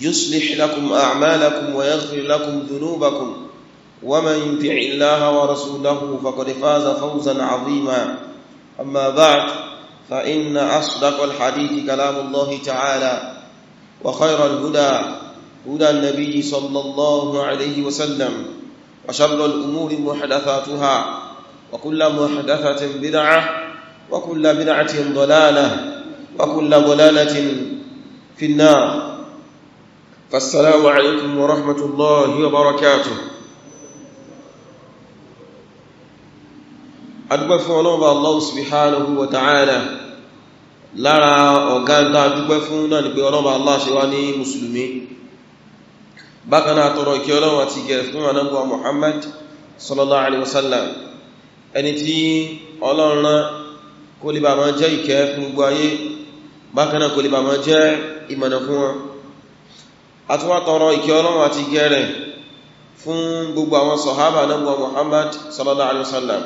يصلح لكم أعمالكم ويغفر لكم ذنوبكم ومن يطع الله ورسوله فقد فاز فوزا عظيما أما بعد فإن أصدق الحديث كلام الله تعالى وخير الهدى هدى النبي صلى الله عليه وسلم وشر الأمور محدثاتها وكل محدثة بدعة وكل بدعة ضلالة وكل ضلالة في النار فالسلام عليكم ورحمة الله وبركاته adúgbẹ́ fún ọlọ́ọ̀bá Allah subhanahu wa ta'ala lára ọ̀gáńdá adúgbẹ́ fún náà ni pé ọlọ́ọ̀bá Allah ṣe wá ní musulmi bákaná àtọrọ ìkẹ́ ọlọ́wọ́ àti gẹ̀rẹ̀ fún ànábọ̀ Muhammad sallallahu alaihi wasallam ẹni tí ọlọ́run kó lè bá máa jẹ́ ìkẹ́ fún gbogbo ayé bákaná kó lè bá máa jẹ́ ìmọ̀nà fún wọn àtúwátọrọ ìkẹ́ ọlọ́run àti gẹ́rẹ̀ fún gbogbo àwọn sọ̀hábà náà Muhammad sallallahu alaihi wasallam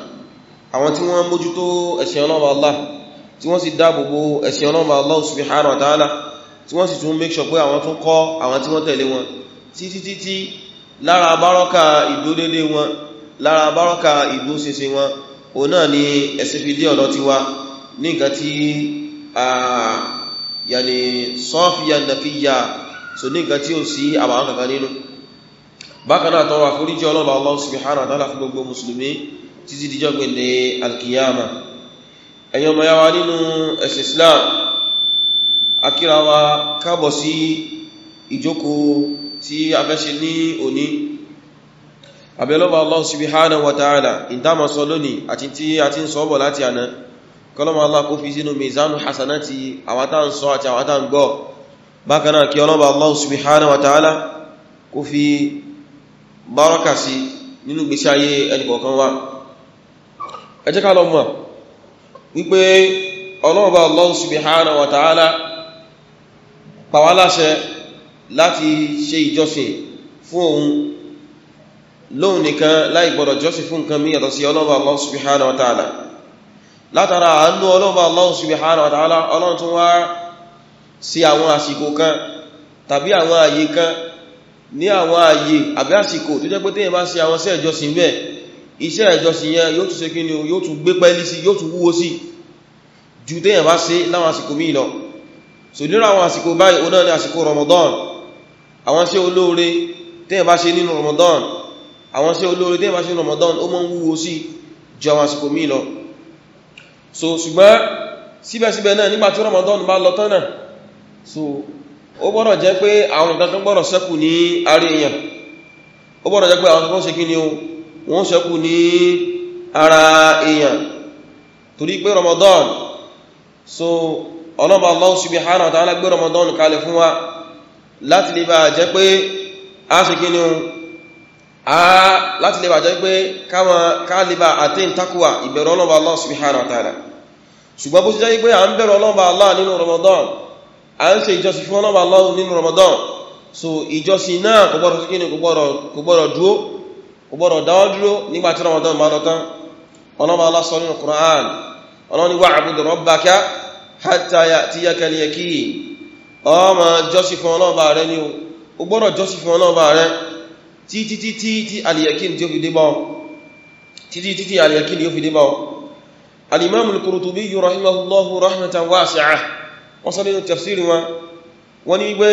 àwọn tí wọ́n mójútó ẹ̀sìn ọlọ́run Allah tí wọ́n sì dáàbòbò ẹ̀sìn ọlọ́run Allah subhanahu wa ta'ala tí wọ́n sì tún make sure pé àwọn tún kọ́ àwọn tí wọ́n tẹ̀lé wọn títí títí lára bárọ́kà ìdódédé wọn lára bárọ́kà ìdóṣinṣin wọn òun náà ni ẹ̀sìn fi so ní nǹkan tí ó sí àbàwọn kankan nínú bákan náà tọrọ àforíjì ọlọ́ba Allah subhanahu wa ta'ala fún gbogbo mùsùlùmí títí díjọ́ gbẹ̀ndẹ̀ alkiyama ẹ̀yàn ọmọ yáwa nínú ẹ̀sìn Islam akírawa kábọ̀ sí ìjókòó tí a fẹ́ ṣe ní òní abẹ́lọ́ba Allah subhanahu wa ta'ala ìdámọ̀ sọ lónìí àti tí a ti ń sọ bọ̀ láti àná kọlọ́mọ Allah kó fi sínú mizanu hasanati àwátá ń sọ àti àwátá bákan náà kí ọlọ́ba allah subhanahu wa ta'ala kó fi bárọ́kà sí nínú gbésí ayé ẹnìkọ̀ọ̀kan wa ẹ jẹ́ ká lọ mọ̀ wípé ọlọ́ba allah subhanahu wa ta'ala pa wá láṣẹ láti ṣe ìjọsìn fún òun lóhun nìkan láì gbọdọ̀ jọ́sìn fún nǹkan míyàtọ̀ sí ọlọ́ba allah subhanahu wa ta'ala látara àánú ọlọ́ba allah subhanahu wa ta'ala ọlọ́run tún wá sí àwọn àsìkò kan tàbí àwọn àyè kan ní àwọn àyè àbí àsìkò tó jẹ́ pé téèyàn bá ṣe àwọn iṣẹ́ ìjọsìn bẹ́ẹ̀ iṣẹ́ ìjọsìn yẹn yóò tún ṣe kí ni yóò tún gbé pẹ́lí sí yóò tún wúwo sí ju téèyàn bá ṣe láwọn àsìkò míì lọ so nínú àwọn àsìkò báyìí òun náà ni àsìkò Ramadan àwọn iṣẹ́ olóore téèyàn bá ṣe nínú Ramadan àwọn iṣẹ́ olóore téèyàn bá ṣe Ramadan ó máa ń wúwo sí ju àwọn àsìkò míì lọ so ṣùgbọ́n síbẹ̀síbẹ̀ náà nígbà Ramadan bá lọ tán so ó gbọ́dọ̀ jẹ́ pé àwọn nǹkan tó gbọ́dọ̀ ṣẹ́kù ní ara èèyàn ó gbọ́dọ̀ jẹ́ pé àwọn tó ṣe kí ni wọ́n ṣẹ́kù ní ara èèyàn torí pé Ramadan so ọlọ́ba Allah subhanahu wa ta'ala gbé Ramadan kalẹ̀ fún wa láti lè bá jẹ́ a ṣe kí ni láti lè bá jẹ́ pé ká lè bá àtẹ́ ìbẹ̀rọ ọlọ́ba Allah subhanahu a ń ṣe ìjọsìn fún ọlọ́wà lọ́wọ́ nínú Ramadan so ìjọsìn náà kò gbọ́dọ̀ kí ni kò gbọ́dọ̀ dúó kò gbọ́dọ̀ dáwọ́ dúró nígbàtí Ramadan máa lọ́tán ọlọ́wà aláṣọ nínú Qur'an ọlọ́ni wà àbúdọ̀ rọ́bàkà hátà tí yá kẹlẹ̀ yẹ kí ọmọ jọsìn fún ọlọ́wà rẹ ni o gbọ́dọ̀ jọsìn fún ọlọ́wà rẹ títí títí tí wọ́n sọ nínú tafsiri wọn wọ́n ní wípé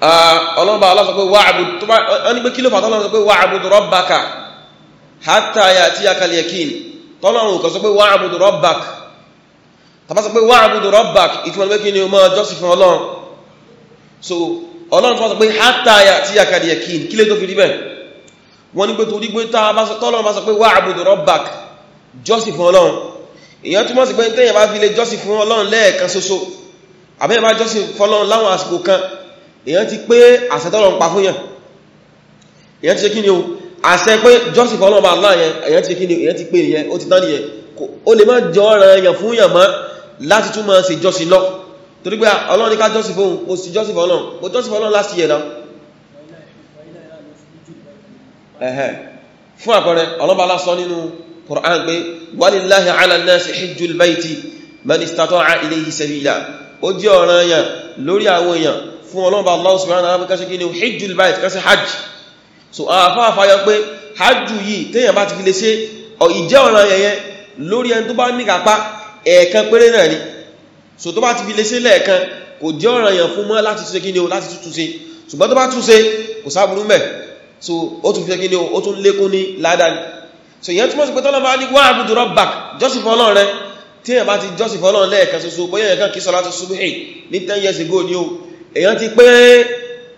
ah, ọlọ́ba Allah sọ pé wa'bud tó bá wọ́n ní pé kí ló fà tọ́lọ́run sọ pé wa'bud rabbaka hatta ya'tiyakal yaqin tọ́lọ́run kò sọ pé wa'bud rabbak tàbá sọ pé wa'bud rabbak ìtumọ̀ pé kí ni o máa jọ́sìn fún wọ́n ní pé èyàn túmọ̀ sí pé tẹ́yìn bá fi lè jọ́sìn fún ọlọ́run lẹ́ẹ̀kan ṣoṣo àbẹ́yìn bá jọ́sìn fọlọ́run láwọn àsìkò kan èyàn ti pé àṣẹ tọ́lọ́run pa fún yàn èyàn ti ṣe kí ni o àṣẹ pé jọ́sìn fọlọ́run bá láàyàn èyàn ti ṣe kí ni èyàn ti pé ìyẹn ó ti tán nìyẹn ó lè má jọ ọ̀ràn èyàn fún yàn mọ́ láti tún máa ṣe jọ́sìn lọ torí pé ọlọ́run ní ká jọ́sìn fóun mo sì jọ́sìn fọlọ́run mo jọ́sìn fọlọ́run last year náà fún àpẹẹrẹ ọlọ́ba lásán nínú Qur'an pé walillahi ala nasi hijjul baiti man istata'a ilayhi sabila ó jẹ́ ọ̀ranyàn lórí àwọn èèyàn fún ọlọ́ba Allah subhanahu wa ta'ala kásẹ̀ kí ni hijjul baiti kásẹ̀ hajj so àfáàfá yọ pé hajj yìí téèyàn bá ti fi lè ṣe ìjẹ́ ọ̀ranyàn yẹn lórí ẹni tó bá ní kápá ẹ̀ẹ̀kan péré náà ni so tó bá ti fi lè ṣe lẹ́ẹ̀kan kò jẹ́ ọ̀ranyàn fún mọ́ láti túnṣe kí ni o láti sáàbùrú mẹ́ so ó tún fi kí ni ó tún lékún ní ládàá so ìyẹn túnmọ̀ sí pé tọ́lọ́ bá ní wá àbúdù rọ́bàk jọ́sìn fún Ọlọ́run rẹ tí èèyàn bá ti jọ́sìn fún Ọlọ́run lẹ́ẹ̀kan ṣoṣo bóyá èèyàn kan kí sọ́lá ti ṣubú hì ní ten years ago ni o èèyàn ti pé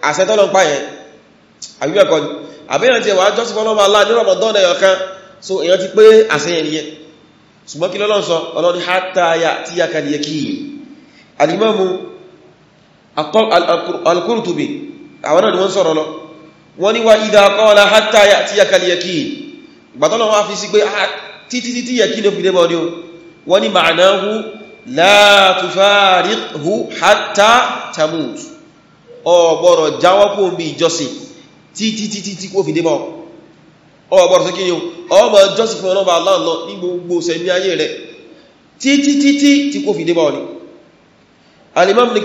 àṣẹ tọ́lọ́ ń pa yẹn àbí bẹ́ẹ̀ kọ́ ni àbí èèyàn ti wà á jọ́sìn fún Ọlọ́run Allah ní Ramadan èèyàn kan so èèyàn ti pé àṣẹ yẹn nìyẹn ṣùgbọ́n kí lọ́lọ́run sọ Ọlọ́run hatta ya'tiyaka al-yaqin al-Imam al-Qurtubi àwọn náà ni wọ́n sọ̀rọ̀ lọ wọ́n ní wa idha qala hatta ya'tiyaka al-yaqin gbàtọ́lọ̀ wá fi sí pé ah, títí títí yẹ kí ló fi débọ̀ ní o wọ́n ni ma'anahu la tufariqhu hatta tamut ọ̀gbọ̀rọ̀ jáwọ́pọ̀ omi ìjọsìn títí títí tí kó fi débọ̀ ọ̀gbọ̀rọ̀ sí kíni ọmọ jọ́sìn fún ọlọ́bà aláàlọ́ ní gbogbo sẹ̀mí ayé rẹ̀ títí títí tí kó fi débọ̀ ni al-imam ibn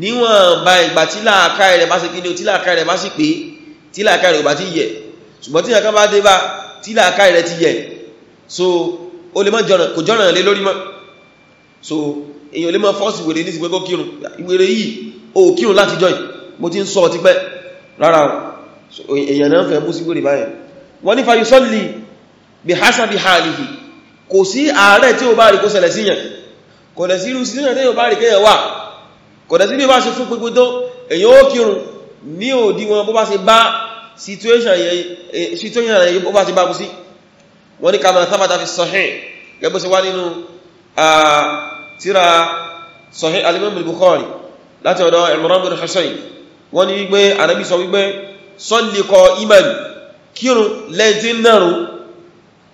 níwọ̀n bá ìgbà tí láàká rẹ̀ bá ṣe kí ní o tí láàká rẹ̀ bá sì pé tí láàká rẹ̀ bá ti yẹ ṣùgbọ́n tí ìyàká bá dé bá tí láàká rẹ̀ ti yẹ so o lè mọ́ jọ̀nà kò jọ̀nà lé lórí mọ́ so èyàn lè mọ́ fọ́ọ̀sì wèrè ní ìsìnkú kírun o kírun láti jọ mo ti ń sọ ti pẹ́ rárá èyàn náà fẹ́ mú sí wèrè báyẹn wọ́n ní fayusọ́lì bí hasabi halihi kò sí àárẹ̀ tí ó bá rí kó ṣẹlẹ̀ kọ̀dẹ̀ sí bí bá ṣe fún pípín tó èyàn ó kírun ní òdí wọn bó bá ṣe bá situation yẹn e, bó bá ṣe bá kú sí wọ́n ní kàmà thabata fi sahih gẹ́gbẹ́ sí wá nínú tíra sahih alimọ́bìn Bukhari láti ọ̀dọ̀ Imran bin Husayn wọ́n ní wípé Ànábì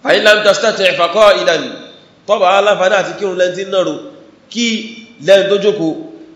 fa in lam tastati' fa qa'idan tọ́bà aláfàdá àti kírun lẹ́ntín náà kí tó jókòó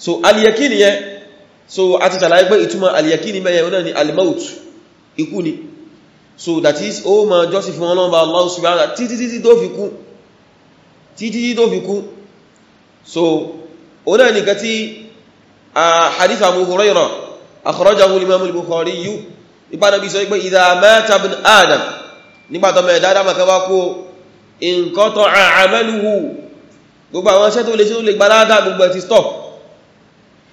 so aliyakini yẹn so a ti tàlàyé pé ìtumọ̀ aliyakini mẹ́yẹ̀ wọn náà ni alimout ikú ni so that is ó ma jọ́sí fún ọlọ́mọba Allah subhanahu títí títí tó fi kú títí títí tó so ó náà nìkan tí a hadith Abu Hurairah akhrajahu al-imam al-Bukhari yu. nípa náà bí sọ pé idha mata ibn Adam nígbàtọ̀ mẹ́ dáadáa maka wá kó in qata'a amaluhu gbogbo àwọn iṣẹ́ tó lè ṣe tó lè gbaládà gbogbo ẹ̀ ti stop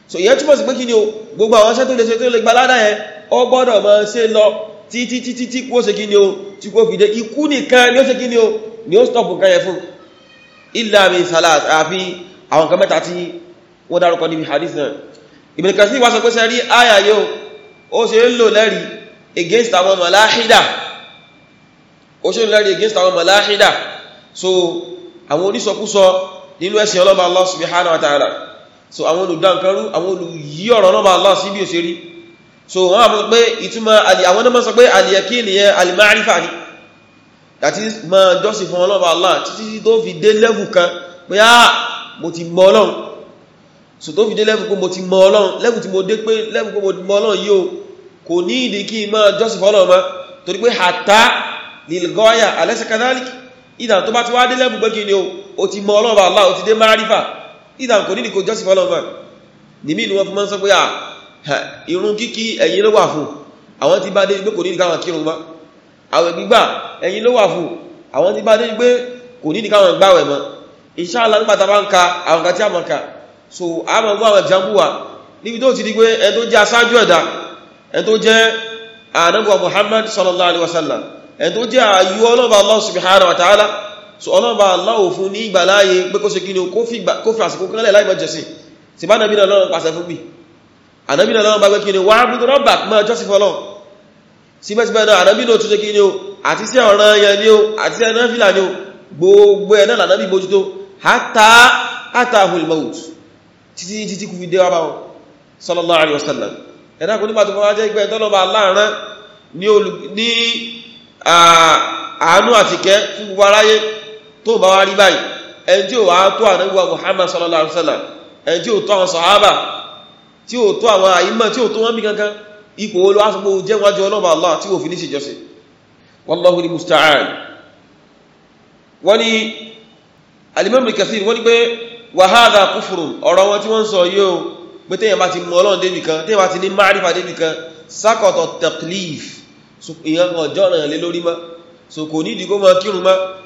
so yẹn túmọ̀ sí pé kí ni o gbogbo àwọn iṣẹ́ tó lè ṣe tó lè gbalada yẹn ọ gbọ́dọ̀ máa ṣe lọ títí títí tí kó ṣe kí ni o tí kó fìdé ikú nìkan ni ó ṣe kí ni o ni ó stop nǹkan yẹn fún illa min salat àfi àwọn nǹkan mẹ́ta tí wọ́n dárúkọ níbi hadith náà Ibn Kathir wá sọ pé sẹ́rí àyà yóò ó ṣe ń lò lẹ́rìí against àwọn mọ̀láhídà ó ṣe ń lẹ́rìí against àwọn mọ̀láhídà so àwọn onísọkúsọ nínú ẹ̀sìn ọlọ́mọ Allah subhanahu wa ta'ala so àwọn olùdáǹkanrú àwọn olùyí ọ̀rọ̀ náà máa lọ́sí bí òṣèrí so wọ́n àmọ́ pé ìtumọ̀ àwọn náà sọ pé àlìyàkí nìyẹn alìmárífà ni àti ma jọ́sì fún ọlọ́ba Allah títí tó fi dé lẹ́vù kan pé á ah, mo ti mọ ọlọ́run so tó fi dé lẹ́vù pé mo ti mọ ọlọ́run lẹ́vù tí mo dé pé lẹ́vù pé mo ti mọ ọlọ́run yìí o kò ní ìdí kí ma jọ́sì fún Allah o ìdàm kò nídìí kò jọ́sìn fọ́lọ́mà nìmí ni wọ́n fi máa ń sọ pé ìrun ah, kíkí ẹ̀yin ló wà fún àwọn ti bá dé pé kò nídìí káwọn kírun mọ́ àwẹ̀ gbígbà ẹ̀yin ló wà fún àwọn ti bá dé pé kò nídìí káwọn gbàwẹ̀ mọ́ so a mọ̀ gbọ́ àwọn example wa níbi tó ti di pé Muhammad sallallahu alaihi wasallam ẹni tó jẹ́ àyú ọlọ́ba so ọlọ́ba aláwò fún ní ìgbà láàyè pé kó ṣe kí ni kó fi àsìkò kánlẹ̀ láì máa jẹsìn tí bá nàbí náà lọ́rùn pàṣẹ fún bí ànàbí náà lọ́rùn bá gbé kí ni wàá bú rọ́bà máa jọ́sí fọlọ́ síbẹ̀síbẹ̀ náà ànàbí náà tún ṣe kí ni o àti sí ọ̀ràn ẹyẹ ni o àti sí ẹ̀nà fìlà ni o gbogbo ẹ̀ náà lànàbí bójútó hátà hátà hulmout títí títí kú fi dé wá bá wọn sallallahu alaihi wasallam ẹ̀dá kò nígbà tó fọwọ́ jẹ́ ìgbẹ́ tọ́lọ́ba aláàrán ní àánú àtìkẹ́ fún gbogbo aráyé tó bá wá rí báyìí ẹni tí ò wá tó ànábíwá Muhammad sallallahu alaihi wasallam ẹni tí ò tó àwọn sàhábà tí ò tó àwọn àyímọ̀ tí ò tó wọ́n bí kankan ipò wo ló wá sọ pé o jẹ́ wájú ọlọ́mọ Allah tí ò fi ní ṣèjọsìn wallahu ni musta'an wọ́n ní alimami Kathir wọ́n ní pé wàhádà kúfùrù ọ̀rọ̀ wọn tí wọ́n ń sọ yóò pé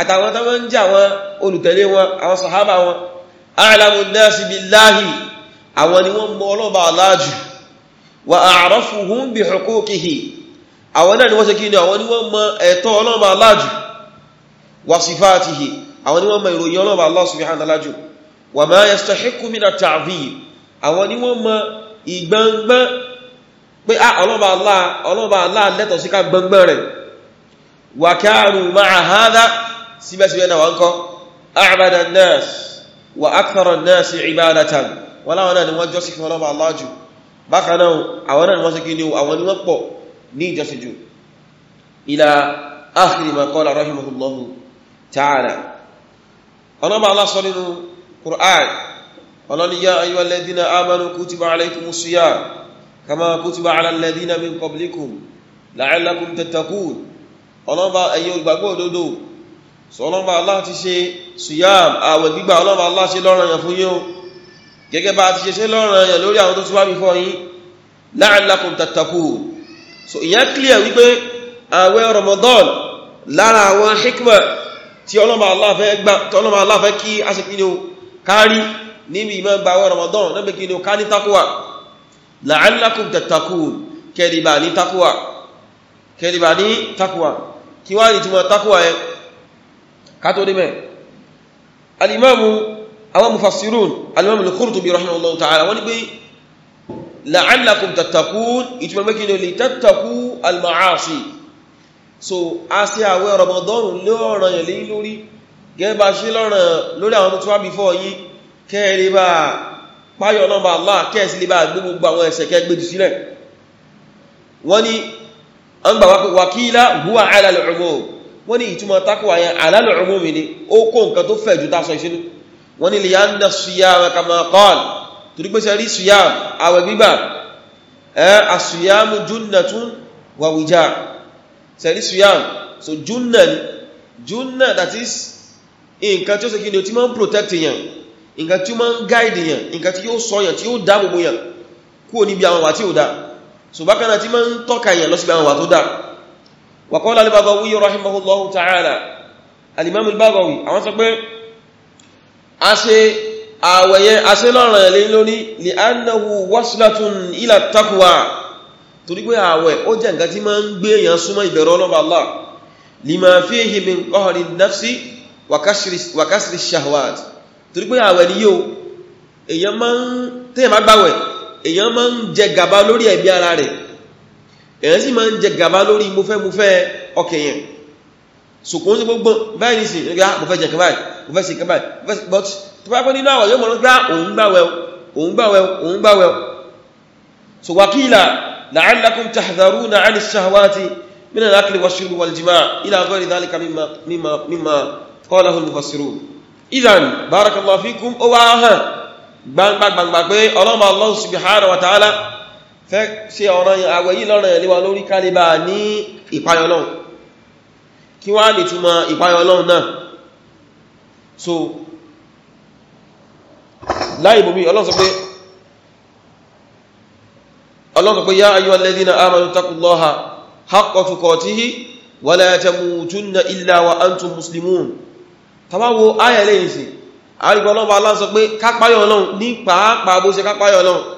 àtàwọn tó wọ́n ń jẹ́ àwọn olùtẹ̀lé wọn àwọn sàhábà wọn a'lamu an-nasi billahi àwọn ni wọ́n mọ ọlọ́ba aláàjù wa a'rafuhum bi huquqihi àwọn náà ni wọ́n ṣe kí ni àwọn ni wọ́n mọ ẹ̀tọ́ ọlọ́ba aláàjù wa sifatihi àwọn ni wọ́n mọ ìròyìn ọlọ́ba Allah subhanahu wa ta'ala síbẹ̀síbẹ̀ náà wọ́n kọ́ a'bada an-nas wa akthara an-nas ibadatan wọ́n láwọn náà ni wọ́n jọ́sìn fún ọlọ́ba Allah jù bákan náà àwọn náà ni wọ́n sì kí ni àwọn ni wọ́n pọ̀ ní ìjọsìn jù ila akhiri ma qala rahimahullahu ta'ala ọlọ́ba Allah sọ nínú Qur'an ọlọ́ni ya ayyuhal sọ ọlọ́mọ Allah ti ṣe suyam àwẹ̀ gbígbà ọlọ́mọ Allah ṣe lọ́ranyàn fún yín o gẹ́gẹ́ bá ti ṣe ṣe lọ́ranyàn lórí àwọn tó ti wá bí fọ́ yín la'allakum tattaqun so ìyẹn clear wípé àwẹ̀ Ramadan lára àwọn hikma tí ọlọ́mọ Allah fẹ́ gbà tọ́lọ́mọ Allah fẹ́ kí a ṣe kí ni o kárí níbi ìmọ̀ gba àwẹ̀ Ramadan náà kí ni o ká ní takuwa la'allakum tattaqun kẹ́rìbà ní kátó débẹ̀ alimamu àwọn mufassirun alimamu al-Qurtubi rahimahullahu ta'ala wọ́n ní pé la'allakum tattaqun ìtumọ̀ mẹ́kí ni li tattaqu al-ma'asi so a sí àwẹ̀ Ramadan lọ́rọ̀ yẹ̀ lẹ́yìn lórí gẹ́bà sí lọ́rọ̀ lórí àwọn tó wá bí fọ́ yí kẹ́ẹ̀lẹ́ bá páyọ̀ náà Allah kẹ́ẹ̀sì lè bá gbogbo àwọn ẹ̀ṣẹ̀ kẹ́gbẹ̀jù sílẹ̀ wọ́n ni an gbà wákílá huwa ala wọ́n ní ìtumọ̀ takwa yẹn alal umumi ni ó kó nǹkan tó fẹ̀ jù tásọ ìṣínú wọ́n ní liyanna suyama kama qal torí pé sẹ́rí suyam àwẹ̀ gbígbà asuyamu junnatun wa wijar sẹ́rí so junna ni that is nǹkan tí ó ṣe kí protect yẹn nǹkan tí ó máa guide yẹn nǹkan tí yóò sọ yẹn tí yóò dáàbò yẹn kúrò so bákan náà tí máa ń tọ́ka yẹn وقال البغوي رحمه الله تعالى الإمام البغوي àwọn sọ pé a ṣe àwẹ̀yẹ a ṣe lọ́rọ̀ ẹ̀lẹ́ lórí لأنه وصلة إلى التقوى torí pé àwẹ̀ ó jẹ́ nǹkan tí máa ń gbé èèyàn súnmọ́ ìbẹ̀rọ ọlọ́bà فيه من قهر النفس وكسر الشهوات torí pé àwẹ̀ ni yóò èèyàn máa ń tẹ́yàn má gbàwẹ̀ èyàn sì máa ń jẹ gàba lórí mo fẹ́ mo fẹ́ ọkẹ̀ yẹn sòkún sí gbogbo báyìí nìsìn nígbà ah, mo fẹ́ jẹ kan báyìí mo fẹ́ ṣe kan báyìí but tó bá pẹ́ nínú àwọ̀ yóò mọ̀ nígbà ah, òun gbà wẹ̀ òun gbà wẹ̀ òun gbà wẹ̀ so wakila la'allakum tahdharuna 'ani ash-shahawati min al-akli wash-shurbi wal-jima' ila ghayri dhalika mimma mimma mimma qalahu al ó wá hàn gbangba gbangba pé ọlọ́mọ Allah subhanahu wa ta'ala fẹ́ ṣe ọ̀ràn àwẹ̀ yìí lọ́rọ̀ ẹ̀ léwa lórí kálíbà ní ìpayọlọ́un kí wá lè túnmọ̀ ìpayọlọ́un náà so láì bòmí ọlọ́sọ pé ọlọ́sọ pé yá ayyuhal ladhina amanu taqullaha haqqa tuqatihi wa la tamutunna pàápàá bó ṣe kápáyọ̀ ọlọ́run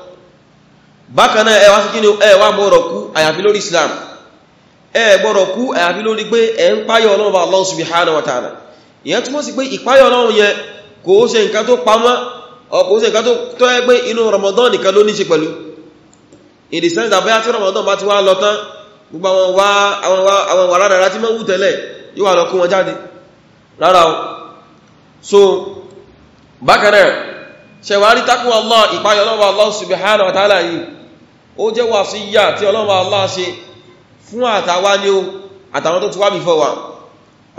bákanáà ẹwà sí kíni ẹwà gbọ́rọ̀ kú àyàfi lórí islam ẹ gbọ́rọ̀ kú àyàfi lórí pé ẹ ń páyọ̀ ọlọ́run bá Allah subhanahu wa ta'ala ìyẹn túnmọ̀ sí pé ìpáyọ̀ ọlọ́run nkato kò ó ṣe nǹkan tó pamọ́ ọ ó ṣe nǹkan tó ẹ pé inú ramadan nìkan ló ní ṣe pẹ̀lú in takun Allah ìpáyọ̀ Allah wa ta'ala ó jẹ́ wà sí yà tí ọlọ́wà aláṣe fún àtàwà ní o àtàwọn tó ti wá bìfọ́ wa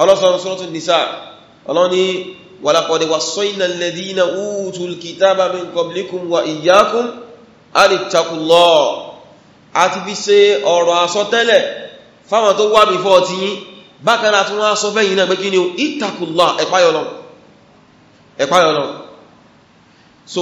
ọlọ́sọ̀rọ̀ sọ́rọ̀ tún nìsà ọlọ́ni walaqad waṣṣayna alladhīna ūtul kitāba min qablikum wa iyyākum anittaqullāh àti fi ṣe ọ̀rọ̀ àsọtẹ́lẹ̀ fáwọn tó wà bìfọ́ ti yín bákan náà tún wá sọ fẹ́yìn náà pé ni o ittaqullāh ẹ so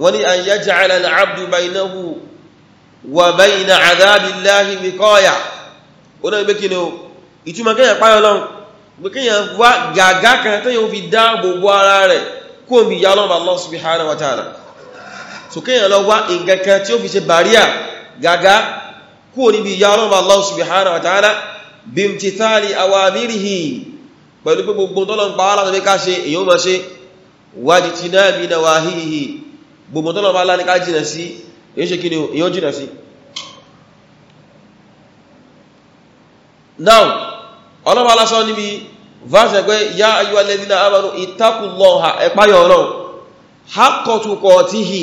wọ́n ní an yaj'ala al-'abdu baynahu wa bayna 'adhabillahi wiqaya ó náà gbé kí ni ó ìtumọ̀ kéèyàn páyọ̀ lọ́n gbé kéèyàn wá gàgá kan tó yóò fi dáàbò bo ara rẹ̀ mi ìyá ọlọ́run Allah subhanahu wa ta'ala so kéèyàn lọ wá nǹkan kan tí ó fi ṣe bàríà gàgá kó níbi ìyá Allah subhanahu wa ta'ala bimtithali awamirihi pẹ̀lú pé gbogbo tọ́lọ́ ń pa ara rẹ̀ ká ṣe èyí ó máa ṣe wájìtì náà bí nawahihi gbogbo tọ́lọ̀ bá láníká jìnà sí èyí ṣe kí ni èyàn jìnà sí now ọlọ́bà lásán níbi verse ẹgbẹ́ ya ayyuha alladhina amanu ittaqullaha ẹ̀páyọ̀ ọlọ́run haqqa tuqatihi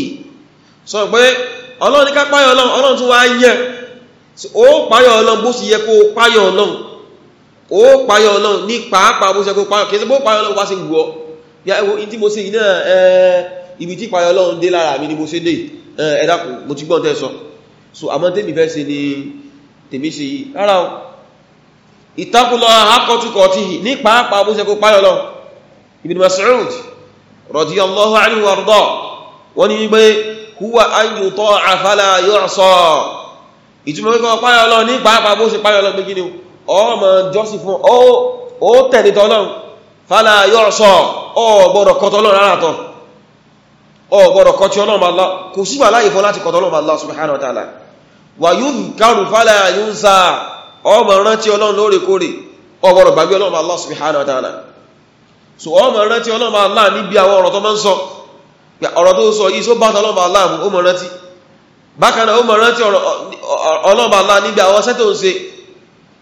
sọ pé ọlọ́run ní ká páyọ̀ ọlọ́run ibi tí ìpayọ̀ ọlọ́run dé lára mi ni mo ṣe dé ẹ dákun mo ti gbọ́n tẹ́ sọ so àmọ́ tèmi fẹ́ ṣe ni tèmi ṣe yìí rárá o ìtakùlọ akọ́tukọ̀ ti hì ní pàápàá bó ṣe kó páyọ̀ lọ Ibn Mas'ud radiyallahu anhu warda wọ́n ní wípé huwa an yuta'a fala yu'sa ìtumọ̀ wípé wọ́n páyọ̀ lọ ní pàápàá bó ṣe páyọ̀ lọ pé kí ni ọmọ jọ́sìn fún ó tẹ̀lé tọ́lọ́run fala yu'sa ọ gbọ́dọ̀ kọ́tọ́lọ́run rárá tọ́ ọgbọ̀rọ̀ kọtí ọlọ́mà Allah kò síbà láyé fún láti kọtọ ọlọ́mà Allah subhanahu wa ta'ala wà yóò kárù fálà yóò ń sa ọmọ rántí ọlọ́run lóòrèkóòrè ọgbọ̀rọ̀ gbàgbé ọlọ́mà Allah subhanahu wa ta'ala so ọmọ rántí ọlọ́mà Allah níbi àwọn ọ̀rọ̀ tó máa ń sọ ọ̀rọ̀ tó sọ yìí só bá ọlọ́mà Allah mú ọmọ rántí bákan náà ọmọ rántí ọlọ́mà Allah níbi àwọn ṣẹ́ tó ń ṣe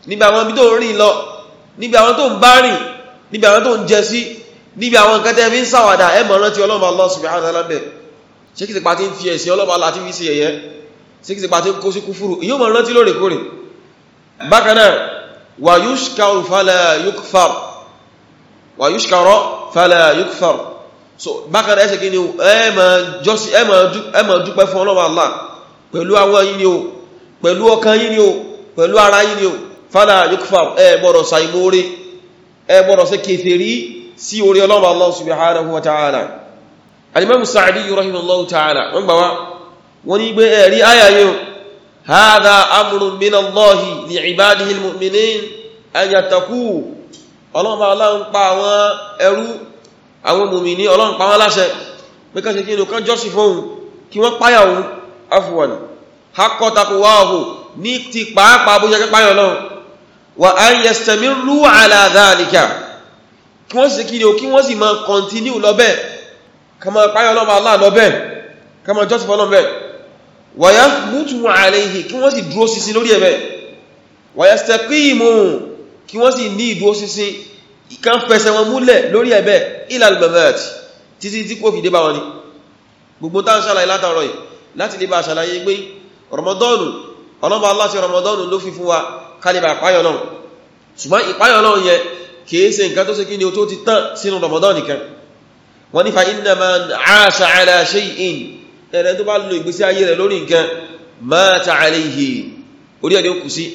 níbi àwọn ibi tó ń rìn lọ níbi àwọn tó ń bá rìn níbi àwọn tó ń jẹ sí níbi àwọn nǹkan tẹ́ fi ń ṣàwàdà ẹ mọ̀ rántí ọlọ́mọ Allah subhanahu wa ta'ala bẹ̀ ṣé kìí pa ti ń fi ẹ̀sìn ọlọ́mọ Allah ti fi ṣe ẹ̀yẹ ṣé kìí pa ti ń kó sí so bákan náà ẹsẹ̀ kí ni ẹ mọ̀ dúpẹ́ fún ọlọ́mọ Allah pẹ̀lú àwọn yìí ni o pẹ̀lú ọkàn yìí ni o pẹ̀lú ara yìí ni o fala yukfar ẹ gbọ́dọ̀ ṣàìmóore ẹ gbọ́dọ̀ ṣe kèfèrí sí orí ọlọ́mọ Allah subhanahu wa ta'ala alimami sa'adi rahimahullahu ta'ala wọ́n gbà wá wọ́n ní gbé ẹ̀rí àyà yìí hadha amrun min Allahi li ibadihi al-mu'minin an yattaqu ọlọ́mọ Allah ń pa àwọn ẹrú àwọn mùmìnì ọlọ́run pa wọ́n láṣẹ pé kan ṣe kí inú kí wọ́n sì kí ni o kí wọ́n sì máa kọntínú lọ bẹ́ẹ̀ ká máa páyọ̀ lọ́mọ aláà lọ bẹ́ẹ̀ ká máa jọ́sìn fọ́lọ́ bẹ́ẹ̀ wàyá mútu wọn àlẹ́yìn kí wọ́n sì dúró sísin lórí ẹ̀bẹ̀ wàyá stẹ̀kíìmù kí wọ́n sì ní ìdúró sísin ìkan pẹsẹ̀ wọn múlẹ̀ lórí ẹ̀bẹ̀ ilalmamat títí tí kò fi dé bá wọn ni gbogbo tá ń ṣàlàyé látàrọ yìí láti lè bá ṣàlàyé pé rọmọdọ́nù ọlọ́mọ aláṣẹ rọmọdọ́nù ló fi fún wa kálíbà ìpáyọ̀ náà ṣùgbọ́n ìpáyọ̀ náà yẹn kìí ṣe nǹkan tó ṣe kí ni o tó ti tán sínú Ramadan nìkan wọ́n ní fa inna man 'asha 'ala shay'in ẹ̀rẹ́ tó bá lo ìgbésí ayé rẹ̀ lórí nǹkan mata 'alayhi orí ẹ̀dẹ́ òkú sí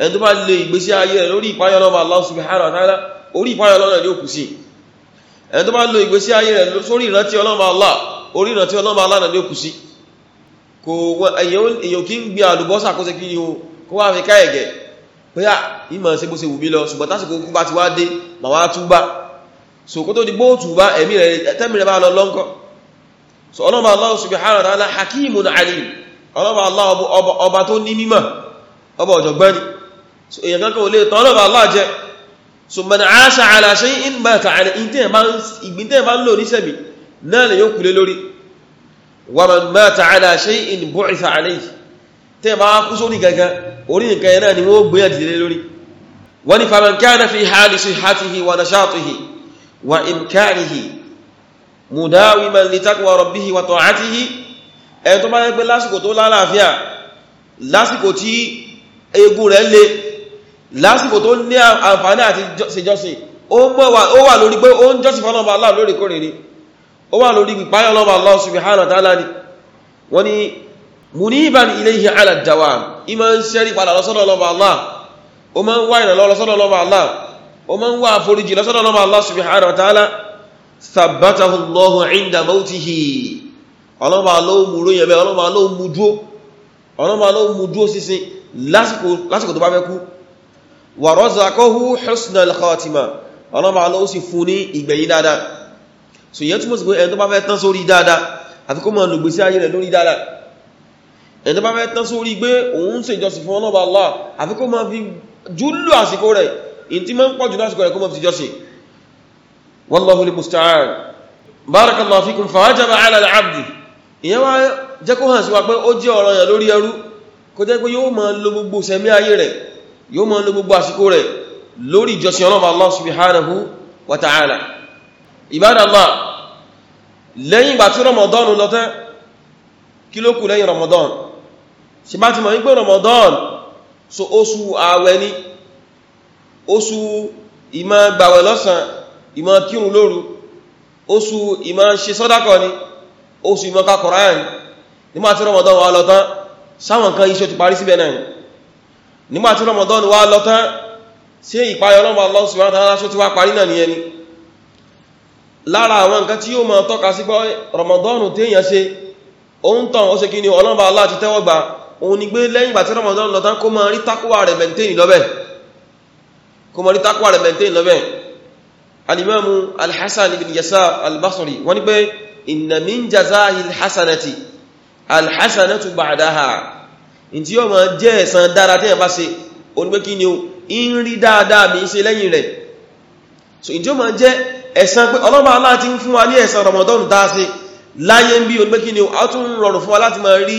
ẹni tó bá lo ìgbésí ayé rẹ̀ lórí ìpáyọ̀ lọ́wọ́ bóyá ìmọ̀ ṣe bó ṣe wù mí lọ ṣùgbọ́n tásìkò kú bá ti wá dé ma wá túbá so kó tó di bó túbá ẹ̀mí rẹ̀ tẹ́mì rẹ̀ bá lọ lọ́nkọ́ so ọlọ́mà Allah subhanahu wa ta'ala hakimun alim ọlọ́mà Allah ọba tó ní mímọ̀ ọba ọ̀jọ̀gbẹ́ni so èyàn kankan ò lè tán ọlọ́mà Allah jẹ so man 'asha 'ala shay'in mata 'alayhi ìgbín tẹ́ bá ń lò ní sẹ́mi náà lè yóò kulé lórí wa man mata 'ala shay'in bu'itha 'alayhi tẹ́yìn bá kú sórí gangan orí nǹkan yẹn náà ni wọ́n gbé àti lé lórí wọ́n ni faman kana fi hali sihatihi wa nashatihi wa imkanihi mudawiman li taqwa rabbihi wa ta'atihi ẹni tó bá yẹ pé lásìkò tó lálàáfíà lásìkò tí egun rẹ̀ le lásìkò tó ní wà lórí pé ó ń jọ́sìn fọ́nà ọba wà lórí wọ́n ni muniban ilayhi ala dawam ima ń ṣẹ́rí padà lọ́sọ́dọ̀ lọ́ba allah o ma ń wá ìrànlọ́wọ́ lọ́sọ́dọ̀ lọ́ba allah o ma ń wá àforíjì lọ́sọ́dọ̀ lọ́ba allah subhanahu wa ta'ala thabbatahu allahu inda mautihi ọlọ́ba ló mú ròyìn bẹ́ẹ̀ ọlọ́ba ló mú dúó ọlọ́ba ló mú dúó sísin lásìkò tó bá fẹ́ kú wa razaqahu husnal ẹni tó bá fẹ́ tán sórí pé òun ṣe ìjọsìn fún ọlọ́ba Allah àfi kó máa fi júlù àsìkò rẹ̀ in tí máa ń pọ̀ jù lásìkò rẹ̀ kó máa fi jọsìn wallahul musta'an barakallahu fikum fa'ajaba ala al-abdi ìyẹn wá jẹ́ kó hàn sí wa pé ó jẹ́ ọ̀rọ̀ yẹn lórí ẹrú kó jẹ́ pé yóò máa lo gbogbo sẹ̀mí ayé rẹ̀ kí ló kù lẹ́yìn Ramadan ṣe bá ti mọ̀ wípé Ramadan so oṣù ààwẹ̀ ni oṣù ìmọ̀ gbàwẹ̀ lọ́sàn ìmọ̀ kírun lóru oṣù ìmọ̀ ṣe sọ́dákọ̀ ni oṣù ìmọ̀ ka Kùránì nígbàtí Ramadan wà lọ́tán sáwọn kan iṣẹ́ ti parí síbẹ̀ náà nígbàtí Ramadan wà lọ́tán sí ìpayọ̀ Ọlọ́run Allah subhanahu wa ta'ala ti wá parí náà nìyẹn ni lára àwọn nǹkan tí yóò máa tọ́ka sí pé Ramadan téèyàn ṣe ó ń ó ṣe kí ni Ọlọ́run Allah ti òun ni pé lẹ́yìn ìgbà tí Ramadan lọ tán kó máa rí tákùwà rẹ̀ maintain lọ́bẹ̀ kó máa rí tákùwà rẹ̀ maintain lọ́bẹ̀ alimamu alhassan ibn yasar albasri wọ́n ni pé inna min jazahi alhassanati alhassanatu ba'daha in tí yóò máa jẹ́ ẹ̀san dára tí yẹn bá ṣe òun pé kí o in rí dáadáa mi ṣe lẹ́yìn rẹ̀ so in tí yóò máa jẹ́ ẹ̀san pé ọlọ́mọ aláti ń fún wa ní ẹ̀san Ramadan dáa ṣe láyé ń bí òun pé kí o a tún rọrùn fún wa láti máa rí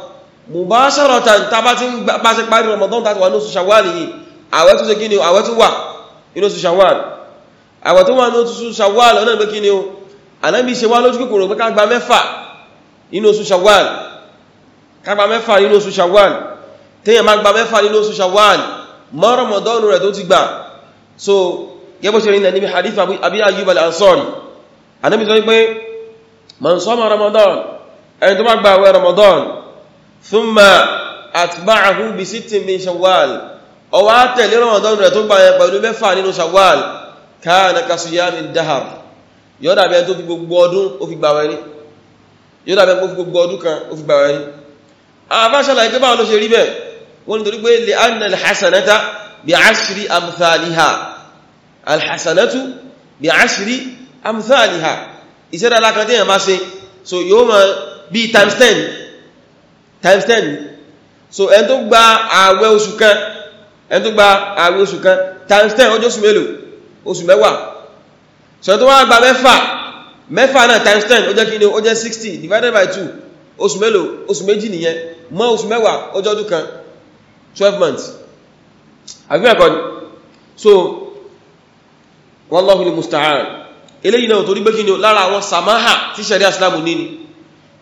mubasharatan tàbá tí ń bá ṣe parí Ramadan tàbí wà ní oṣù Shawwal yìí àwẹ̀ tó ṣe kí ni àwẹ̀ tó wà ní oṣù Shawwal àwẹ̀ tó wà ní oṣù Shawwal ọ̀nà ìgbé kí ni o Ànábì ṣe wá lójú kòkòrò pé ká gba mẹ́fà nínú oṣù Shawwal ká gba mẹ́fà nínú oṣù Shawwal téèyàn má gba mẹ́fà nínú oṣù Shawwal mọ́ Ramadan rẹ̀ tó ti gbà so gẹ́gbọ́ ṣe rìn níbi hadith Abi Ayyub al-Ansari Ànábì sọ pé man sama Ramadan ẹni tó bá gba àwẹ̀ Ramadan thumma atba'ahu bi sittin min shawwal ó wá tẹ̀lé Ramadan rẹ̀ tó gbà yẹn pẹ̀lú mẹ́fà nínú shawwal kana ka siyamid dahr yóò dàbí ẹni tó fi gbogbo ọdún ó fi gbàwẹ̀ ni yóò dàbí ẹni tó fi gbogbo ọdún kan ó fi gbàwẹ̀ ni àfáṣàlà ìgbébà ló ṣe rí bẹ́ẹ̀ wọ́n ni torí pé lè anna alhassanata bí ashri amthaliha alhassanatu bí ashri amthaliha ìṣẹ́dàlá kan tí yàn máa ṣe so yóò máa bí times 10 times ten, so ẹni tó gba ààwẹ̀ oṣù kan ẹni tó gba ààwẹ̀ oṣù kan times ten, ọjọ́ oṣù mélòó oṣù mẹ́wàá so tó wá gba mẹ́fà mẹ́fà náà times ten, ó jẹ́ kí ni ó jẹ́ 60 divided by two, oṣù mélòó oṣù méjì nìyẹn mọ́ oṣù mẹ́wàá ọjọ́ ọdún kan 12 months àbí ẹ̀kọ́ ni so wallahu al-musta'an eléyìí náà torí pé kí ni lára àwọn samaha tí sharia islam ní ni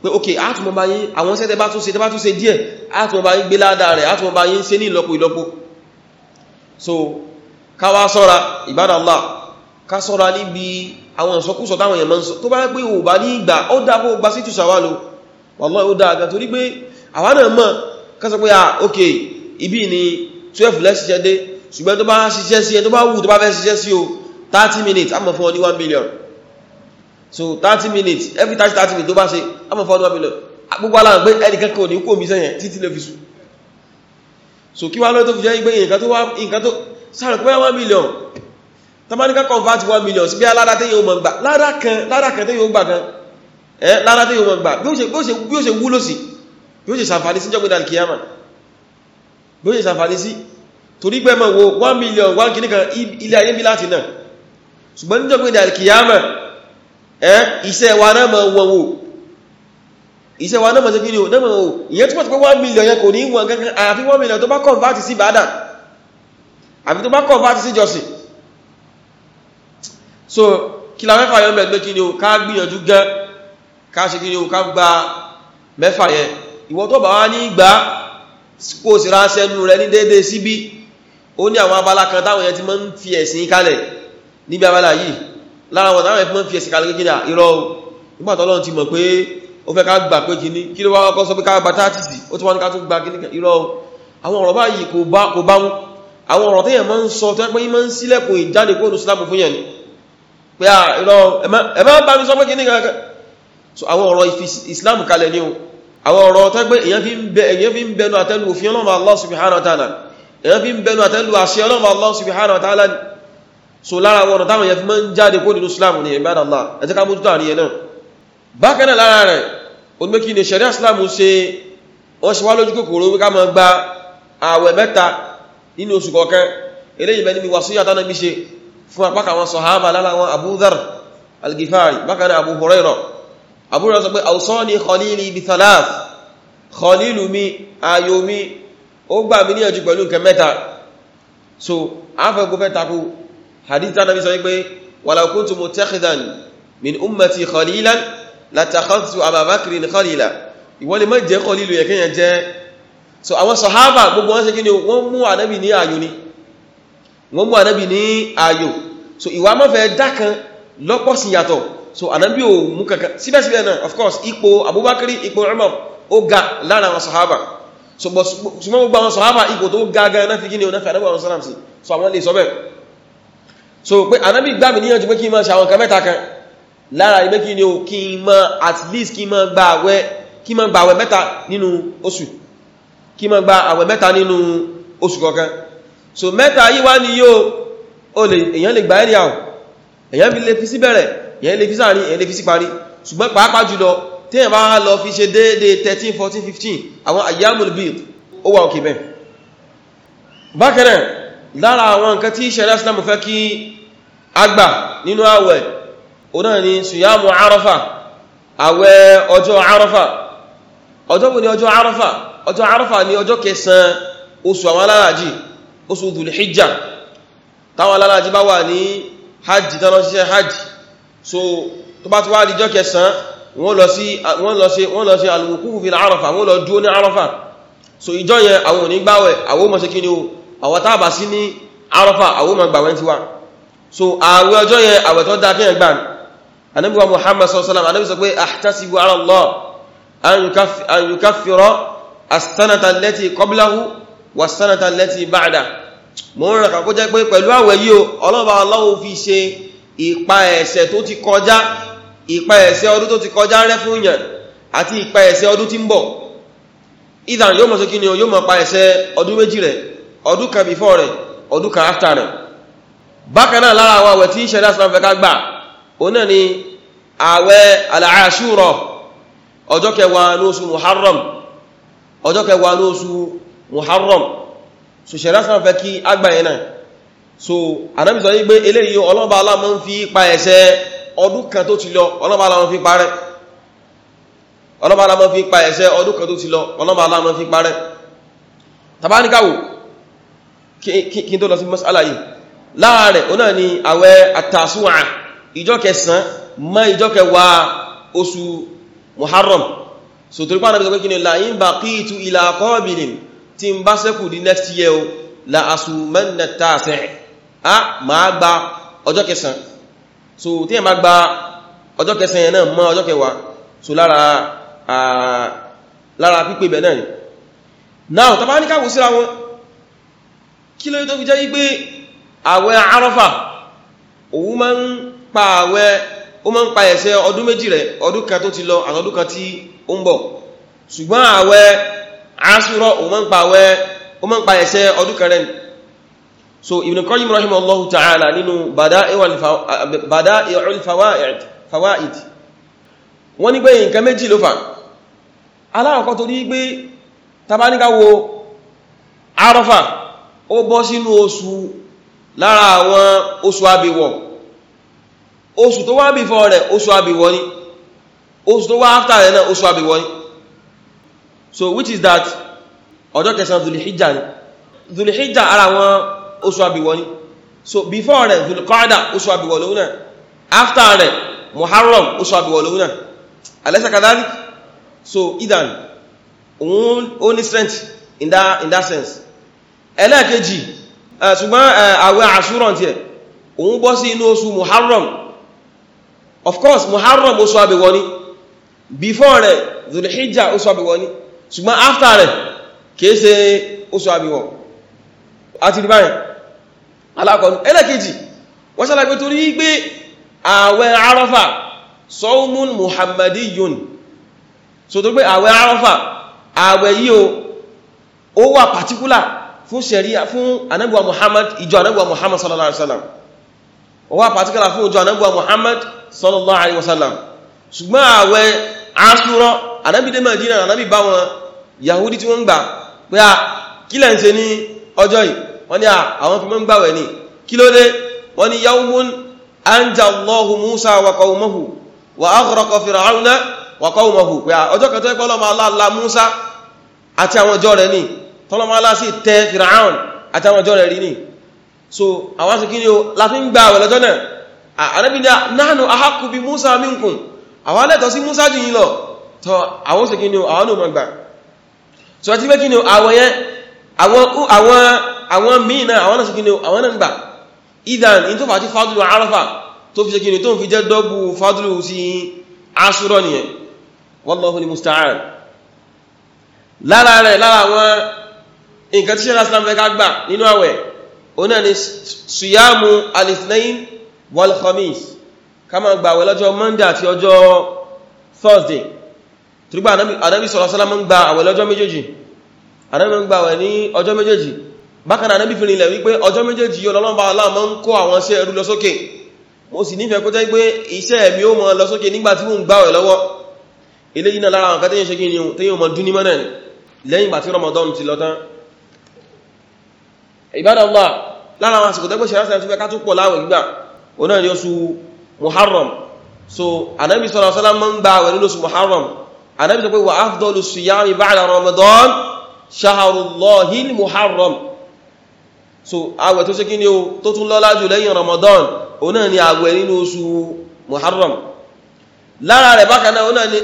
pé ok átùmọ̀ bá yín àwọn ṣẹ́ tẹbá tún ṣe tẹbá tún ṣe díẹ̀ átùmọ̀ bá yín gbé ládàá rẹ̀ átùmọ̀ bá yín ṣe ní ìlọ́po ìlọ́po so káwá sọ́ra ìbádàlá ká sọ́ra níbi àwọn ìsọkúsọ táwọn èèyàn máa ń sọ tó bá pé ò bá ní ìgbà ó dá kó gba sí tùsàwà lò wallahi ó dá àgbà torí pé àwa náà mọ̀ ká sọ pé à ok ibi ni 12 lẹ́ṣiṣẹ́ dé ṣùgbọ́n tó bá ṣiṣẹ́ sí ẹ tó bá wù tó bá 30 minutes I'm a fún ọ million so 30 minutes every time 30 minutes tó bá ṣe a mọ̀ fọ́nà mílọ̀ gbogbo aláàrùn pé ẹnìkan kan ò ní kó mi sẹ́yẹn títí lè fi sùn so kí wá lọ́ tó fi jẹ́ ìgbé nǹkan tó wá nǹkan tó sáàrù pé 1 million tamanika convert 1 million sí bí alára tí yóò mọ̀ gbà lára kan lára kan tí yóò gbà gan ẹ́ lára tí yóò mọ̀ gbà bí ó ṣe wúlò sí bí ó ṣe sàǹfàní sí jọ́gbìnà alkiyama bí ó ṣe sàǹfàní sí torí pé mọ̀ wo 1 million 1 kìnnìkan ilé ayé bí láti náà ṣùgbọ́n ní jọ́gbìnà Eh? iṣẹ́ wa náà mọ̀ wọn wò iṣẹ́ wa náà mọ̀ sí fídíò náà mọ̀ wò ìyẹn túnmọ̀ sí pé 1 million yẹn kò ní wọn gangan àfi 1 million tó bá convert sí bàádà àfi tó bá convert sí jọsìn so kí la mẹ́fà yẹn mẹ́gbẹ́ kí ni o ká gbìyànjú gan ká ṣe kí ni o ká gba mẹ́fà yẹn ìwọ tó bá wá ní ìgbà kó sì ra ṣẹnu rẹ ní dédé síbí ó ní àwọn abala kan táwọn yẹn ti máa ń fi ẹ̀sìn kalẹ̀ níbi abala yìí lára wọn táwọn ẹ̀fún fi ẹ̀sìn kalẹ̀ kékeré irọ́ o nígbà tó Ọlọ́run ti mọ̀ pé ó fẹ́ ká gbà pé kíní kí ló wá kọ́ sọ pé ká gba tátìsì ó tún wá ní ká tún gba kíní irọ́ o àwọn ọ̀rọ̀ báyìí kò bá kò àwọn ọ̀rọ̀ téèyàn máa ń sọ tó pé máa ń sílẹ̀kùn ìjáde ni pé à irọ́ ẹ má bá mi sọ pé kíní kankan so àwọn ọ̀rọ̀ ìfi ìsìlámù kalẹ̀ ni o Allah subhanahu wa ta'ala èèyàn fi ń bẹnu àtẹ́lù Allah subhanahu wa ta'ala so lára wọn táwọn yẹn fi máa ń jáde kó nínú islam ní ibadallah ẹ jẹ́ ká mójútó àríyẹn náà bákan náà lára rẹ̀ onímẹ́kì ni sharia islam ṣe wọ́n ṣe wá lójú kòkòrò wípé ká máa gba ààwẹ̀ mẹ́ta nínú oṣù kọ̀ọ̀kan eléyìí bẹ́ẹ̀ níbi wàsíyà tánà bí ṣe fún apákan àwọn sọ̀háàbà lára àwọn mi ayo hadith tánàbí sọ wípé wala kuntu mutakhidan min ummati khalilan latakhadtu ababakirin khalila ìwọ́n lè má jẹ́ khalilu yẹ kíyàn jẹ́ so àwọn sahaba gbogbo wọn ṣe kí ni wọ́n mú ànábì ní ààyò ni wọ́n mú ànábì ní ààyò so ìwà mọ́fẹ́ dákan lọ́pọ̀ sí yàtọ̀ so ànábì ò mú kankan síbẹ̀síbẹ̀ náà of course ipò abubakar ipò Umar ó ga lára àwọn sahaba so ṣùgbọ́n gbogbo àwọn sahaba ipò tó ga gan náà fi gíní onáfẹ́ ànábì àwọn sọ́nà sí so àwọn lè sọ bẹ́ẹ̀ so pé Ànábì gbà mí níyànjú pé kí n máa ṣàwọn kan mẹ́ta kan lára ibẹ́ kí ni o kí n máa at least kí n máa gba àwẹ̀ kí n máa gba àwẹ̀ mẹ́ta nínú oṣù kí n máa gba àwẹ̀ mẹ́ta nínú oṣù kọ̀ọ̀kan so mẹ́ta yìí wá ní yóò o lè èyàn lè gba ẹ̀rì àwọ̀ èyàn fi lè fi sí bẹ̀rẹ̀ èyàn lè fi sáàrin èyàn lè fi sí parí ṣùgbọ́n pàápàá jùlọ téèyàn bá lọ fi ṣe déédéé 13 14 15 àwọn ayyamul bid ó wà òkè bẹ́ẹ̀ bákan náà lára àwọn nǹkan tí ṣẹ̀rẹ́ islamu fẹ́ kí agbà nínú àwẹ̀ ọ̀nà ni suyamu arafa àwẹ̀ ọjọ́ arafa ọjọ́ wo ni ọjọ́ arafa ọjọ́ arafa ni ọjọ́ kẹsàn oṣù àwọn alálàájì oṣù dhul-hijja táwọn alálàájì bá wà ní hajji tánà hajji so tó bá ti wá di ọjọ́ kẹsàn wọ́n lọ sí wọ́n lọ sí al arafa wọ́n lọ dúó ní arafa so ìjọ yẹn àwọn ò ní gbáwẹ̀ àwọn ò mọ̀ sí kí ni o àwọn táàbà sí ní arọ́fà àwọn ọmọ gbà wọ́n ti wá so ààwẹ̀ ọjọ́ yẹn àwẹ̀ tó dá kíyàn gbà Ànábì wa Muhammad sallallahu Ànábì sọ pé ahtasibu ala Allah an yukaffira as-sanata allati ìdàn yóò mọ̀ sí kí ni yóò mọ̀ pa ẹ̀ṣẹ̀ ọdún méjì rẹ̀ ọdún kan before rẹ̀ ọdún kan after rẹ̀ bákan náà lára àwọn àwẹ̀ tí ṣẹlẹ̀ islam fẹ́ ká gbà òun náà ni àwẹ̀ al-Ashura ọjọ́ kẹwàá ní oṣù muharram ọjọ́ kẹwàá so ṣẹlẹ̀ islam fẹ́ kí agbà yẹn náà so Ànábì sọ wípé eléyìí ọlọ́ba aláàmọ́ ń fi pa ẹ̀ṣẹ̀ ọdún kan tó ti lọ ọlọ́ba aláàmọ́ fi parẹ́ ọlọ́ba aláàmọ́ fi pa ẹ̀ṣẹ̀ ọdún kan kí n tó lọ sí masala yìí láàrẹ̀ o náà ni àwẹ̀ àtàṣúwà ìjọ kẹsàn mọ́ ìjọ kẹwàá oṣù muharram so torí pàdánù pé kí ni láyín bá kí ìtú ilá kọ́bìnrin tí ń bá sẹ́kù di next year o la asù mẹ́nà tààsẹ̀ a máa gba lára pípé bẹ̀ náà ni now tàbá ní káwò wọn kí ló tó fi jẹ́ wípé àwẹ̀ arọ́fà òun máa ń pa àwẹ̀ ó máa ń pa ẹ̀ṣẹ̀ ọdún méjì rẹ̀ ọdún kan tó ti lọ àtọdún kan tí ó ń bọ̀ ṣùgbọ́n àwẹ̀ asúrọ̀ òun máa ń pa àwẹ̀ ọdún kan rẹ̀ so Ibn Qayyim Allahu ta'ala nínú bada Fawaid wọ́n ní pé nǹkan méjì ló fà aláàkọ́ torí pé tabaníkà wo arọ́fà ó bọ́ sínú oṣù lára àwọn oṣù abìwọ̀ oṣù tó wá before rẹ̀ oṣù abìwọ̀ ni oṣù tó wá after rẹ̀ náà oṣù abìwọ̀ ni so which is that ọjọ́ kẹsàn zulhijja ni zulhijja ara àwọn oṣù abìwọ̀ ni so before rẹ̀ zulqada oṣù abìwọ̀ lòun náà after rẹ̀ muharram oṣù abìwọ̀ lòun náà alaysa kadhalik so idan òun ó strength in that, in that sense ẹlẹ́ẹ̀kejì ṣùgbọ́n àwẹ̀ àṣúràn tí ẹ̀ òun bọ́ sí inú oṣù muharram of course muharram oṣù àbẹ̀wọ̀ before rẹ̀ zulhijja oṣù àbẹ̀wọ̀ ni ṣùgbọ́n after rẹ̀ kìí ṣe oṣù àbẹ̀wọ̀ àti ìbáyìn alákọ̀ọ́nù ẹlẹ́ẹ̀kejì wọ́n ṣàlàyé torí pé àwẹ̀ arọ́fà sọ́ọ́mùn muhammadiyun so tó pé àwẹ̀ arọ́fà àwẹ̀ yìí ó wà particular fún ṣẹ̀ríà fún anábíwa muhammad ìjọ anábíwa muhammad sallallahu alaihi wasallam wọ́n pàtíkàlá fún ìjọ anábíwa muhammad sallallahu alaihi wasallam ṣùgbọ́n àwẹ̀ asúrọ̀ anábídé madina anábí bá wọn yahudi tí wọ́n gbà pé à kí ń ṣe ní ọjọ́ yìí wọ́n ní àwọn fi mọ́ ń gbàwẹ̀ tọ́lọ́mọ́ aláṣì tẹ fìràún àtàwọn ọjọ́ rẹ̀ rí ní so àwọn sí kí ní o láti ń gba àwẹ̀ lọ́jọ́ náà ànábì nahnu ahaqqu bi Musa minkum àwọn alẹ́tọ̀ sí Musa jù yín lọ tọ́ àwọn sí kí ní so àti pé kí ní o àwẹ̀ yẹn àwọn míì náà àwọn náà sí kí ní o àwọn fadlu arafa tó fi ṣe kí fadlu sí asúrọ̀ wallahu al-musta'an lára rẹ̀ lára àwọn nǹkan tí ṣẹlá islam fẹ́ ká gbà nínú àwẹ̀ òun náà ni suyamu alithnain wal khamis ká máa gbà àwẹ̀ lọ́jọ́ monday àti ọjọ́ thursday tìrúgbà anábì sọ̀rọ̀ sọ́lá máa ń gba àwẹ̀ lọ́jọ́ méjèèjì anábì ń gba àwẹ̀ ní ọjọ́ méjèèjì bákan anábì fi rinlẹ̀ wípé ọjọ́ méjèèjì yóò lọ́lọ́ba aláà máa ń kó àwọn iṣẹ́ ẹrú lọ sókè mo sì nífẹ̀ẹ́ kó jẹ́ pé iṣẹ́ mi ó mọ lọ sókè nígbà tí mò ń lẹ́yìn ìgbà tí Ramadan ti lọ tán Ibadallah lára àwọn àsìkò tẹ́gbẹ́ ṣẹlá sẹ́lá tó fẹ́ ká tún pọ̀ láwẹ̀ gbígbà òun náà ni oṣù Muharram so anábì sọ́rọ̀ sọ́lá mọ́ ń gba àwẹ̀ nínú oṣù Muharram anábì sọ pé wà afdalu siyami ba'da Ramadan shaharullahil so àwẹ̀ tó ṣe kí ni o tó tún lọ́lá jù lẹ́yìn Ramadan òun náà ni àwẹ̀ nínú oṣù Muharram lára rẹ̀ bákan náà òun náà ni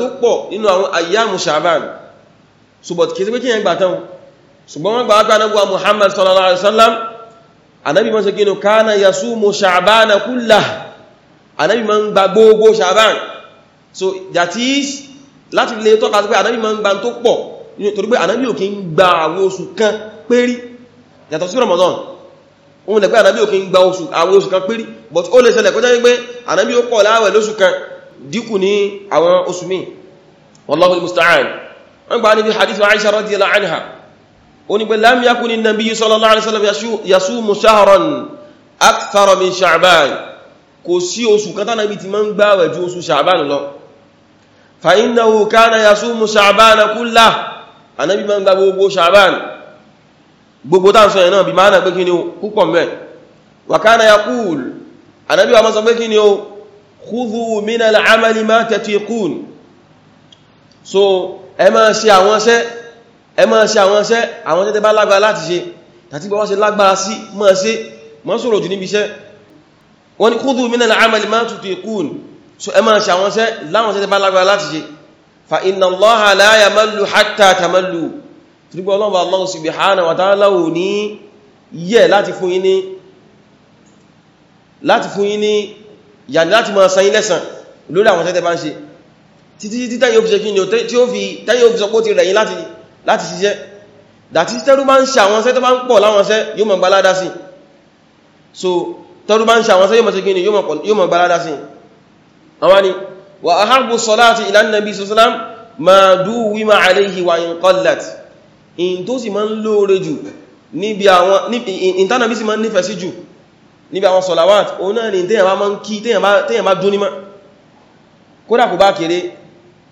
tó pọ̀ nínú àwọn ayyamu Sha'ban ṣùgbọ́n kìí sí pé kí yẹn gbà tán ṣùgbọ́n wọ́n gbà ágbà náà Muhammad sallallahu alaihi wasallam anábì mọ́ sí kínú kana yasumu sha'bana kullahu so that is láti lè tọ́ka sí pé anábì mọ́ ń gba tó pọ̀ torí pé anábì ò kí ń gba àwọn oṣù kan péré yàtọ̀ sí Ramadan òun lẹ̀ pé anábì ò ń gba àwọn oṣù kan péré but ó lè ṣẹlẹ̀ kọjá wípé anábì ó pọ̀ láwẹ̀ lóṣù kan dínkù ní àwọn oṣù míì wallahu musta'an wọ́n gbà níbi hadith Aisha radiyallahu anha ó ní pé lam yakuni an-nabiy sallallahu alaihi wasallam yasumu shahran akthara min sha'ban kò sí oṣù kan tánàbí ti máa ń gbààwẹ̀ ju oṣù sha'ban lọ fa innahu kana yasumu sha'ban kullah anábí máa ń gba gbogbo sha'ban gbogbo tá ń sọ ẹ̀nà bí máa nà pé kí ni ó púpọ̀ mẹ́ wa kana yaqul anábí wa máa sọ pé kí ni ó khudhu min al-amali ma tatiqun so ẹ máa ṣe àwọn iṣẹ́ ẹ máa ṣe àwọn iṣẹ́ àwọn iṣẹ́ tẹ́ bá lágbára láti ṣe àti bọ́wọ́ ṣe lágbára sí máa ṣe máa sọ̀rọ̀ jù níbi iṣẹ́ wọ́n ni khudhu minal amali ma tutiqun so ẹ máa ṣe àwọn iṣẹ́ láwọn iṣẹ́ tẹ́ bá lágbára láti ṣe fa inna Allaha la yamallu hatta tamallu tìrìgbọ́ ọlọ́wọ́ Allah subhanahu wa ta'ala títí tí táyé òfisẹ́ kí ni tí ó fi táyé òfisẹ́ pó ti rẹ̀yìn láti ṣiṣẹ́ dàtí tẹ́rù bá ń so tẹ́rù bá ń ṣe àwọn ṣẹ́ yóò mọ̀ gbalada sí àwọn nabi sallam ma duwima alayhi wa in qallat in tó sì máa ń lóore in tánàbí sì máa ń nífẹ̀ẹ́ sí jù níbi salawat òun náà ni téèyàn bá máa ń kí téèyàn bá dún ní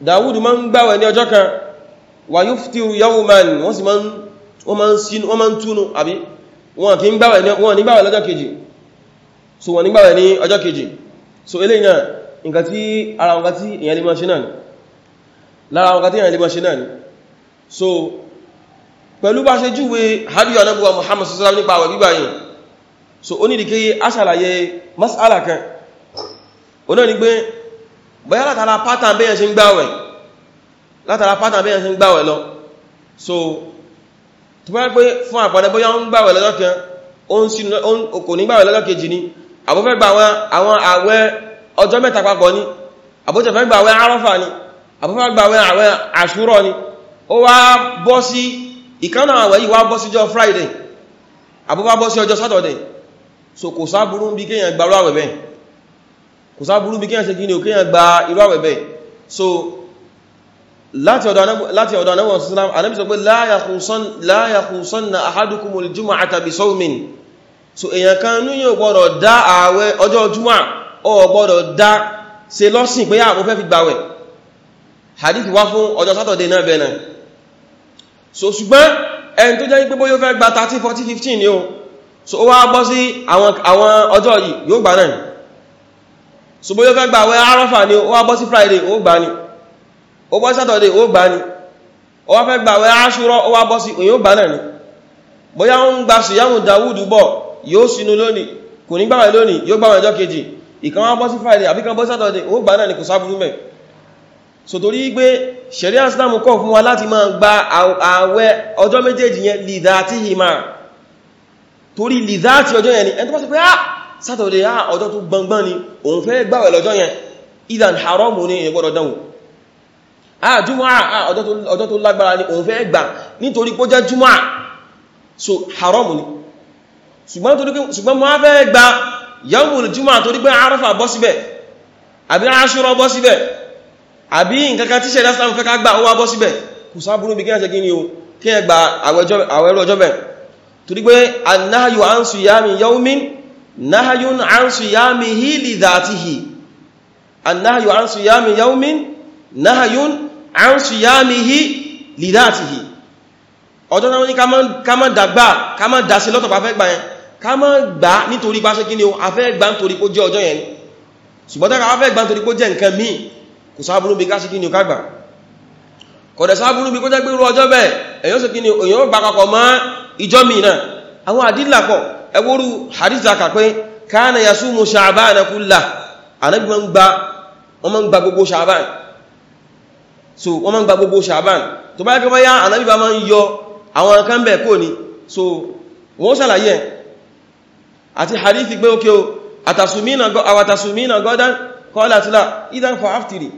Dawud ma ń gbàwẹ̀ ní ọjọ́ kan wà yuftiru yawman wọ́n sì ma ń túnú àbí wọn kì í gbàwẹ̀ ní gbàwẹ̀ lọ́jọ́ kejì so wọ́n ní gbàwẹ̀ ní ọjọ́ kejì so eléyìí náà nǹkan tí ara wọn tí so pẹ̀lú bá ṣe júwe hadiyu Muhammad sallallahu nípa àwẹ̀ bíbá so ó ní ìdíkéyé aṣàlàyé mas'ala kan ó náà ni bóyá látara pátán bẹ́yàn ṣe ń gbáwẹ̀ látara pátán bẹ́yàn ṣe ń gbáwẹ̀ lọ so tó bá pé fún àpàdé bóyá ń gbáwẹ̀ lọ́jọ́ kan kò ní gbáwẹ̀ lọ́jọ́ kejì ni àbúfẹ́ gba àwọn àwẹ̀ ọjọ́ mẹ́ta papọ̀ ni àbúfẹ́ fẹ́ gba àwẹ̀ arọ́fà ni àbúfẹ́ gba àwẹ̀ àwẹ̀ àṣúrọ̀ ni ó wá bọ́ sí ìkánà àwẹ̀ yìí wá bọ́ sí ọjọ́ Friday àbúfẹ́ bọ́ sí ọjọ́ Saturday so kò sáburú bí kéèyàn gbarú àwẹ̀ bẹ́ẹ̀ kò sáàbúrú bí kíyàn ṣe gíní ò kíyàn gba irú àwẹ̀bẹ̀ so láti ọ̀dọ̀ anábọ̀ sísìlám anábì sọ pé la yakhusanna ahadukumul jumu'ata bi sawmin so èyàn kan núyàn gbọ́dọ̀ dá ààwẹ̀ ọjọ́ jùmọ́ ọ gbọ́dọ̀ dá ṣe lọ́sìn pé ààbò fẹ́ hadith wá fún ọjọ́ sátọ̀dé náà so ṣùgbọ́n ẹni tó jẹ́ pé bóyá fẹ́ gba 30 40 so ó wá bọ́ sí àwọn ọjọ́ yìí ṣùgbọ́n yóò fẹ́ gba àwẹ̀ arọ́fà ni ó wá bọ́ sí friday ó gbà ní ó bọ́ sí saturday ó gbà ní ó wá fẹ́ gba àwẹ̀ aṣúrọ́ ó wá bọ́ sí òyìn ó gbà náà ni bóyá ń gba ṣìyàmù dawudu bọ̀ yóò sínú lónìí kò ní gbàwẹ̀ lónìí yóò gbàwẹ̀ friday àbí kan bọ́ sí saturday ni kò sáburú mẹ́ so torí pé sharia islam kọ̀ fún wa láti máa gba àwẹ̀ ọjọ́ méjèèjì yẹn lidhatihima torí lidhati Saturday á ah, ọjọ́ tó gbọngbọ́n ni òun fẹ́ gbàwẹ̀ lọ́jọ́ yẹn idan haramu ni èyàn gbọ́dọ̀ dánwò á jùmọ́ á ọjọ́ tó lágbára ni òun fẹ́ gbà nítorí pó jẹ́ jùmọ́ so haramu ni ṣùgbọ́n mo á fẹ́ gba yawmul jùmọ́ torí pé arafa bọ́ síbẹ̀ àbí aṣúra bọ́ síbẹ̀ àbí nǹkankan tí ṣẹlẹ̀ islam kí nahayun an siyamihi li dhatihi annahyu an siyami yawmin nahayun an siyamihi li dhatihi ọjọ́ náà ní ká má dàgbà ká má dàsí lọ́tọ̀ pàfẹ́ gbà yẹn ká má gbà nítorí pàṣẹ kí ni o afẹ́ gbà nítorí kó jẹ́ ọjọ́ yẹn ṣùgbọ́n dára afẹ́ gbà nítorí kó jẹ́ nǹkan míì kò sáàbùrú bí káṣí kí ni o ká gbà kọ̀dẹ̀ sáàbùrú bí kó jẹ́ pé ọjọ́ bẹ́ẹ̀ ẹwọ́rú hadita kàpẹ́ káàna yà súnmù ṣàbáà na kúlà anábi wọ́n ma ń gba gbogbo ṣàbáà so wọ́n ma ń gba gbogbo ṣàbáà tó bá kọba yá anábi bá ma ń yọ àwọn kan bẹ̀ kò ní so wọ́n ṣàlàyé àti hadithi gbé ókè o àtàsùmínà gọ́dán kọ́lá tílá ìdán fọ́ áftìrì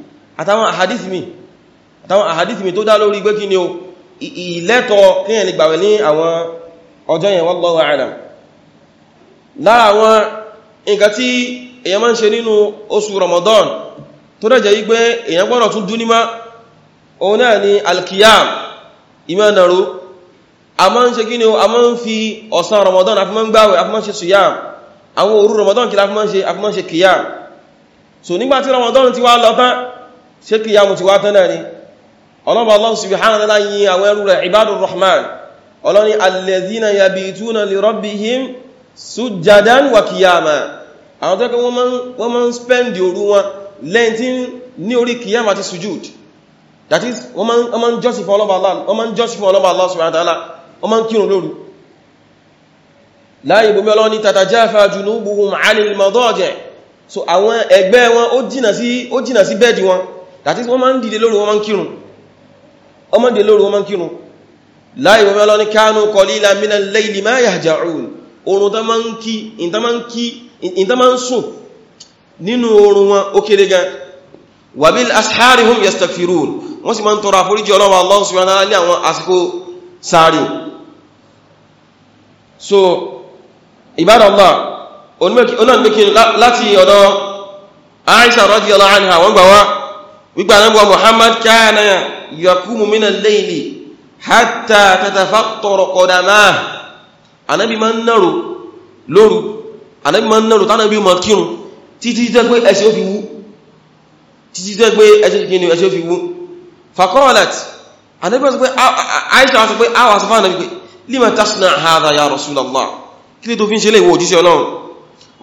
àtàwọn àhadithi mi tó dá lórí ọjọ́ yẹn wallahu a'lam lára àwọn nǹkan tí èyàn máa ń ṣe nínú oṣù Ramadan tó dẹ̀jẹ̀ wípé èyàn gbọ́nà tún dún nímá òun náà ni alkiyam ìmọ̀nàró a máa ń ṣe kí ni a máa ń fi ọ̀sán Ramadan a fi máa ń gbáwẹ̀ a fi máa ń ṣe suyam àwọn òru Ramadan kí a fi máa ń ṣe kiyam so nígbàtí Ramadan ti wá lọ ṣe kiyam ti wá tán náà ọlọ́bà Allah subhanahu wa ta'ala yin àwọn ẹrú rẹ̀ ibadur rahman ọlọ́ni alladhina yabituna li rabbihim sujjadan wa kiyama àwọn tó kí wọ́n máa ń spend òru wọn lẹ́yìn tí ní orí kiyama àti sujud that is wọ́n máa ń jọ́sìn fún ọlọ́bà Allah wọ́n máa ń jọ́sìn fún ọlọ́bà Allah subhanahu wa ta'ala wọ́n máa ń kírun lóru láyé ibùmí ọlọ́ni tatajafa junubuhum 'anil madaji' so àwọn ẹgbẹ́ wọn ó jìnà sí bẹ́ẹ̀dì wọn that is wọ́n máa ń dìde lóru wọ́n máa ń kírun wọ́n máa ń dìde lóru wọ́n máa ń kírun oorun tán máa ń kí ìntán máa ń sùn nínú oorun wọn ó kéré gan wàbíl ashari hum yastaghfirun wọ́n sì máa ń tọrọ àforíjì ọlọ́wọ́ Allah subhanahu wa ta'ala ní àwọn àsìkò sáré so ibadallah onáàmìkín láti ọ̀dọ̀ Aisha radiyallahu anha wọ́n gbà wá hatta tatafattara qadamahu anábì máa ń nàrò lóru anábì máa ń nàrò tánàbí ma kírun títí tẹ́ pé ẹsẹ̀ ó fi wú títí tẹ́ pé ẹsẹ̀ ó fi wú faqalat anábì sọ pé aisha sọ pé awa sọ fánàbí pé lima tasna hadha ya rasulallah kí lè tó fi ń ṣe lè wò jíṣẹ́ ọlọ́run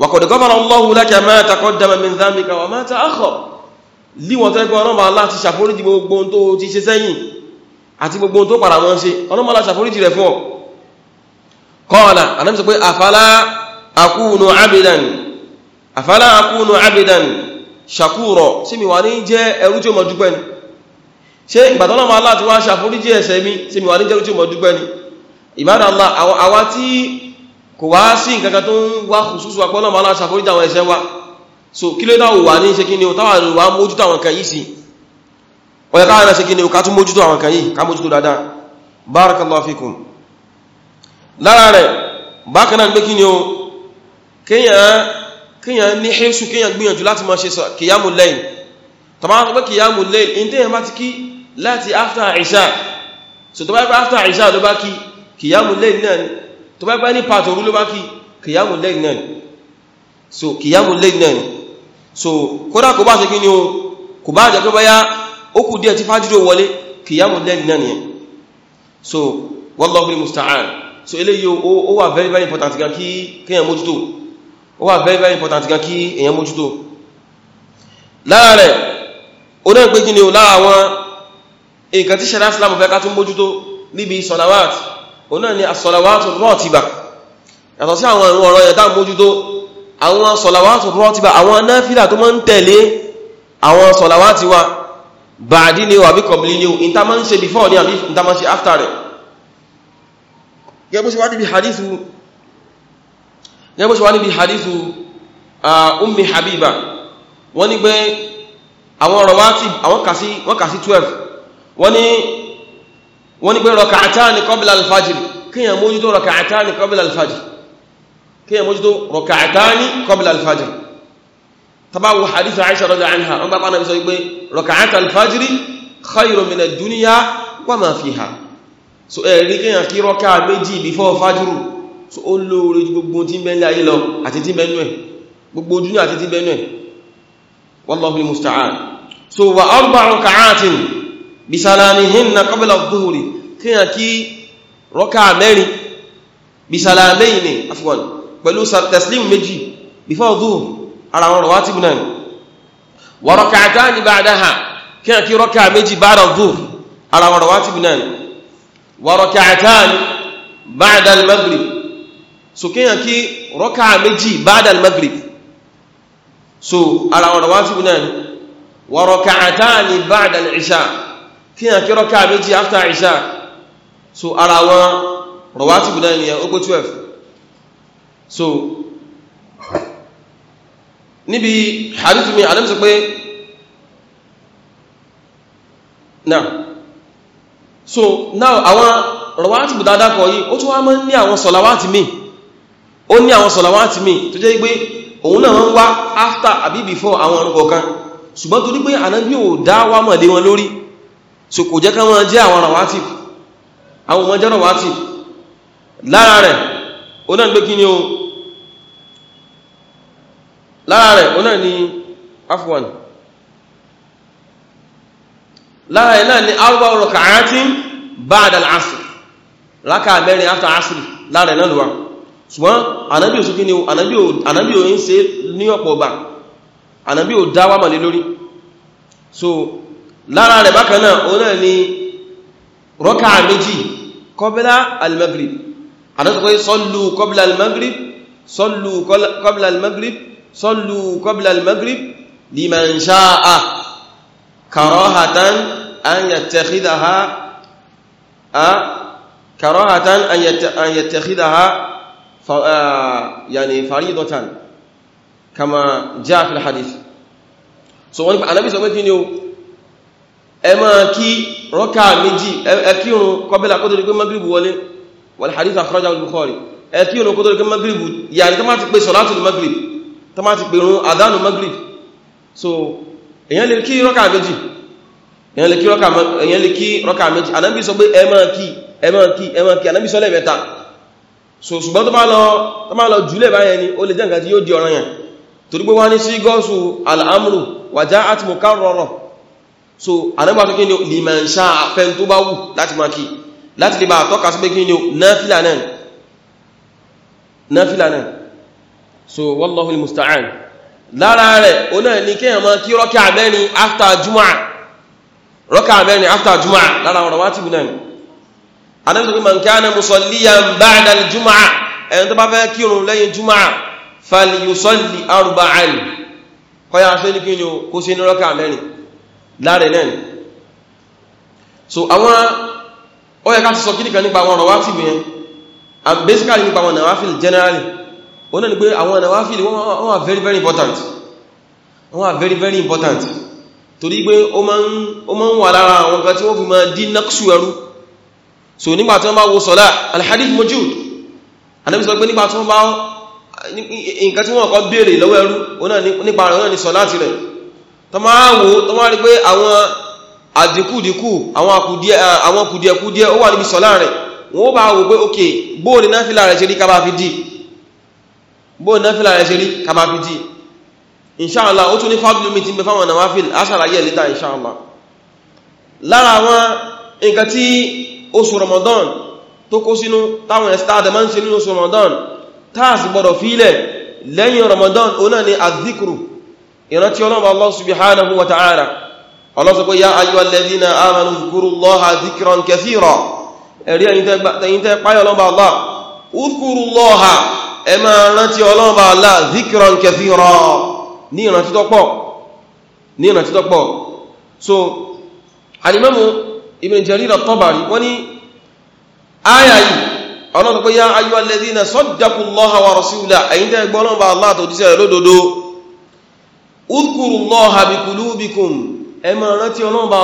wa qad ghafara Allahu laka ma taqaddama min dhanbika wa ma ta'akhkhar líwọ̀n tẹ́gbẹ́ ọlọ́mà aláti ṣàforíjì gbogbo tó ti ṣe sẹ́yìn àti gbogbo tó padà wọ́n ṣe ọlọ́mà aláti ṣàforíjì rẹ̀ fún ọ kọ́ọ̀lá anábi sọ pé àfàlá àkúnù abidan àfàlá àkúnù abidan ṣàkúrọ̀ sí mi wà ní jẹ́ ẹrú tí ó mọ̀ dúpẹ́ ni ṣe ìgbàtọ́lọ́mọ aláàtí wá ṣàforíjì ẹ̀ṣẹ̀ mi sí mi wà ní jẹ́ ẹrú tí ó mọ̀ dúpẹ́ ni ìbádàlá àwa tí kò wá sí nǹkankan tó ń wá kùsùsù àpọ́lọ́mọ aláàtí ṣàforíjì àwọn ẹ̀ṣẹ̀ lára rẹ̀ bákan náà gbé kí ni o kíyàn ní ṣíṣù kíyàn gbìyànjú láti máa ṣe kìyàmù lẹ́yìn tàbátà kìyàmù lẹ́yìn in tẹ́yàn bá ti kí láti after Isha so tó bá after Isha ló bá kí kìyàmù lẹ́yìn náà ni tó bá bá ní pàtó orú ló bá kí kìyàmù lẹ́yìn náà so kìyàmù lẹ́yìn so kódà kò bá ṣe kí ni o kò bá jẹ́ pé bá yá ó kù díẹ̀ tí musta'an so eléyìí ó wà very very important gan kí èyàn mojuto. ó wà very very important gan kí èyàn mójútó lára rẹ̀ ó náà pé kí ni ó lára àwọn nǹkan tí ṣẹlá islam fẹ́ ká tún mójútó níbi sọ̀làwát ó náà ni asọ̀làwát rọ́ọ̀tìbà yàtọ̀ sí àwọn ìrún ọ̀rọ̀ ẹ̀dá mójútó àwọn sọ̀làwát rọ́ọ̀tìbà àwọn náfílà tó máa ń tẹ̀lé àwọn sọ̀làwát wa bàdí ni wàbí kọ̀bìlì ni ó ìta máa ń ṣe before ni àbí ìta máa ń ṣe after rẹ̀ gẹ́gbó sí wá níbi hadithu ummi habiba wọ́n ní pé àwọn rawatib àwọn kà sí wọ́n kà sí 12 wọ́n ní wọ́n ní pé raka'atani qabla alfajiri kíyàn mójútó raka'atani qabla alfajiri kíyàn mójútó raka'atani qabla alfajiri tabawo hadithu aisha radiyallahu anha wọ́n bá bá na bí sọ pé raka'at alfajiri so ẹ̀rí kíyàn kí rọ́ká méjì before fájúrù so ó lóore ju gbogbo tí ń bẹ ní ayé lọ àti tí bẹnu ẹ̀ gbogbo ojú àti tí bẹnu ẹ̀ wallahu musta'an so wà arba'u rak'atin bi salamihinna kí rọ́ká méjì before dhuhr ara wọn rawatib náà wa rak'atani ba'daha kíyàn kí rọ́ká méjì ba'da adh-dhuhr wa rak'atan ba'da al-maghrib so kéèyàn kí rọ́kà méjì ba'da al-maghrib so ara wọn rawatibu náà ni wa rak'atan ba'da al-isha kéèyàn kí rọ́kà méjì after isha so níbi hadith mi àdámsọ pé náà so now àwọn rọ̀wátì bù dáadáa kọ̀ yìí ó tún wá mọ́ ní àwọn sọ̀làwátì mi ó ní àwọn sọ̀làwátì mi tó jẹ́ pé òun náà wọ́n wá after àbí before àwọn ọ̀rùn kọ̀ọ̀kan ṣùgbọ́n torí pé ànábí ò dá wá mọ̀ lé wọn lórí so kò jẹ́ káwọn jẹ́ àwọn rọ̀wátì àwọn ọmọ jẹ́ rọ̀wátì lára rẹ̀ ó náà gbé kí ni o lára rẹ̀ ó náà ni afwan lára ẹ̀ náà ni arúgbó ọ̀rọ̀ kàátín ba'da al-asr rákà mẹ́rin after asr lára ẹ̀ náà lọ́wọ́ ṣùgbọ́n anábí ò sókè ni anábí ò ń ṣe ní ọ̀pọ̀ ọba anábí ò dá wámà lé lórí so lára rẹ̀ bákan náà ó náà ni rọ́kà méjì qabla al-maghrib anábí sallu qabla al-maghrib sallu qabla al-maghrib sallu كراهة أن يتخذها كراهة أن يتخذها يعني فريضة كما جاء في الحديث so wọ́n ní Ànábì sọ pé kí ni o ẹ máa kí rọ́kà méjì ẹ kírun kọbílá kó tó rí pé magribu wọlé wal hadith akhrajahu al-Bukhari ẹ kírun kó tó rí pé magribu yàrí tó má ti pé sọ̀látù magrib tó má ti pè rún adánù magrib so èyàn lè kí rọ́kà méjì èyàn lè kí rọ́kà méjì anábí sọ pé ẹ máa kí ẹ máa kí ẹ máa kí anábí sọ lẹ́mẹ́ta so ṣùgbọ́n tó bá lọ jùlẹ̀ báyẹn ni ó lè jẹ́ nǹkan tí yóò di ọ̀ràn yẹn torí pé wá ní sí gọ́ọ̀sù al'amru wà já àti mọ̀ kárọrọ̀ so wallahu al-musta'an lára rẹ̀ o náà ní kíyàn máa kí rọ́kà mẹ́rin after juma rọ́kà mẹ́rin after juma lára ọ̀rọ̀ wáti bú náà ni anábìtò pé man kana musalliyan ba'da al-juma ẹni tó bá fẹ́ kírun lẹ́yìn juma falyusalli arba'an kọ́yà so àwọn ó yẹ ká ti sọ kíníkan nípa àwọn ọ̀rọ̀ basically nípa àwọn generally wọ́n náà ni pé àwọn ànàwáfíìlì wọ́n are very very important wọ́n are very very important torí pé ó máa ń wà lára àwọn kan tí wọ́n fi máa dí náksù ẹrú so nígbà tí wọ́n bá wo sọ́lá alhadith mojud anábi sọ pé nígbà tí wọ́n bá nǹkan tí wọ́n kọ́ béèrè lọ́wọ́ ẹrú nípa rẹ̀ ní sọ́lá ti rẹ̀ tó máa wo tó máa rí pé àwọn àdínkùdínkù àwọn kùdíẹ̀kùdíẹ̀ ó wà níbi sọ́lá rẹ̀ wọ́n bá wo pé fi láàrẹ̀ ṣe rí ká bó náfílà rẹ̀ ṣe rí kàbàpìtì inṣáàlá ó tún ní fàbílù mi ti bẹ fáwọn náfíl aṣàlàyé lítà inṣáàlá lára àwọn nǹkan tí oṣù Ramadan tó kó sínú táwọn ẹ̀stáàdà máa ń ṣe nínú oṣù Ramadan táàsì gbọdọ̀ fílẹ̀ lẹ́yìn Ramadan ó náà ni azikru ìrántí ọlọ́run Allah subhanahu wa ta'ala Allah sọ pé ya ayyuhalladhina amanu dhkurullaha dhikran kathira ẹ̀rí ẹ̀yìn tẹ́ páyọ̀ lọ́ba Allah udhkurullaha ẹ máa rántí ọlọ́run bá ọlá zikran kathira ní ìrántí tọ́pọ̀ ní ìrántí tọ́pọ̀ so alimamu ibn Jarir at-Tabari wọ́n ní áyà yìí ọlọ́run pé yá ayyuhal ladhina saddaqu Allaha wa rasulahu àyíndẹ́ ẹgbọ́ ọlọ́run bá ọlá àtòjíṣẹ́ rẹ̀ lódodo udhkuru Allaha bi qulubikum ẹ máa rántí ọlọ́run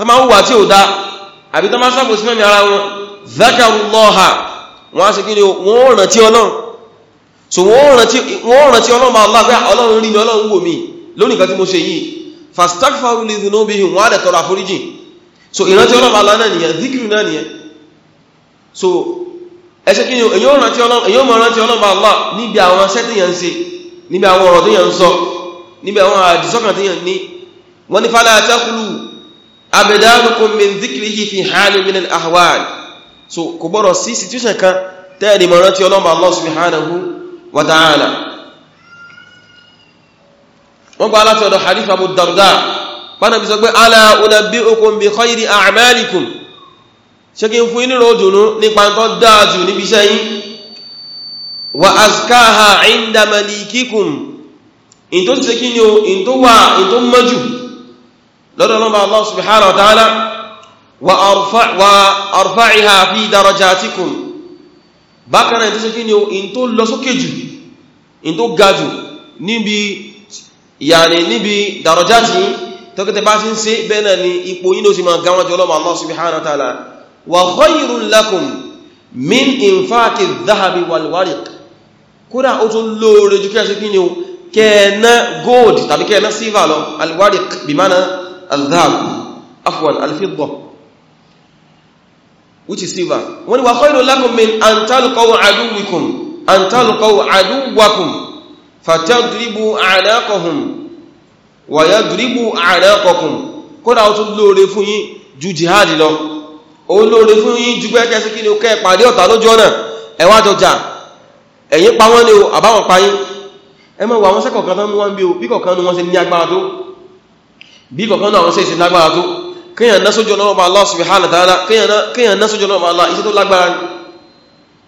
tó máa ń wà tí ò dá àbí tó máa sí mẹ́mí ara wọn zakarullaha wọ́n á sì kí ni wọ́n rántí ọlọ́run so wọ́n rántí ọlọ́run máa lágbá ah, ọlọ́run rí ọlọ́run wò mí lónìí kan tí mo ṣe yìí fastagfaru li dhunubihim wọ́n so ìrántí ọlọ́run máa lánàá nìyẹn zikiru náà ni èyàn rántí ọlọ́run èyàn máa rántí ọlọ́run máa lá níbi àwọn iṣẹ́ tí yẹn ń ṣe níbi àwọn ọ̀rọ̀ tí yẹn ń sọ níbi àwọn àdìsọ́kàn tí yẹn ní wọ́n ní fálá àtẹ́kùlù abdanukum min dhikrihi fi halin min al-ahwal so kò gbọ́rọ̀ sí situation kan tẹ́ẹ̀dì mọ̀ rántí ọlọ́mà Allah subhanahu wa ta'ala wọ́n gba láti ọ̀dọ̀ hadith Abu Darda bána bí sọ pé ala unabbi'ukum bi khayri a'malikum ṣe kí n fún inú ròdùnú nípa tó dáàjù níbi iṣẹ́ yìí wa azkaha inda malikikum in tó ti ṣe kí ni o in tó wà in tó mọ́jù lọ́dọ̀ lọ́ba Allah subhanahu wa ta'ala wa arfa'iha fi darajatikum bákan náà tó ṣe kí ni o in tó lọ sókè jù in tó ga jù níbi yàní níbi darajati tọ́kẹ́tẹ́ bá ti ń ṣe bẹ́ẹ̀ náà ni ipò yín ló sì máa ga wájú ọlọ́ba Allah subhanahu wa الذهب عفوا الفضة which is silver wọ́n ní وخير لكم من أن تلقوا عدوكم أن تلقوا عدوكم فتضربوا أعناقهم ويضربوا أعناقكم kódà ó tún lóore fún yín ju jihad lọ ó lóore fún yín ju gbẹ́kẹ́ sí kí ni ó kẹ́ pàdé ọ̀tá lójú ọ̀nà ẹ wá jọjà pa wọ́n ni ó àbáwọn pa yín ẹ mọ́ wà wọ́n sẹ́kọ̀ọ̀kan tán mú wọ́n bí ó bí kọ̀ọ̀kan ní wọ́n ṣe ní agbára tó bí kọ̀kan náà ṣe ìsìnlágbára tó kíyàn ná sójú ọlọ́wọ́ bá Allah subhanahu wa ta'ala kíyàn ná sójú ọlọ́wọ́ bá Allah iṣẹ́ tó lágbára ní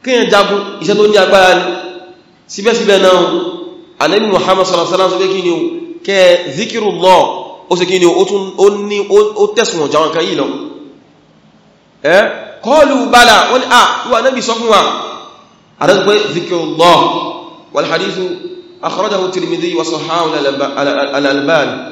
kíyàn jagun iṣẹ́ tó ní agbára ní síbẹ̀síbẹ̀ náà Ànábì Muhammad sallallahu alaihi wasallam al-Albani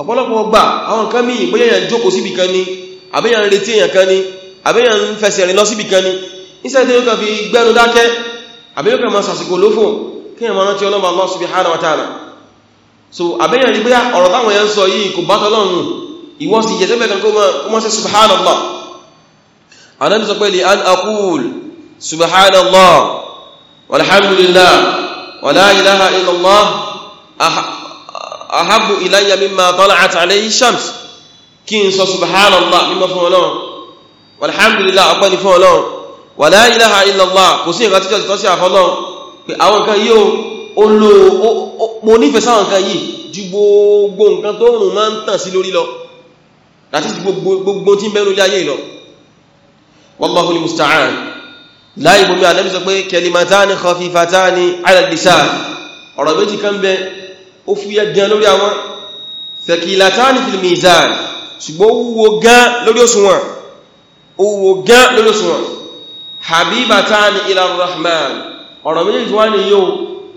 ọ̀pọ̀lọpọ̀ gbà àwọn nǹkan míì bóyá èèyàn jókòó síbì kan ni àbẹ́yàn ń retí èèyàn kan ni àbẹ́yàn ń fẹsẹ̀ rìn lọ síbì kan ni ìṣẹ́ tí ó kàn fi gbẹ́nu dákẹ́ àbẹ́yàn kàn máa sàsìkò ló fún kí èèyàn máa rántí ọlọ́mọ Allah subhanahu wa ta'ala so àbẹ́yàn rí bóyá ọ̀rọ̀ táwọn èèyàn sọ yìí kò subhanallah anábi sọ pé li an ahabu ilayya mimma tala'at alayhi shams kí n sọ subhanallah mímọ́ fún ọlọ́run walhamdulillah ọpẹ́ ni fún ọlọ́run wala ilaha illallah kò sí nǹkan títọ́ títọ́ sí àfọlọ́run pé àwọn nǹkan yìí ó lò mo nífẹ̀ẹ́ sáwọn nǹkan yìí ju gbogbo nǹkan tó rùn máa ń tàn sí lórí lọ láti gbogbo tí ń bẹ́nu ilé ayé lọ wallahu ni musta'an láì bomi ànábì sọ khafifatani ala lisan ọ̀rọ̀ méjì kan bẹ́ẹ̀ ó fúyẹ́ gan lórí àwọn thaqilatani fil mizan ṣùgbọ́n wúwo gan lórí òṣùwọ̀n owó gan lórí òṣùwọ̀n habibatani ila rahman ọ̀rọ̀ méjì wá ní yóò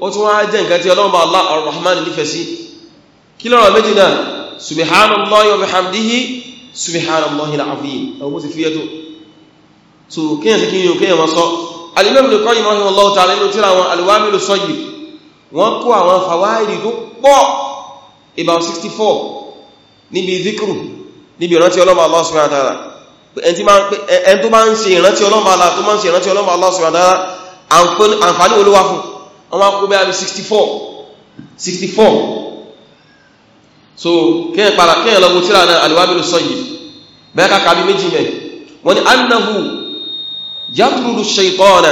ó tún wá jẹ́ nǹkan tí ọlọ́run bá Allah ar-rahman nífẹ̀ẹ́ sí kí lọ́rọ̀ méjì náà subhanallahi wa bihamdihi subhanallahi al-azim àwọn bó ti fúyẹ́ tó so kíyàn sí kíyàn kíyàn mọ́ sọ al-imam Ibn Qayyim rahimahullahu ta'ala nínú tírà wọ́n kó àwọn fàwáìdì tó pọ̀ about 64 níbi zikru níbi ìrántí ọlọ́mà Allah subhanahu wa ta'ala ẹn tó bá ń ṣe ìrántí ọlọ́mà Allah tó máa ń ṣe ìrántí ọlọ́mà Allah subhanahu wa ta'ala àǹfààní olówá fún wọ́n kó bẹ́ àbí 64 64 so kíyàn padà kíyàn lọ́gbọ́ tíra náà alwabilu sayyid bẹ́ẹ̀ kàkà bí méjì mẹ́ wọ́n ni annahu yadrudu shaytana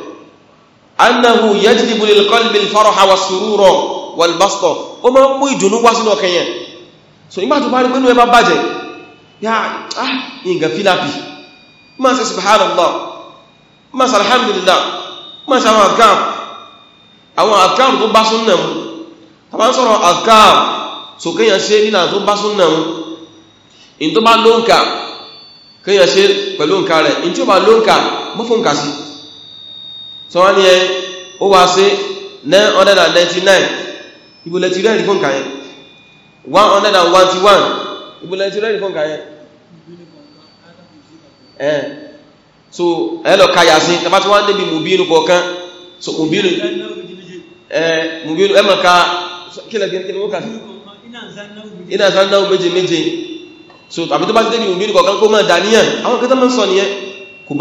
annahu yajibu lil qalbi al faraha was surura wal basta ó máa mú ìdùnnú wá sínú ọkàn yẹn so nígbà tó bá rí pé inú ẹ bá bàjẹ́ ya ah inga filapi ma ṣe subhanallah ma ṣe alhamdulillah ma ṣe àwọn azkar àwọn azkar tó bá sunna mu tá bá sọ̀rọ̀ azkar so kéèyàn ṣe nílànà tó bá sunna mu in tó bá lóǹkà kéèyàn ṣe pẹ̀lú nǹkan rẹ̀ in tí ó bá lóǹkà mọ́fún nǹkan sí sọ wọ́n ní ẹ ó wá sí 999 ìbòlẹ̀ ti rẹ́rì fún kàyẹn 111 ìbòlẹ̀ ti rẹ́rì fún kàyẹn ẹ̀ so ẹlọ kàyà sí tàbá tí wọ́n débi mùbínú kọ̀ọ̀kan so mùbínú ẹ̀ mùbínú ẹmọ̀ ká kílẹ̀ kí ni ó kà sí so tàbí tó bá débi mùbínú kọ̀ọ̀kan kó mọ̀ dàníyàn àwọn kẹta mọ́ sọ nìyẹn kò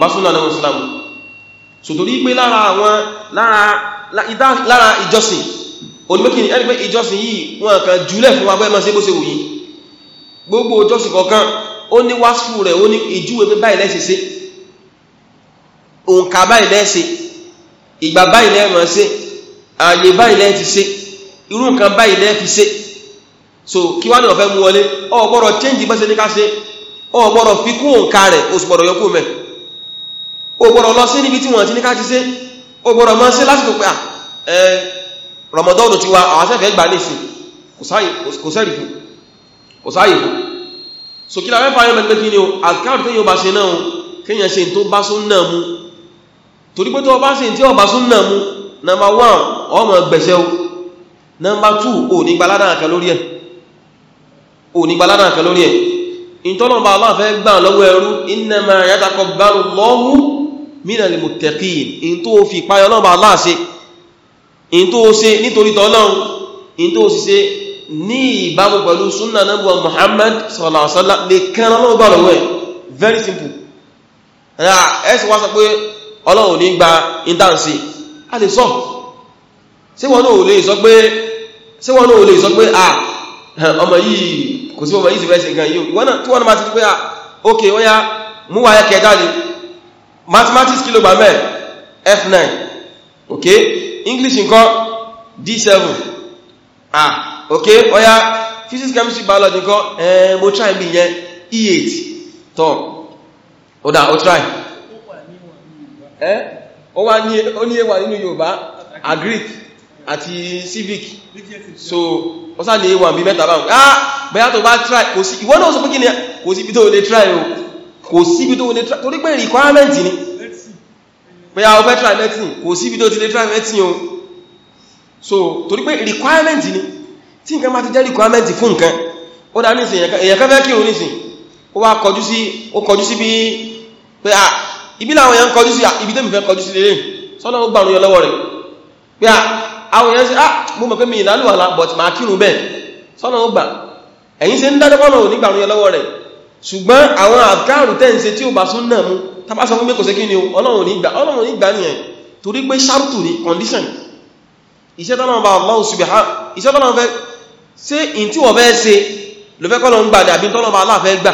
bá súnà náà mùsùlùmù sòtòrí pé lára àwọn lára ìjọsìn onímọ́kìnrin ẹni pé ìjọsìn yìí wọn kàn jùlẹ̀ fún wa bẹ́ẹ̀ máa ṣe bó ṣe wù yìí gbogbo ìjọsìn kọ̀ọ̀kan ó ní wáṣífù rẹ̀ ó ní ìjúwe pé báyìí lẹ́ṣe ṣe òǹkà báyìí lẹ́ṣe ìgbà báyìí lẹ́ẹ̀mọ̀ ṣe ààyè báyìí lẹ́ẹ̀ ti ṣe so kí wá ní ọ̀fẹ́ mú change bá ṣe ní ká ṣe ọ̀gbọ́dọ̀ fi kún o gbọ́dọ̀ lọ sí níbi tí wọ́n ti ní ká ti ṣe o gbọ́dọ̀ mọ́ sí lásìkò pé ah, ẹ rọmọdọ́nù ti wa àwọn gbà lè sí kò sẹ́rì fún kò sáàyè fún so kí láwẹ́ fàyẹ́ mẹ́lẹ́ kí ni o àkáàrù tí yóò bá ṣe náà kíyàn number one ọmọ gbẹ̀ṣẹ́ o number two ò ní gbaládà àkà lórí ẹ̀ ò ní gbaládà àkà lórí ẹ̀ ìtọ́nà bá aláfẹ́ gbà lọ́wọ́ ẹrú innama yataqabbalu Allahu mina lè mùtẹ̀kín in tó fi páyọ náà bá aláàṣe in tó ṣe nítorí tọ́lọ́un in tó sì ṣe ní ìbámu pẹ̀lú súnnà náà Muhammad sọ̀làṣọ́lá lè kẹran náà bá lọ́wọ́ very simple ẹ̀sì wá sọ pé ọlọ́run ní gba intanṣe a lè sọ ṣé wọn náà lè sọ pé ọmọ yìí kò sí ọmọ yìí sí fẹ́ ṣe gan yìí wọ́n tí wọ́n náà máa ti pé ok ó yá múwàá ẹ̀kẹ́ jáde mathematics kí ló gbà mẹ́ f9 ok english nǹkan d7 ah ok ọya physics chemistry biology nǹkan ẹ̀ẹ́ eh, mo try mi yẹn e8 tọ́ ó dá ó try ẹ́ eh? ó wá ní ó ní èwà nínú yorùbá agric àti civic so ó sáà ní èwà bí mẹ́ta báwọn ah bẹ́yà tó bá try kò sí ìwọ́n náà sọ pé kí ni kò sí ibi tó lè try o kò síbi tó wọlé torí pé requirement ni pẹ̀yà ọfẹ́ try medicine kò síbi tó ti lè try medicine o so torí pé requirement ni tí nǹkan máa ti jẹ́ requirement fún nǹkan ó dá nísìn èyàn kan fẹ́ kí o nísìn ó wá kọjú sí ó kọjú sí bí pé à ibi láwọn èèyàn kọjú sí ibi tẹ́mi fẹ́ kọjú sí lè sọ́nà ó gbàrún yọ lọ́wọ́ rẹ̀ pé à àwọn èèyàn sí à mo mọ̀ pé mi ìlàlùwàlà but máa kírun bẹ́ẹ̀ sọ́nà ó gbà ẹ̀yìn se ń dájọ́ pọ́nà ò ní gbàrún yọ lọ́wọ́ rẹ̀ ṣùgbọ́n àwọn àkàrù tẹ́ǹsẹ tí ó bá sún náà mú tàbá sọ fún pé kò sí kí ni ọlọ́run nígbà ọlọ́run nígbà ní ẹ̀ torí pé ṣàrùtù ní condition iṣẹ́ tọ́lọ́run bá Allah subhanahu iṣẹ́ tọ́lọ́run fẹ́ ṣe in tí wọ́n fẹ́ ṣe ló fẹ́ kọ́lọ́run gbà dàbí tọ́lọ́run bá Allah fẹ́ gbà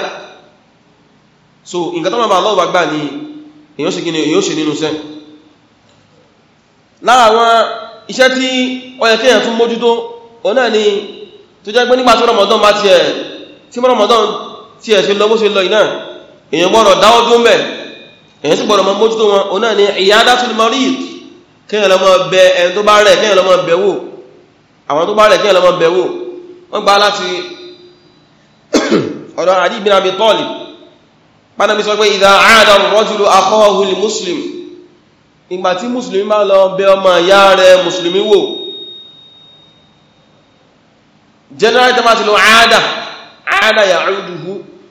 so nǹkan tọ́lọ́run bá Allah bá gbà ní èyàn ṣe kí ni èyàn ṣe nínú iṣẹ́ lára àwọn iṣẹ́ tí ó yẹ kéèyàn tún ni tó jẹ́ pé nígbà tí Ramadan bá ti ẹ̀ tí ẹ̀ ṣe lọ bó ṣe lọ iná èèyàn gbọ́dọ̀ dáwọ́ dún bẹ̀ èèyàn sì gbọ́dọ̀ mọ mójútó wọn òun náà ni iyadatul marid kéèyàn lọ mọ bẹ ẹni tó bá rẹ̀ kéèyàn lọ mọ bẹ̀ wò àwọn tó bá rẹ̀ kéèyàn lọ mọ bẹ̀ wò wọ́n gbà láti ọ̀dọ̀ Adi bin Abi Talib pánábi sọ pé aada ar-rajulu akhahu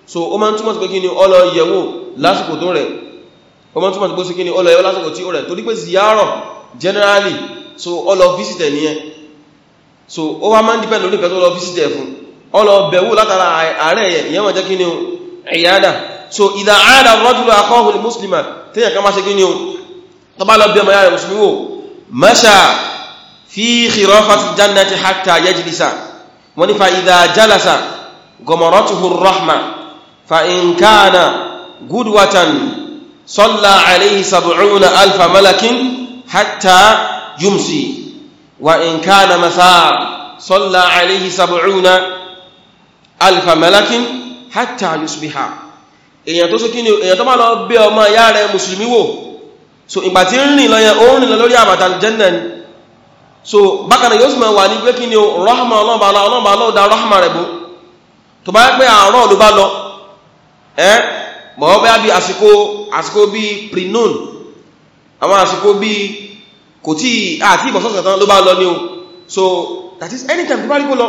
so o máa ń túmọ̀ sí pé kí ni ọlọ yẹ̀wò lásìkò tó rẹ̀ o máa ń túmọ̀ sí pé kí ni ọlọ yẹ̀wò lásìkò tí ó rẹ̀ torí ziyarọ̀ generally so ọlọ visit nìyẹn so ó wá máa ń depend lórí nǹkan tó lọ visit fún ọlọ bẹ̀wò látara àárẹ̀ yẹ ìyẹn máa so ìdá àádà rọ́jùlọ akọ́hùn ní muslima téèyàn kan máa ṣe kí ni o tó bá lọ bí ọmọ yára musulmi wò masha fi khirafati فإن كان قدوة صلى عليه سبعون ألف ملك حتى يمسي وإن كان مثار صلى عليه سبعون ألف ملك حتى يصبح إن tó sókí ni èyàn tó bá lọ bẹ́ ọmọ ìyá rẹ̀ mùsùlùmí wò so ìgbà tí ń rìn lọ́yẹ ó ń rìn lórí àbàtà jẹ́nà ni so bákan náà yóò sì mọ̀ wà ní pé kí ni rahma ọlọ́ọ̀bá ọlọ́ọ̀bá ọlọ́ọ̀dá rahma rẹ̀ bó tó bá pẹ́ ẹ mọ̀ ọ́ bẹ́ẹ̀ asiko àsìkò àsìkò bíi pre-noon àwọn àsìkò bíi kò tí àti ìbọ̀sọ̀sọ̀ tán ló bá lọ ní o so that is anytime tó bá rí kó lọ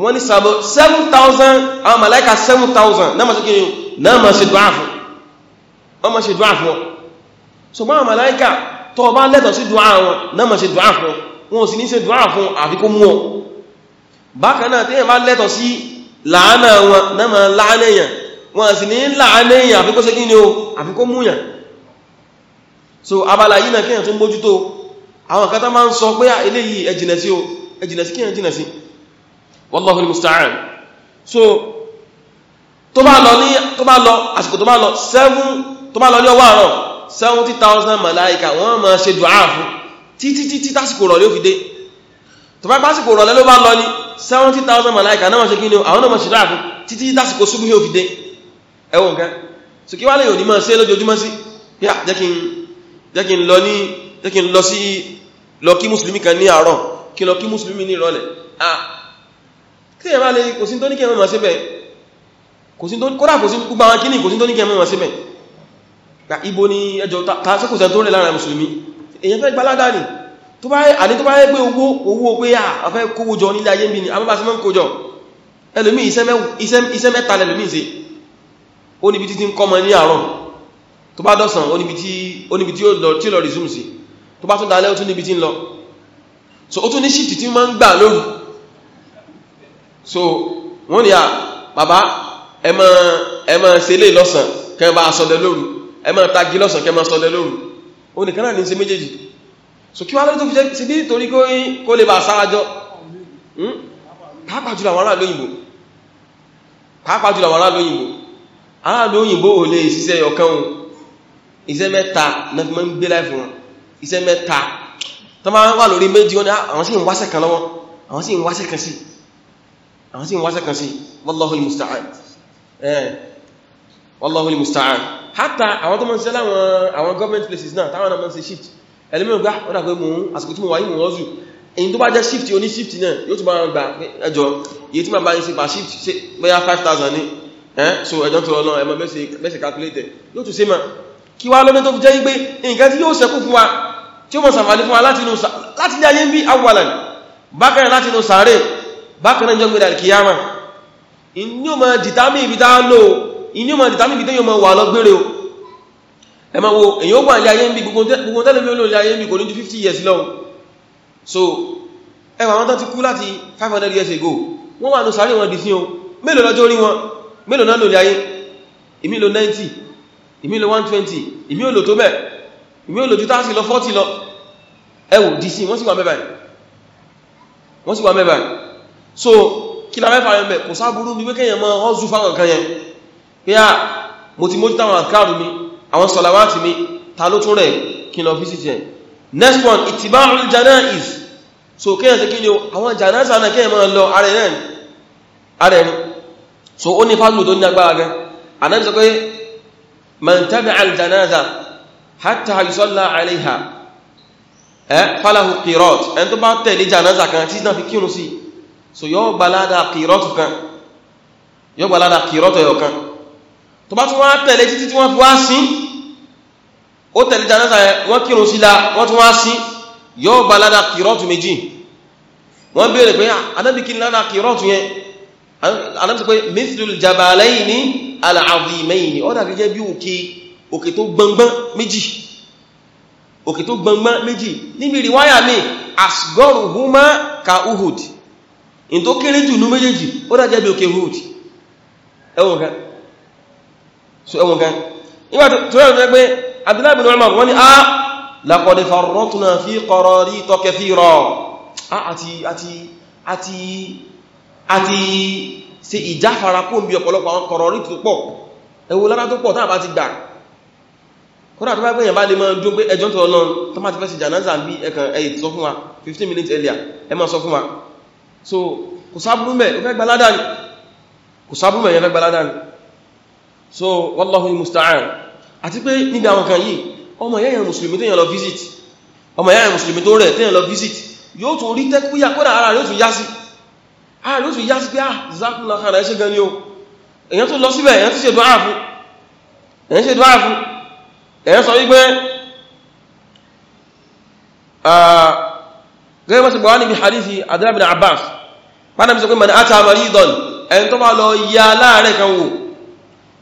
wọ́n ní sàbọ̀ 7,000 àwọn màláíkà 7,000 náà ma sí kíni náà ma ṣe dùá fún wọ́n ma ṣe dùá fún wọn so máa màláíkà tó bá lẹ́tọ̀ sí dùá wọn náà ma ṣe dùá fún wọn sì ní ṣe dùá fún àfikó mú wọn bákan náà tí wọn sì ní láàánẹ́yìn àfikó sí kí ni o àfikó múyàn so abala yìí na kíyàn tó mójútó àwọn kátà máa ń sọ pé eléyìí ẹjìnà sí o ẹjìnà sí kíyàn jìnà sí so tó bá lọ ní tó bá lọ àsìkò tó bá lọ 7 tó bá lọ ní ọwọ́ àárọ̀ 70,000 màláìkà wọ́n máa ṣe dùá fún títí títí tásìkò rọ̀ lé ó fi dé tó bá pásìkò rọ̀ lẹ́ ló bá lọ ní 70,000 màláìkà náà máa ṣe kí ni àwọn náà máa ṣe dùá títí tásìkò súbú yóò fi dé ẹwọ nǹkan so kí wá lè òní máa ṣe lójoojúmọ́ sí yà jẹ́ kí n lọ sí lọ kí mùsùlùmí kan ní àárọ̀ kí lọ kí mùsùlùmí ní ìrọ̀lẹ̀ ah kí ẹ bá lè kò sí tó ní kí ẹ máa ṣe bẹ́ẹ̀ kódà kò sí gbogbo àwọn kíní kò sí tó ní kí ẹ máa ṣe bẹ́ẹ̀ gbà ibo ni ẹjọ́ tàṣẹ́kùsẹ̀ tó rẹ̀ lára mùsùlùmí èyàn fẹ́ gbaládà ní tó bá yẹ àní ó níbi títí ń kọ́mọ ní àárọ̀ tó bá dọ̀sán ó níbi tí ó lọ resume sí tó bá tún dalẹ́ ó tún níbi tí ń lọ so ó tún ní shift tí máa ń gbà lóru so wọ́n ní à bàbá ẹ máa ẹ máa ṣe lè lọ́sàn kẹ́ bá sọdẹ lóru ẹ máa tagi lọ́sàn kẹ́ sọdẹ lóru ó nìkan náà ní ṣe méjèèjì so kí wá lórí tó fi jẹ́ sí bí torí kó lè bá sáájọ́ hmm? pàápàá jùlọ àwọn aráàlú òyìnbó pàápàá jùlọ àádó òyìnbó ò lè ṣiṣẹ́ ọkàn wọn iṣẹ́ mẹ́ta náà fi mọ́ ń gbé láìfún wọn iṣẹ́ mẹ́ta tó máa ń wà lórí méjì wọn àwọn sì ń wáṣẹ́ kan lọ́wọ́ àwọn sì ń wáṣẹ́ kan sí àwọn sì ń wáṣẹ́ kan sí wallahul musta'an eh. wallahul musta'an hátà àwọn tó mọ́ ṣiṣẹ́ láwọn government places náà táwọn náà mọ́ ṣe shift ẹlẹ́mẹ́gbá ó dàgbé mú àsìkò tí mo wà yìí mọ́ ọ́zù èyí tó bá jẹ́ shift oní shift náà yóò tún bá gbà ẹjọ́ èyí tí ma bá ń ṣe bá shift bóyá 5000 ní eh so ẹjọ́ tó ọlọ́run ẹmọ mẹ́sẹ̀ calculated yóò tún sí ma kí wá lọ́dún tó fi jẹ́ wípé nǹkan tí yóò sẹ́kù fún wa tí ó mọ̀ sàfàdé fún wa láti ní ayé ń bí awalan bákan láti inú sàárè bákan náà jọ́gbẹ̀dà kìyàmà inú ma dìtàmì ibi tá lò inú ma wo èyí ó wà ní ayé ń bí gbogbo tẹ́lẹ̀ mẹ́lò years lọ so ẹwà wọn tán ti kú láti years ago wọ́n wà ní sàárè wọn dì sí mélòó lọ́jọ́ orí wọn mélòó náà lórí ayé ìmí lo 90 ìmí lo 120 ìmí ò lò tó bẹ́ẹ̀ ìmí ò lò ju 30 lọ 40 lọ ẹwù dc wọ́n sì wà mẹ́bàá wọ́n sì wà mẹ́bàá so kí la mẹ́fà rẹ̀ mẹ́ kò sáàbúrú bí wékẹ́yàn mọ́ ọ́zù fáwọn kan yẹn pé à ah, mo ti mójú táwọn àkàrù mi àwọn sọ̀làwátì mi ta ló tún rẹ̀ kí lọ fíṣì jẹ next one ìtìbáhùn janaiz so kéyàn sí kí ni àwọn janaza náà kéyàn mọ́ lọ ara ẹ̀rẹ́ so ó ní fáwọn tó ní agbára gan anábi sọ pé man tabi'a al-janaza hatta yusalla 'alayha ẹ́ eh, falahu qirat ẹn tó bá tẹ̀lé janaza kan tí náà fi kírun sí so yóò gbalada qirat kan yóò gbalada qirat ẹyọ kan tó bá tún wá tẹ̀lé títí tí wọ́n fi wá sí ó tẹ̀lé janaza wọ́n kírun sí la wọ́n tún wá sí yóò gbalada qirat méjì wọ́n béèrè pé anábi ah, kí ni qirat yẹn anábìsọ pé mithlul jabalayni al-azimayni ó dàbí jẹ́ bí òkè òkè tó gbọngbọ́n méjì òkè tó gbọngbọ́n méjì níbi ríwáyà mi asgharuhuma ka uhud in tó kéré jù ní méjèèjì ó dàbí jẹ́ bí òkè uhud ẹwọ̀n kan so ẹwọ̀n kan nígbà tó rẹ̀ pé abdullahi bin umar wọ́n ni a ah, laqad àti se ìjáfara kó bí ọ̀pọ̀lọpọ̀ àwọn kọ̀rọ̀ rí tó pọ̀ ẹwọ lára tó pọ̀ tàbá ti gbà kódà tó bá gbẹ̀yàn bá lè máa jó pé ẹjọ́ tó ọlọ́run tó máa ti fẹ́ sí jànáza bí ẹkàn ẹ̀yì 15 minutes earlier ẹ máa sọ fún wa so kò sábúrú mẹ́ ó fẹ́ gba ládàá ni kò sábúrú mẹ́ yẹn fẹ́ gba ládàá ni so wallahu musta'an àti pé níbi àwọn kan yìí ọmọ yẹ́yàn mùsùlùmí tó yàn lọ visit ọmọ yẹ́yàn mùsùlùmí tó rẹ̀ tó yàn lọ visit yóò tún rí tẹ́kúyà kódà ara rẹ̀ yóò tún yá sí a ah, ló fi yá sí pé ah zakula hàn ẹ́ ṣe gan ni o èyàn tó lọ síbẹ̀ èyàn tó ṣe dọ́à fún èyàn ṣe dọ́à fún èyàn sọ wípé ah, gẹ́gẹ́ bá ti níbi hadithi adrábìn abbas pàdà bí sọ pé man ata maridon ẹni tó bá lọ ya láàrẹ kan wò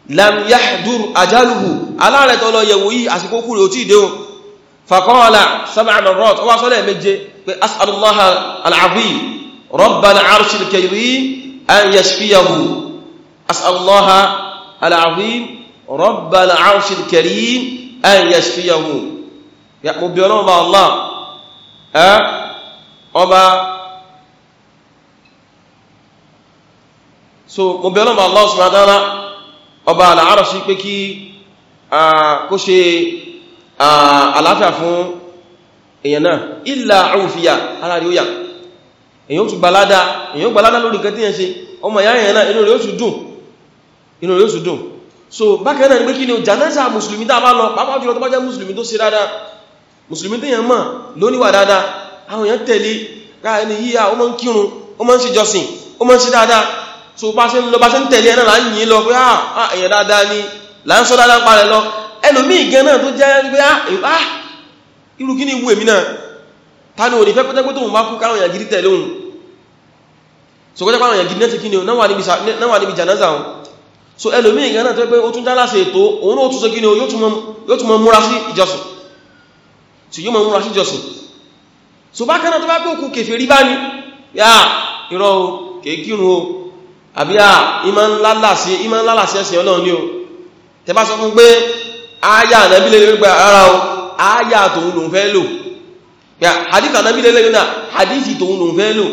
lam yahdur ajaluhu aláàrẹ tó lọ yẹ̀wò yìí àsìkò kúrò tí ìdéhùn faqala sab'a marrat ó wá sọ́lẹ̀ méje pé as'alullaha al-azim rabbal arshil الكريم أن يشفيه as'alullaha الله العظيم rabbal arshil الكريم أن يشفيه mo bí ọlọ́run bá allah ẹ ọba so mo bí ọlọ́run bá allah subhanahu wa ta'ala ọba al-arshi pé kí kó ṣe àlàáfíà fún èèyàn náà illa ufiya ara rí ó yà èyàn ó tún gbalada èyàn ó gbalada lórí nǹkan tí yẹn ṣe ọmọ ìyá yẹn náà inú rẹ̀ ó tún dùn inú rẹ̀ ó tún dùn so bákan náà ni pé kí ni o janaza mùsùlùmí tá a bá lọ pàápàá jùlọ tó bá jẹ́ mùsùlùmí tó ṣe dáadáa mùsùlùmí tí yẹn mọ̀ lóníwà dáadáa àwọn èèyàn tẹ̀lé káà ní yíya ó máa ń kírun ó máa ń ṣe jọsìn ó máa ń ṣe dáadáa so bá ṣe ń lọ bá ṣe ń tẹ̀lé ẹ̀nà láń yìí lọ pé à ah, èèyàn ah, dáadáa ni là ń sọ dáadáa parẹ̀ lọ ẹlòmíì gan náà tó jẹ́ pé à ah, irú kí ni ìwú èmi náà tani ò ní fẹ́ pẹ́tẹ́pẹ́ tó ń bá kú káwọn èèyàn gidi tẹ̀lé òun so kọ́jẹ́ pàwọn èèyàn náà ti kí ni náà wà níbi jànáza òun so ẹlòmí ìgbà náà pé ó tún já láti ètò òun náà tún so kí ni yóò tún mọ́ múra sí ìjọsìn so yóò mọ́ múra sí ìjọsìn so bákan náà tó bá pé òkú kèfè rí bá ní yá irọ́ o kéèkírun o àbí à ìmọ̀ ńlá sí ẹ̀sìn ọlọ́run ni o tẹ bá sọ fún pé ááyà ànábílẹ̀ lórí gbà ara o ááyà tòun lòun fẹ́ lò pé hadith anabi lẹ́lẹ́ yuna, náà hadith tòun lòun fẹ́ lò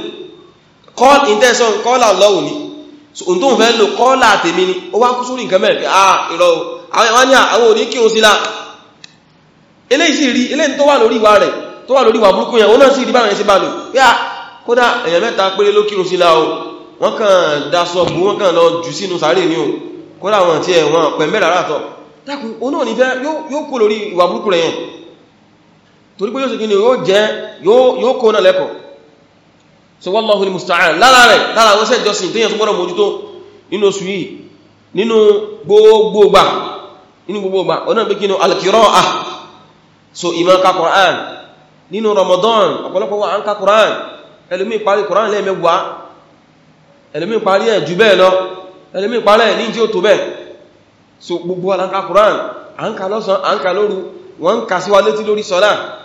call intention call out lọ́wọ́ ni ohun tóun fẹ́ lò call out tèmi ni ó wá kú sórí nǹkan mẹ́rin pé ah ìrọ̀ àwọn àwọn òní kírun sí la eléyìí sì ele eléyìí tó wà lórí ìwà rẹ̀ tó wà lórí ìwà burúkú yẹn ó náà sì rí báwọn ẹ̀ sí bá lò pé ah kódà èèyàn mẹ́ta péré ló kírun sí la o wọ́n kàn dasọ bú wọ́n kàn lọ jù sínú sáré ní o kódà wọn tí ẹ̀ wọn pẹ̀ mẹ́rà rátọ̀ dákun ó náà ní fẹ́ yóò kó lórí ìwà burúkú rẹ̀ yẹn torí pé yóò sì gíní yóò jẹ́ yóò kó náà lẹ́kọ̀ọ́ so wallahu al-musta'an lára rẹ̀ lára àwọn iṣẹ́ ìjọsìn tí yẹn tó gbọ́nà mójútó nínú oṣù yìí nínú gbogbogbà nínú gbogbogbà ọ̀nà so ìmọ̀ ka Qur'an nínú Ramadan ọ̀pọ̀lọpọ̀ wa ń Qur'an ẹlòmí parí Qur'an lẹ́ẹ̀mẹ́wàá ẹlòmí parí ẹ̀ jù bẹ́ẹ̀ lọ ẹlòmí parí so gbogbo wa Qur'an à ń ka lọ́sàn à ń ka lóru wọ́n ka síwá létí lórí sọ́lá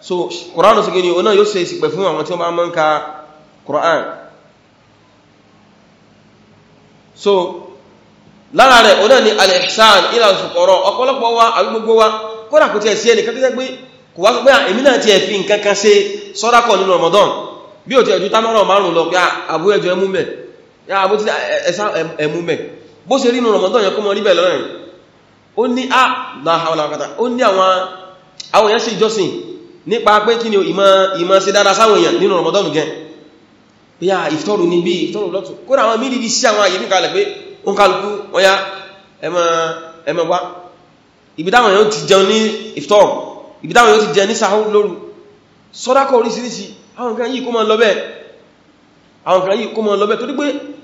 so Qur'an sí gini ọ̀nà yóò ṣe ìsìpẹ̀ fún àwọn tí wọ́n bá mọ́ ń ka Qur'an so lára rẹ̀ ọ̀nà ni al-ihsan ila al-fuqara ọ̀pọ̀lọpọ̀ wa àbí gbogbo wa kódà kò tí ẹ̀ sí ẹnì kankan pé kò wá pé ah, èmi náà ti ẹ̀fí nǹkan kan ṣe sọ́dákọ̀ nínú Ramadan bí ò ti ẹ̀jú támọ́rọ̀ márùn lọ pé ah, àbú ẹjọ́ ẹmúmẹ̀ yá ah, àbú ti ẹ̀sá ẹmúmẹ̀ bó ó ní àwọn èèyàn sí ìjọsìn nípa pé kí ni ìmọ̀ ìmọ̀ sí dára sáwọn èèyàn nínú Ramadan gẹn bí i ìfitọ́rù ní bí ìfitọ́rù lọ́tù kódà àwọn mílì bí sí àwọn àyè ní kalẹ̀ pé o ń kálukú ọya ẹmọ wá ibi táwọn yóò ti jẹun ní ìfitọ́rù ibi táwọn yóò ti jẹ ní sahur lóru sọ́dákọ̀ oríṣiríṣi àwọn kan yìí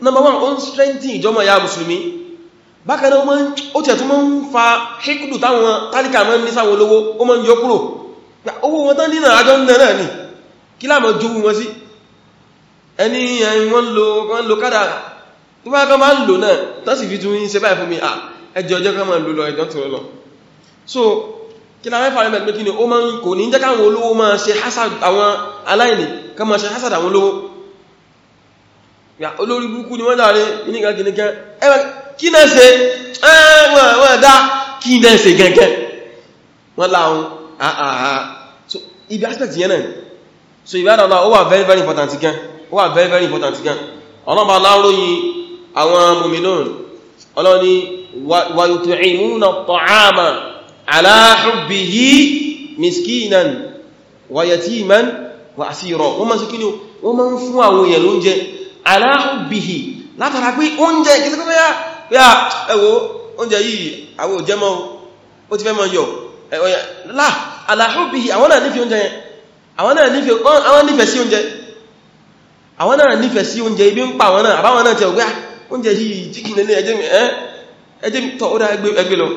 number one ó ń strengthen ya mùsùlùmí bákan náà ó tẹ̀ tún mọ́ ń fa hikudu táwọn tálíkà mọ́ ní owó wọn tán nínà àjọ ń náà ní kí láàmọ́ jówú wọn sí ẹni ẹni wọ́n lo kádàrà tó bá kọ́ máa ń lò náà tán sì fi tún yí ṣe báyìí fún mi à ẹjọ ọjọ́ kan máa lò lọ ẹjọ́ tó lọ so kí láàmọ́ fara mẹ́rin ni ó máa ń kò ní jẹ́ káwọn olówó hasad àwọn aláìní kan máa ṣe hasad àwọn olówó olórí burúkú ni wọ́n dáre nígbà gínigán ẹwà kí náà ṣe ẹwà wọ́n dá kí náà ṣe gẹ́gẹ́ wọ́n láhun Ah, ah, ah. so ibi aspect yẹn náà so ìbádàlá ó wà very very important gan ó wà very very important gan ọlọ́bà láróyìn àwọn mu'minun ọlọ́ni wa yut'imuna at-ta'ama ala hubbihi miskinan wa yatiman wa asira wọ́n ma sí kí ni wọ́n ma ń fún àwọn èèyàn lóúnjẹ ala hubbihi látara pé oúnjẹ kìí pẹ́ yá aláhùbìhì àwọn náà nífẹ̀ẹ́ oúnjẹ yẹn àwọn náà nífẹ̀ẹ́ sí oúnjẹ àwọn náà nífẹ̀ẹ́ sí oúnjẹ ibi ń pa àwọn náà àbáwọn náà tẹ ọgbá ah, oúnjẹ yìí jíkì nílé ẹjẹ́ mi ẹjẹ́ mi tọ́ ọdá ẹgbẹ́ lọ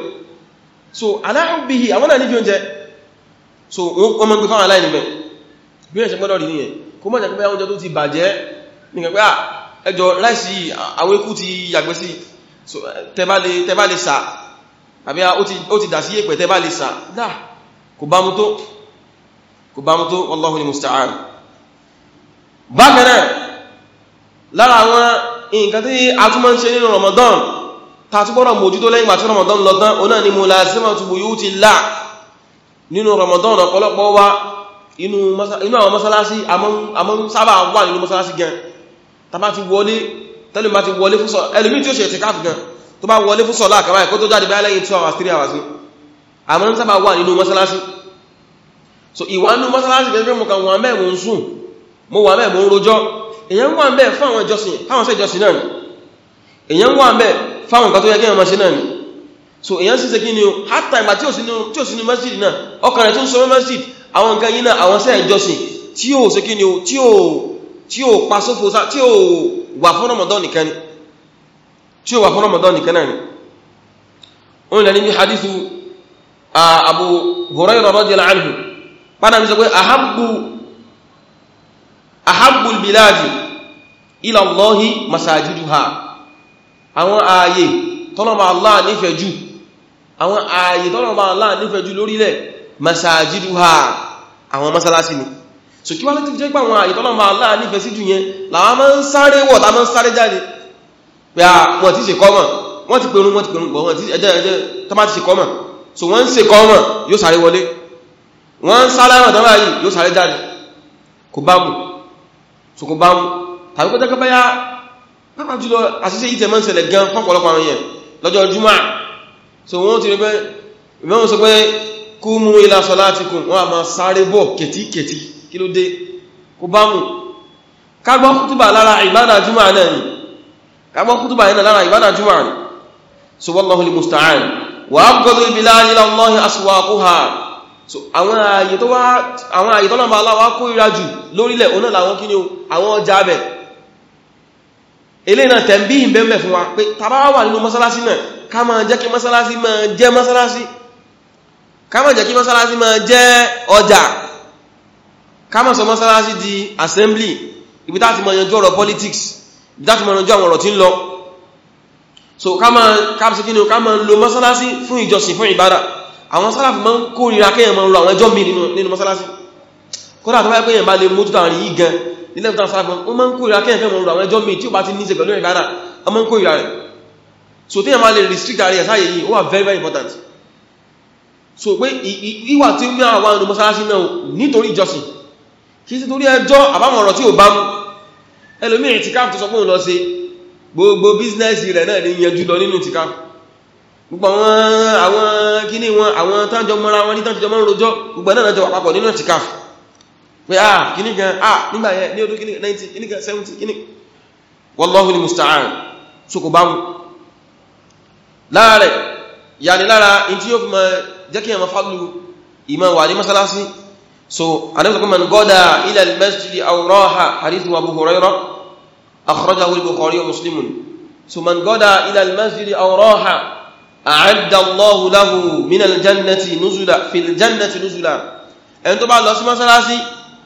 so aláhùbìhì àwọn náà nífẹ̀ẹ́ oúnjẹ so wọ́n mọ́ gbẹ́kọ́ aláìní bẹ̀ bí ẹ̀ṣẹ́ gbọ́dọ̀ rí nìyẹn kó mọ́ jẹ́ pé oúnjẹ tó ti bàjẹ́ nìkan pé ah, ẹjọ́ láìsí àwọn ikú ti yàgbẹ́ sí tẹ́bá lè sà àbí ó ti dà sí èpẹ̀ tẹ́bá lè sà dáa kò bá mú tó kò bá mú tó wallahu ni musta'an bákanáà lára àwọn nǹkan tí a tún máa ń ṣe nínú Ramadan ta tún gbọ́dọ̀ mójútó lẹ́yìn àti Ramadan lọ́tán oná ni mulazimatu buyutillah nínú Ramadan ọ̀pọ̀lọpọ̀ wá inú àwọn mọ́sálásí àmọ́ sábà wà nínú mọ́sálásí gan tàbá ti wọlé tẹ́lẹ̀ bá ti wọlé fún sọ ẹlùmí tí ó ṣe ẹ̀tẹ̀káfù gan tó bá wọlé fún sọ láàkàbáyẹ̀ kó tó jáde báyẹ̀ lẹ́yìn 2 hours 3 hours àmọ́ ń sábà wà nínú mọ́sálásí so ìwà nínú mọ́sálásí gẹ́gẹ́ mọ́ kan wọ́n mẹ́mù ń sùn mọ́ wà mẹ́mù ń rojọ́ èyàn wà mẹ́ fáwọn ìjọsìn fáwọn sẹ́jọsìn náà èyàn wà mẹ́ fáwọn nǹkan tó yẹ kí wọ́n ṣe náà ni so èyàn sì ṣe kí ni o hátà ìgbà tí ò sínú masjid náà ọkàn rẹ̀ tí ń sọ mọ́ masjid àwọn nǹkan yìí náà àwọn sẹ́ẹ̀jọsìn tí ò ṣe kí ni o tí ò pa sófo tí ò wà fún Ramadan nìkan ni tí ò wà fún Ramadan nìkan náà ni ó lẹ́ni ní hadithu Ah, Abu Hurairah radiyallahu anhu pàdà mi sọ pé ahabbu ahabbu al-biladi ila Allahi masajiduha àwọn ààyè tọ́lọ̀mà Allah nífẹ̀ẹ́ jù àwọn ààyè tọ́lọ̀mà Allah nífẹ̀ẹ́ jù lórílẹ̀ masajiduha àwọn masalasi ni so kí wá láti jẹ́ pé àwọn ààyè tọ́lọ̀mà Allah nífẹ̀ẹ́ sí jù yẹn làwọn máa ń sáré wọ̀ tá máa ń sáré jáde pé à ti ṣe kọ́mọ̀ wọ́n ti pẹ̀rún wọ́n ti pẹ̀rún pọ̀ wọ́n ti ẹjẹ́ ẹjẹ́ tó má ti ṣe kọ́mọ̀ so wọ́n ń ṣe kọ́mọ̀ yóò sáré wọlé wọ́n ń sálámà tán báyìí yóò sáré jáde kò bá mú so kò bá mú tàbí kọjá kọ́ báyá pápá jùlọ àṣíṣe ìtẹ̀ mọ́ ń ṣẹlẹ̀ gan pọ́pọ̀lọpọ̀ àwọn èèyàn lọ́jọ́ júmọ́ so wọ́n ti rí pé ìmọ́n sọ pé kú mú ilá salatikum wọ́n wà á gọ́dọ̀ ibi láàrin lọ́hìn asùwàkúhà so àwọn ààyè tó wá àwọn ààyè tó lọ́mà aláwọ̀ kó ìrájù lórílẹ̀ oná làwọn kí ni àwọn ọjà bẹ̀ ilé náà tẹ̀m̀bí ìbẹ̀mẹ̀ fún wa pé tàbá wà nínú mọ́sálásí náà ká máa jẹ́ kí mọ́sálásí máa jẹ́ mọ́sálásí ká máa jẹ́ kí mọ́sálásí máa jẹ́ ọjà ká máa sọ mọ́sálásí di assembly ibi táti mọ̀ yanjú ọ̀rọ̀ politics ibi táti mọ̀ yanjú àwọn ọ̀rọ̀ tí ń lọ so ká máa káàpì sí kí ni ká máa lo mọ́sálásí fún ìjọsìn fún ìbádà àwọn sálàfì máa ń kórìíra kéèyàn máa lo àwọn ẹjọ́ mi nínú mọ́sálásí kódà tó bá pé èèyàn bá lè mójútó àrin gan nílẹ̀ tó sálàfì wọ́n so téèyàn máa lè restrict àrin ẹ̀sáyè yìí ó wà very very important so pé ìwà tí ó ń bí àwọn àwọn mọ́sálásí náà nítorí ìjọsìn kì í sí torí ẹjọ́ àbámọ̀rọ̀ tí ò bá mú tó sọ pé òun lọ sí gbogbo bísínẹ́sì rẹ̀ náà ní yanjú lọ nínú ìtìká gbogbo àwọn kíní wọn àwọn tánjọ mọ́ra wọn ní tánjọ mọ́ rojọ́ gbogbo náà jọ wà papọ̀ nínú ìtìká pé ah kíní gan ah nígbà yẹn ní ọdún kíní 90 kíní gan 70 kíní wallahu ni musta'an so kò bá mú láàrẹ̀ yàní lára in tí yóò fi ma jẹ́ kí ẹmọ fàlú ìmọ̀ wà ní masalasi so anẹ́sọ̀kọ́ man gọ́dà ila al-masjid aw raha hadith wa Abu Hurairah أخرجه البخاري ومسلم ثم انقضى إلى المسجد أو راح أعد الله له من الجنة نزلا في الجنة نزلا ẹni tó bá lọ sí mọ́sálásí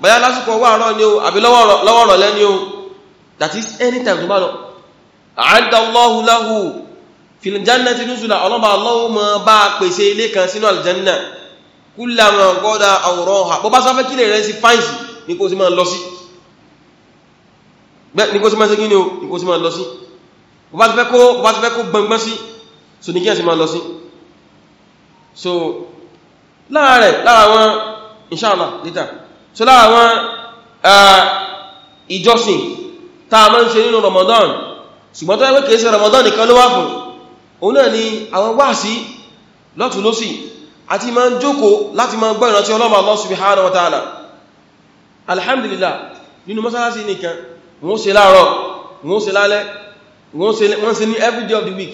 báyá lásìkò ọwọ́ àárọ̀ ni o àbí lọ́wọ́ ọ̀rọ̀ lẹ́ni o that is anytime tó bá lọ أعد الله له في الجنة نزلا ọlọ́bà lọ́wọ́ mọ́ bá pèsè ilé kan sínú aljanna كلما انقضى أو راح bó bá sáfẹ́ kílẹ̀ rẹ̀ sí fáìsì ní kó sí máa lọ sí ní kó sí máa ṣe gíní o ní kó sí máa lọ sí bá ti fẹ́ kó gbọngbọ́n sí so ní kí ẹ̀sì máa lọ sí so lára rẹ̀ lára wọn inshallah later so lára wọn ìjọsìn tá a máa ń ṣe nínú Ramadan ṣùgbọ́n tó ẹgbẹ́ kèése Ramadan nìkan ló wà fún òun náà ni àwọn wáàsí lọ́tún lọ́sì àti máa ń jókòó láti máa gbọ́ ìrántí Ọlọ́run Allah subhanahu wa ta'ala alhamdulillah nínú mọ́sálásí nìkan wọ́n ṣe láàárọ̀ wọ́n ṣe lálẹ́ wọ́n ṣe ní every day of the week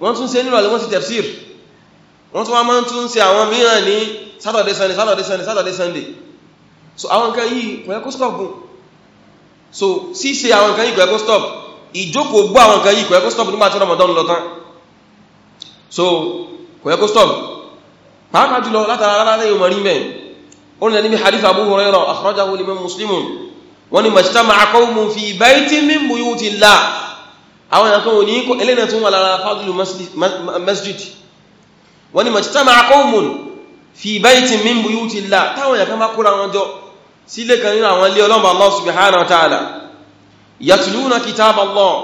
wọ́n tún ṣe nírọ̀lẹ́ wọ́n ṣe tafsir wọ́n tún wá máa tún ṣe àwọn mìíràn ní saturday sunday saturday sunday saturday sunday so àwọn nǹkan yìí kò yẹ stop gùn so ṣíṣe àwọn nǹkan yìí kò yẹ kó stop ìjókòó gbọ́ àwọn nǹkan yìí kò yẹ kó stop nígbà tí Ramadan lọ tán so kò yẹ kó stop pàápàá jùlọ látara rárá yóò mọ̀ rí mẹ́ ó nílẹ̀ níbi hadith Abu Hurairah akhrajahu al-Imam Muslimun wọ́n ní mọ̀ṣítàmà akọ́wùmù fi baytin min buyutillah àwọn ìyàkan ò ní kò ẹlẹ́nà tún wà lára fadlu masjid wọ́n ní mọ̀ṣítàmà akọ́wùmù fi baytin min buyutillah táwọn ìyàkan bá kúra wọn jọ sílé kan nínú àwọn ilé ọlọ́mọ Allah subhanahu wa ta'ala yatluna kitab Allah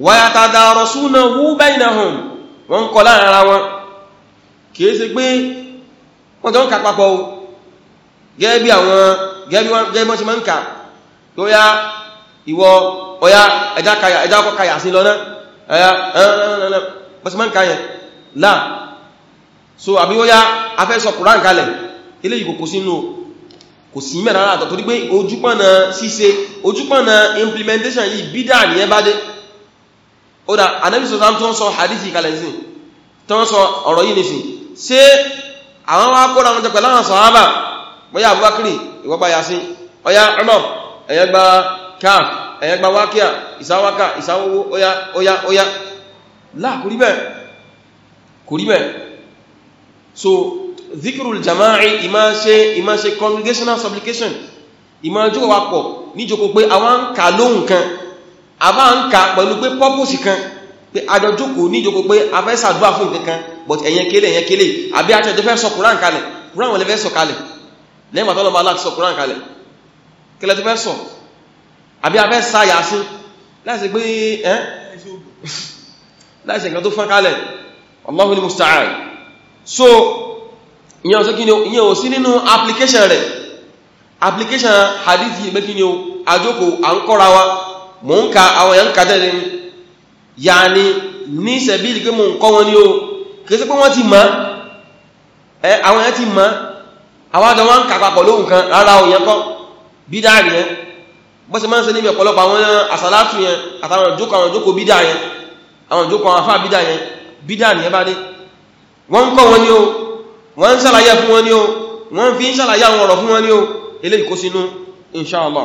wayatadarasunahu bainahum wọ́n kọ́ láàrin ara wọn kìí ṣe pé wọ́n jọ ń kà papọ̀ o gẹ́gẹ́ bí àwọn gẹ́gẹ́ mọ́ ṣe máa ń kà tó yá ìwọ ọya ẹjá kọ́ sí lọ́nà ẹ̀yà bọ́ ṣe so àbí ó yá afẹ́sọ kùrán kalẹ̀ ilé yìí kò sínú kò sí mẹ́rin ara àtọ̀ torí pé ojúpọ̀nà ṣíṣe ojúpọ̀nà implementation yìí bídà nìyẹn bá ó dà anábì sọ sáà tó ń sọ hadithi kalẹ̀ sí tó ń sọ ọ̀rọ̀ yìí nìsín ṣé àwọn wa kóra wọn jẹ pẹ̀lú àwọn sọ̀hábà bóyá abubakari ìwọ́pá yasin ọya Umar ẹ̀yẹ gba káà ẹ̀yẹ gba wákíà ìsáwákà so zikirul jama'i ìmá ṣe ìmá ṣe congregational supplication ìmá jókòó wapọ̀ níjókòó pé àwọn ń kà lóhùn kan a bá ń ka pẹ̀lú pé pọ́pùsì kan pé àjọjókòó ní ìjókòó pé a fẹ́ sàdúrà fún nǹkan but ẹ̀yẹn kélé ẹ̀yẹn kélé àbí àtẹ́ tó fẹ́ sọ kùrán kalẹ̀ kùrán wọn lè fẹ́ sọ kalẹ̀ lẹ́yìn bàtọ́ lọ́ba sọ kùrán kalẹ̀ kílẹ̀ tó fẹ́ sọ àbí a fẹ́ sa yàásí láìsí pé ẹ́ láìsí nǹkan tó fẹ́ kalẹ̀ Allahu musta'an so ìyẹn ò sí kí ni ìyẹn ò sí nínú application rẹ̀ application hadith yìí pé ni o àjókòó à ń kọ́ra wa mò ń ka àwọn èèyàn ń ka tẹ́lẹ̀ yaani ní sẹ̀bílì pé mò ń kọ́ wọn ní o kìí sí pé wọ́n ti mọ̀ ẹ́ àwọn èèyàn ti mọ̀ àwọn àjọ wọn ń kà papọ̀ lóhùn kan rárá òyìn kọ́ bídà yẹn bó ṣe máa ń ṣe níbi ọ̀pọ̀lọpọ̀ àwọn àsàlátù yẹn àtàwọn ìjókòó àwọn ìjókòó bídà yẹn àwọn ìjókòó àwọn afá bídà yẹn bídà nìyẹn bá dé wọ́n ń kọ́ wọn ní o wọ́n ń ṣàlàyé fún wọn ní o wọ́n fi ń ṣàlàyé àwọn ọ̀rọ̀ fún wọn ní o eléyìí kó sínú inṣáàlá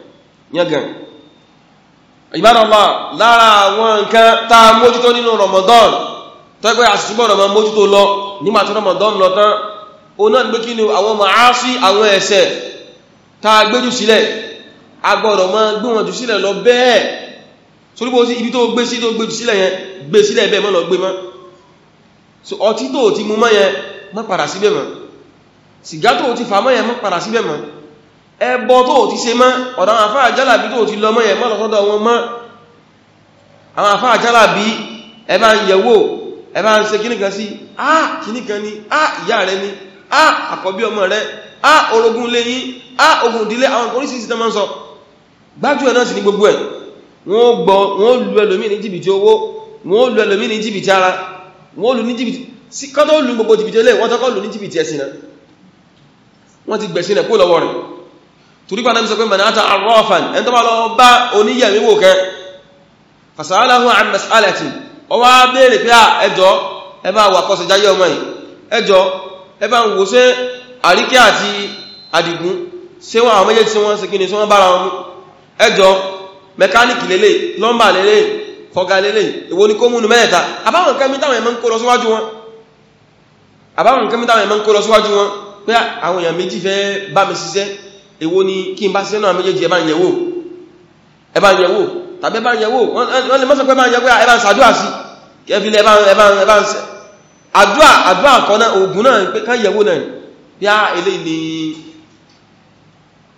yangàn ìbádọ́lá lára àwọn nǹkan ta a mójútó nínú Ramadan tọ́gbẹ́ àṣìṣúgbọ́n ọ̀nà mójútó lọ nígbà tí Ramadan lọ tán o náà gbé kí ni àwọn màásí àwọn ẹ̀ṣẹ̀ tá a gbé jù sílẹ̀ agbọ́dọ̀ máa gbé wọn jù sílẹ̀ lọ bẹ́ẹ̀ sorípò sí ibi tó gbé sí tó gbé jù sílẹ̀ yẹn gbé sílẹ̀ bẹ́ẹ̀ mọ́ lọ gbé mọ́ so ọtí tó ti mú mọ́ yẹn má padà síbẹ̀ mọ́ sìgá tó ti fà mọ́ yẹn ẹbọ tó ti ṣe mọ́ ọ̀dọ̀ àwọn àfáà jálàbí tó ti lọ mọ́ yẹ mọ́lọ̀kọ́dọ̀ wọn mọ́ àwọn àfáà jálàbí ẹbá ń yẹ̀wò ẹbá ń se kíníkan sí ah kíníkan ni ah ìyá rẹ ni ah àkọ́bí ọmọ rẹ ah orogún lẹ́yìn ah ogun ìdílé àwọn oríṣi ti tán sọ gbájú ẹ̀ náà sì ní gbogbo ẹ̀ wọ́n gbọ́ wọ́n lu ẹlòmí ní jìbìtì owó wọ́n lu ẹlòmí ní jìbìtì ara wọ́n lu ní jìbìtì sí kọ́tọ́ lu gbogbo jìbìtì ẹlẹ́ wọ́n tọ́kọ́ lu ní jìbìtì ẹ̀sìn náà wọ́n ti gbẹ̀sìn ẹ̀ kó lọ́wọ́ rẹ̀ torí bá náà sọ pé manata arrafan ẹni tó bá lọ bá oníyẹ̀míwò kẹ fasalahu an mas'alati ó wá béèrè pé ẹjọ́ ah, ẹ bá wà kọsẹ̀ jáyé ọmọ yìí ẹjọ́ ẹ bá ń wò ṣe àríkẹ́ àti àdìgún ṣé wọn àwọn méjèèjì tí wọ́n ṣe kíni ṣé wọ́n bára wọn mú ẹjọ́ mẹkáníkì lélẹ̀ lọ́mbà lélẹ̀ fọ́gá lélẹ̀ èwo ni kó múnu mẹ́ẹ̀ta àbáwọn kẹ́mí táwọn ẹ̀mọ́ ń kó lọ síwájú èwo ni kí n bá ṣiṣẹ́ náà méjèèjì ẹbá ìyẹ̀wò ẹbá ìyẹ̀wò tàbí ẹbá ìyẹ̀wò wọ́n lè mọ́sàn pé ẹbá ìyẹ̀wò ẹbá ìsàdúà sí kẹfìlẹ̀ ẹbá ìsẹ̀ àdúà àdúà kọ́nà ogun náà pé ká yẹ̀wò náà bí á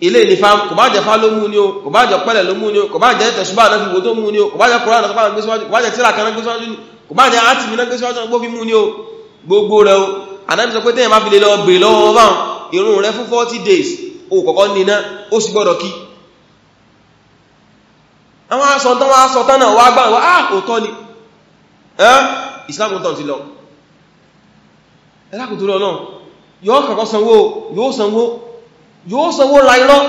ilé ní fa kò bá jẹ fa ló mú ní o kò bá jẹ pẹ́lẹ̀ ló mú ní o kò bá jẹ tẹ̀sùbà náà fi wò tó mú ní o kò bá jẹ kòrán náà gbé síwájú kò bá jẹ tíra kan náà gbé síwájú kò bá jẹ átìmí náà gbé síwájú náà gbófin mú ní o gbogbo rẹ̀ o Ànábì sọ pé tẹ́yẹ̀ má fi lè lọ gbè lọ́wọ́ báwọn ìrun rẹ̀ fún 40 days o kọ̀kọ́ níná ó sì gbọ́dọ̀ kí àwọn asọ̀ntán wọ́n asọ̀tán náà wá gbà wọ́n ah òtọ́ ni ìsìlámùtàn ti lọ ẹlákùtù lọ náà yóò kọ̀kọ́ sanwó yóò sanwó yóò sanwó ra irọ́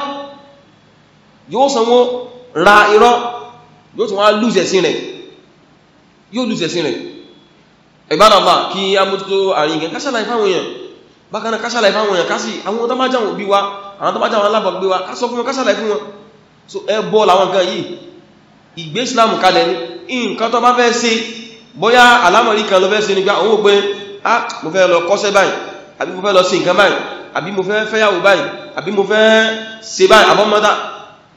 yóò sanwó ra irọ́ yóò tún wá lúzẹ̀ sí rẹ̀ yóò lúzẹ̀ sí rẹ̀ ìbádàbà kí a mójútó àríyìn kásàlà ìfáwọn èèyàn bákanáà kásàlà ìfáwọn èèyàn kásì àwọn ọdá má jáwọn òbí wa àwọn tó bá jáwọn alábàgbé wa kásọ fún wọn kásàlẹ̀ fún wọn so ẹbọ làwọn nǹkan yìí ìgbé islamu kalẹ̀ ní nǹkan tó bá fẹ́ ṣe bóyá alámọ̀rí kan ló fẹ́ ṣe nígbà òun pé ah mo fẹ́ lọ kọ́ṣẹ́ báyìí àbí mo fẹ́ lọ sí nǹkan báyìí àbí mo fẹ́ fẹ́yàwó báyìí àbí mo fẹ́ ṣe báyìí àbọ́mọ́dá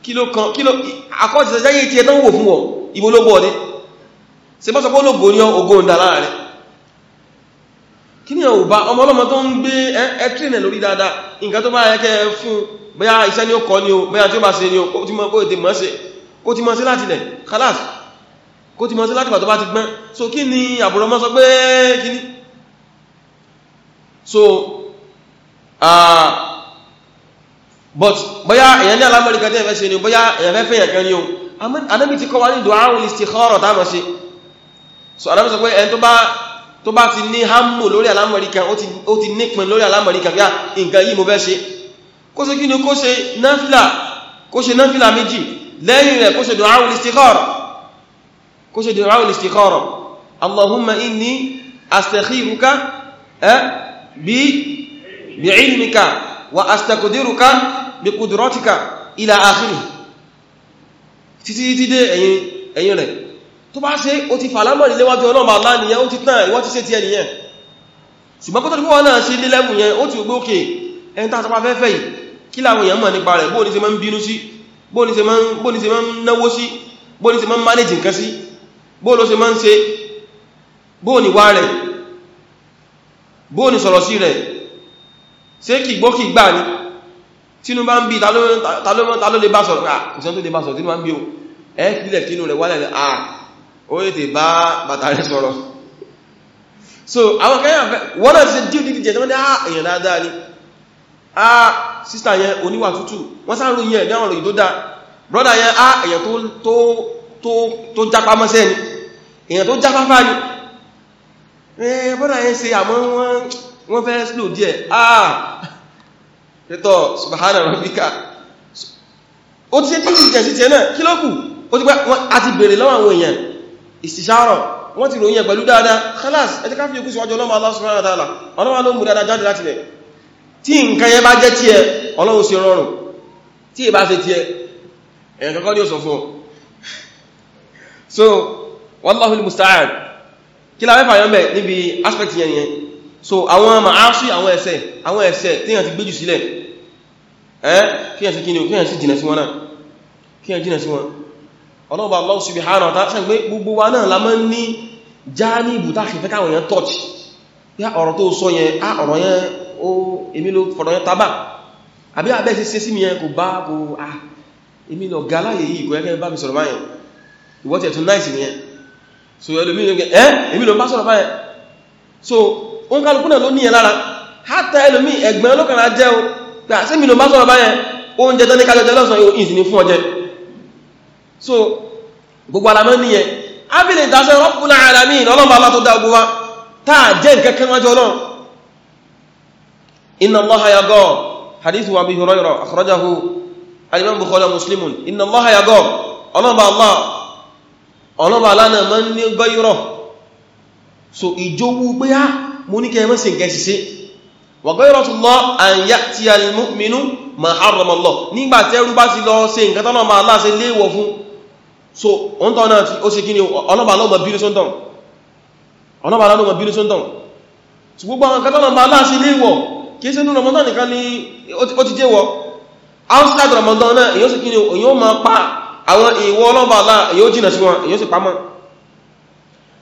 kílò kan kílò akọ́jẹsẹ́jẹ́ yìí ti ẹ̀ tán wò kí ni ò bá ọmọ ọlọ́mọ tó ń gbé ẹtìrìnà lórí dáadáa nǹkan tó bá ẹkẹ́ fún bóyá iṣẹ́ ni ó kọ́ ni o bóyá tí ó bá ṣe ni o kó ti mọ́ sí láti lẹ̀ kálàsì kó ti mọ́ sí láti bàtọ́ bá ti gbẹ́ so kí ni àbúrò mọ́ sọ pé so uh, but bóyá èyàn ní alámọ́ríkà tí ẹ̀fẹ́ ṣe ni o bóyá èyàn fẹ́ fẹ́yàn kan ni o so anábì sọ pé tó bá ti ní hambo lórí alámọ̀ríkà ó ti nípin lórí alámọ̀ríkà bí i ah, nǹkan yìí mo fẹ́ ṣe kó ṣe kí ni kó ṣe náfìlà kó ṣe náfìlà méjì lẹ́yìn rẹ̀ kó ṣe du'aul istikhara kó ṣe du'aul istikhara allahumma inni astakhiruka bi ilmika wa astaqdiruka bi qudratika ila akhirih títí títí dé ẹ̀yìn rẹ̀ tó bá ṣe ó ti fàlámọ̀ níléwájú ọlọ́mà aláàníyàn ó ti tán ìwọ́n ti ṣe ti ẹniyàn ṣùgbọ́n kó tó dípò wọ́n náà ṣe ní lẹ́bùn yẹn ó ti gbé òkè ẹni tàà sọpá fẹ́fẹ́ yìí kí láwọn èèyàn mọ̀ nípa rẹ̀ bóò ní ṣe máa ń bínú sí bóò ní ṣe máa ń náwó sí bóò ní ṣe máa ń manage nǹkan sí bóò ló ṣe máa ń ṣe bóò ní wá rẹ̀ bóò ní sọ̀rọ̀ sí rẹ̀ ṣé kì gbókì ó yètè bá bàtà rẹ̀ sọ̀rọ̀ so àwọn kẹ́yà wọ́n náà ti díò dídí jẹ́ tí wọ́n ní ah, èèyàn dáadáa ni a ah, sísta yẹn oníwà tútù wọ́n sáàrù yẹn ní àwọn ìdó dáa brọ́dà yẹn a ah, èèyàn tó jápa mọ́sẹ́ ni èèyàn tó jápa fá ni eh, brọ́dà yẹn ṣe àmọ́ wọ́n fẹ́ slow díẹ̀ a rẹ̀tọ̀ subhana rabbika ó ti ṣe dídí jẹ́ sí tiẹ̀ náà kí ló kù ó ti pẹ́ àti bèèrè lọ́wọ́ àwọn ìsìṣàrọ̀ wọ́n ti ròyìn pẹ̀lú dáadáa khalas ẹ jẹ́ ká fi ikú síwájú ọlọ́mọ Allah subhanahu wa ta'ala ọlọ́mọ ló mú dáadáa jáde láti rẹ̀ tí nǹkan yẹ bá jẹ́ tí ẹ ọlọ́run sí rọrùn tí ẹ bá fẹ́ tí ẹ ẹ̀yàn kankan ní ó sọ fún so wallahu al-musta'an kí la mẹ́fà yọ́mẹ́ níbi aspect yẹn yẹn so àwọn ma'asi àwọn ẹ̀ṣẹ̀ àwọn ẹ̀ṣẹ̀ tí yẹn ti gbéjù sílẹ̀ ẹ́ kí yẹn sí kí ni kí yẹn sí jìnà sí wọn náà kí yẹn jìnà sí wọn ọlọ́ọ̀bà Allah subhanahu wa ta'ala ṣe pé gbogbo wa náà la máa ní já ní ìbútá ṣẹfẹ́ káwọn èèyàn touch yá ọ̀rọ̀ tó sọ yẹn á ọ̀rọ̀ yẹn ó èmi ló fọ̀rọ̀ yẹn tábà àbí abẹ́ sí sí mi yẹn kò bá kò à èmi lọ ga láyé so ẹlòmí ló ń gẹ ẹ́ èmi ló bá sọ̀rọ̀ báyẹn so òun kálukú náà ló ní yẹn lára hátà ẹlòmí ẹ̀gbẹ́ o gbà sí mi ló bá sọ̀rọ̀ báyẹn oúnjẹ tán ní kájọ jẹ́ lọ́sàn-án ìsìn ní fún ọjẹ́ so gbogbo alamọ́ nìyẹn ábìlì ìdásẹ́ Rabbul Alamin ọlọ́mọ alá tó dá ogun wa táà jẹ́ nǹkan kan wájú ọlọ́run inna Allaha yaghab hadith wa Abi Hurairah akhrajahu al-Imam Bukhari Muslimun inna Allaha yaghab ọlọ́mọ alá ọlọ́mọ alá náà mọ́ ní gbẹ́yọ́rọ̀ so on tọ́ náà ó ṣe kí ni ọlọ́bà lọ́mọ bínú sọ́ntọ̀n ọlọ́bà lọ́mọ bínú sọ́ntọ̀n tí gbogbo àwọn katọ́lọ̀ ma láti ilé ìwọ̀ kí ṣe ní Ramadan nìkan ni ó ti jẹ́wọ́ outside Ramadan náà èyí ó sì kí ma pa àwọn ìwọ ọlọ́bà láà èyí ó jìnà sí wọn èyí ó sì pamọ́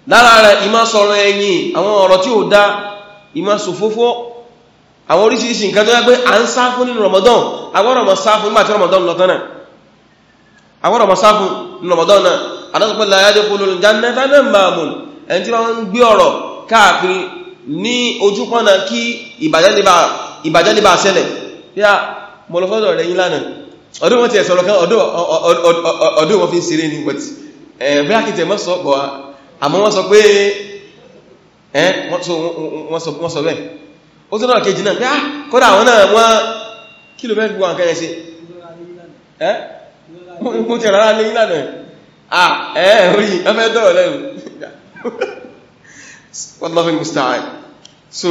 lára rẹ̀ ìmá sọ̀rọ̀ ẹ̀yìn àwọn ọ̀rọ̀ tí ó dá ìmá sòfófó àwọn oríṣiríṣi nǹkan tó yá pé à ń sá fún nínú Ramadan agbọ́dọ̀ mọ̀ sá fún nígbà tí Ramadan lọ tán náà agbọ́dọ̀ mọ̀ sáfún nọmọdán náà adásọpẹ́ láyájẹ́ kúlù jannata nammamun ẹni tí wọ́n ń gbé ọ̀rọ̀ káàkiri ní ojúpọ́nà kí ìbàjẹ́ lè bá ṣẹlẹ̀ yá mọ̀lọ́fọ́dọ̀ rẹ̀ yín lánàá ọdún wọn ti ẹ̀sọ̀rọ̀ kan ọdún wọn fi ń ṣeré ní pẹ̀tì ẹ̀bẹ́ àkìtẹ̀ mọ́ sọ pọ̀ àmọ́ wọ́n sọ pé ẹ́ wọ́n sọ bẹ́ẹ̀ ó tó náà kejì náà pé á kọ́dà kún ti rárá ní ìlànà ah ẹ̀ẹ́ orí ẹfẹ́ dọ̀rọ̀ loving wallahu musta'an so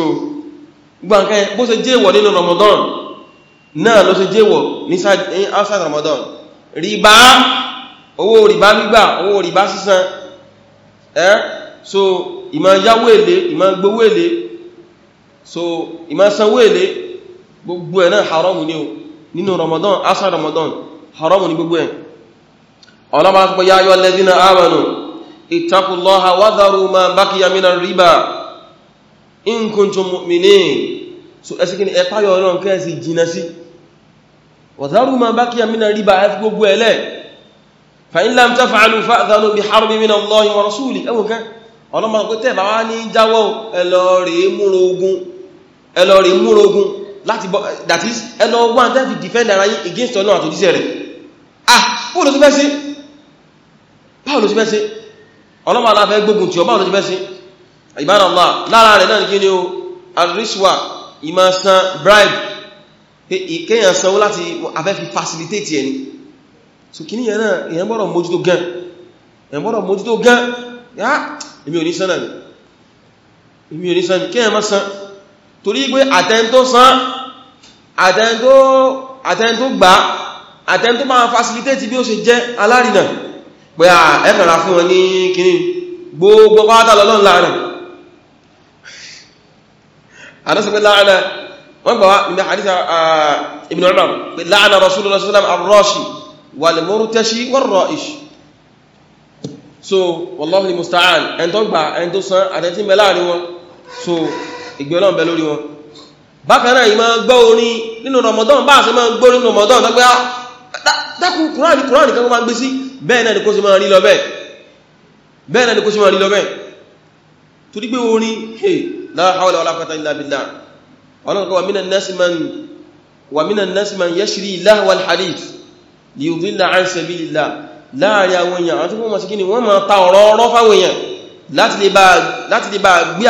gbàǹkan bó ṣe jẹ́wọ̀ nínú Ramadan náà ló ṣe jẹ́wọ̀ ní outside Ramadan rìbá owó rìbá gbígbà owó rìbá sísan ẹ́ so ìmọ̀ yáwó èlé ìmọ̀ gbówó èlé so ìmọ̀ sanwó èlé gbogbo ẹ̀ náà haramu ní o nínú Ramadan outside Ramadan haram ni gbogbo ẹ̀ ọlọ́mọ aláṣọ pé yá ayọ́ alladhina amanu ittaqullaha wadharu ma baqiya minar riba in kuntum mu'minin so ẹsẹ́ kí ni ẹ̀pá yọ ọlọ́run kẹ́ sí jìnà sí wadharu ma baqiya minar riba ẹ fi gbogbo ẹ̀lẹ́ fa in lam taf'alu fa'dhanu bi harbin min Allahi wa rasuli ẹwọ̀n kẹ́ ọlọ́mọ aláṣọ pé tẹ́ bá wá ní jáwọ́ ẹlọ́rẹ̀ múrò ogun ẹlọ́rẹ̀ báwo ló ti fẹ́ ṣe ọlọ́mọ aláfẹ́ gbógun tí ọ báwo ló ti fẹ́ ṣe ìbádàlá lára rẹ̀ náà kí ni o àríṣwà ìmọ̀ san bribe pé ìkéyàn sanwó láti afẹ́ fi facilitate ẹni so kí ní ẹ̀nà èyàn gbọ́dọ̀ mójútó gan èyàn gbọ́dọ̀ mójútó gan yá èmi ò ní sánà ní èmi ò ní sánà kí èyàn má san torí pé àtẹ́ntó san àtẹ́ntó gbà àtẹ́ntó máa facilitate bí ó ṣe jẹ́ alárìnà pé à ah, ẹ́kànlá fún wọn ní kíní gbogbo pátá lọ́lọ́ láàrin àdásípé láàrin wọ́n gbà wá ní àdísà ah, ibn Umar pé láàrin rasulullah sallam so wallahu ni musta'an ẹn tó gbà ẹn tó san so ìgbé ọlọ́run bẹ lórí wọn bákanáà yìí máa gbọ́ orin nínú Ramadan bá àṣẹ máa gbọ́ nínú Ramadan tó ah, bẹ́ẹ̀ náà ni kó sì máa rí lọ bẹ́ẹ̀ bẹ́ẹ̀ náà ni kó sì máa rí lọ bẹ́ẹ̀ tó dígbé orin hey la hawla wala quwwata illa billah ọlọ́nkọ́ wa minan nasi man yashri lahwal hadith li yudilla an sabilillah láàrin àwọn èèyàn àti wọ́n masu gini wọ́n ma ta ọ̀rọ̀ ọ̀rọ̀ fáwọn èèyàn láti lè bá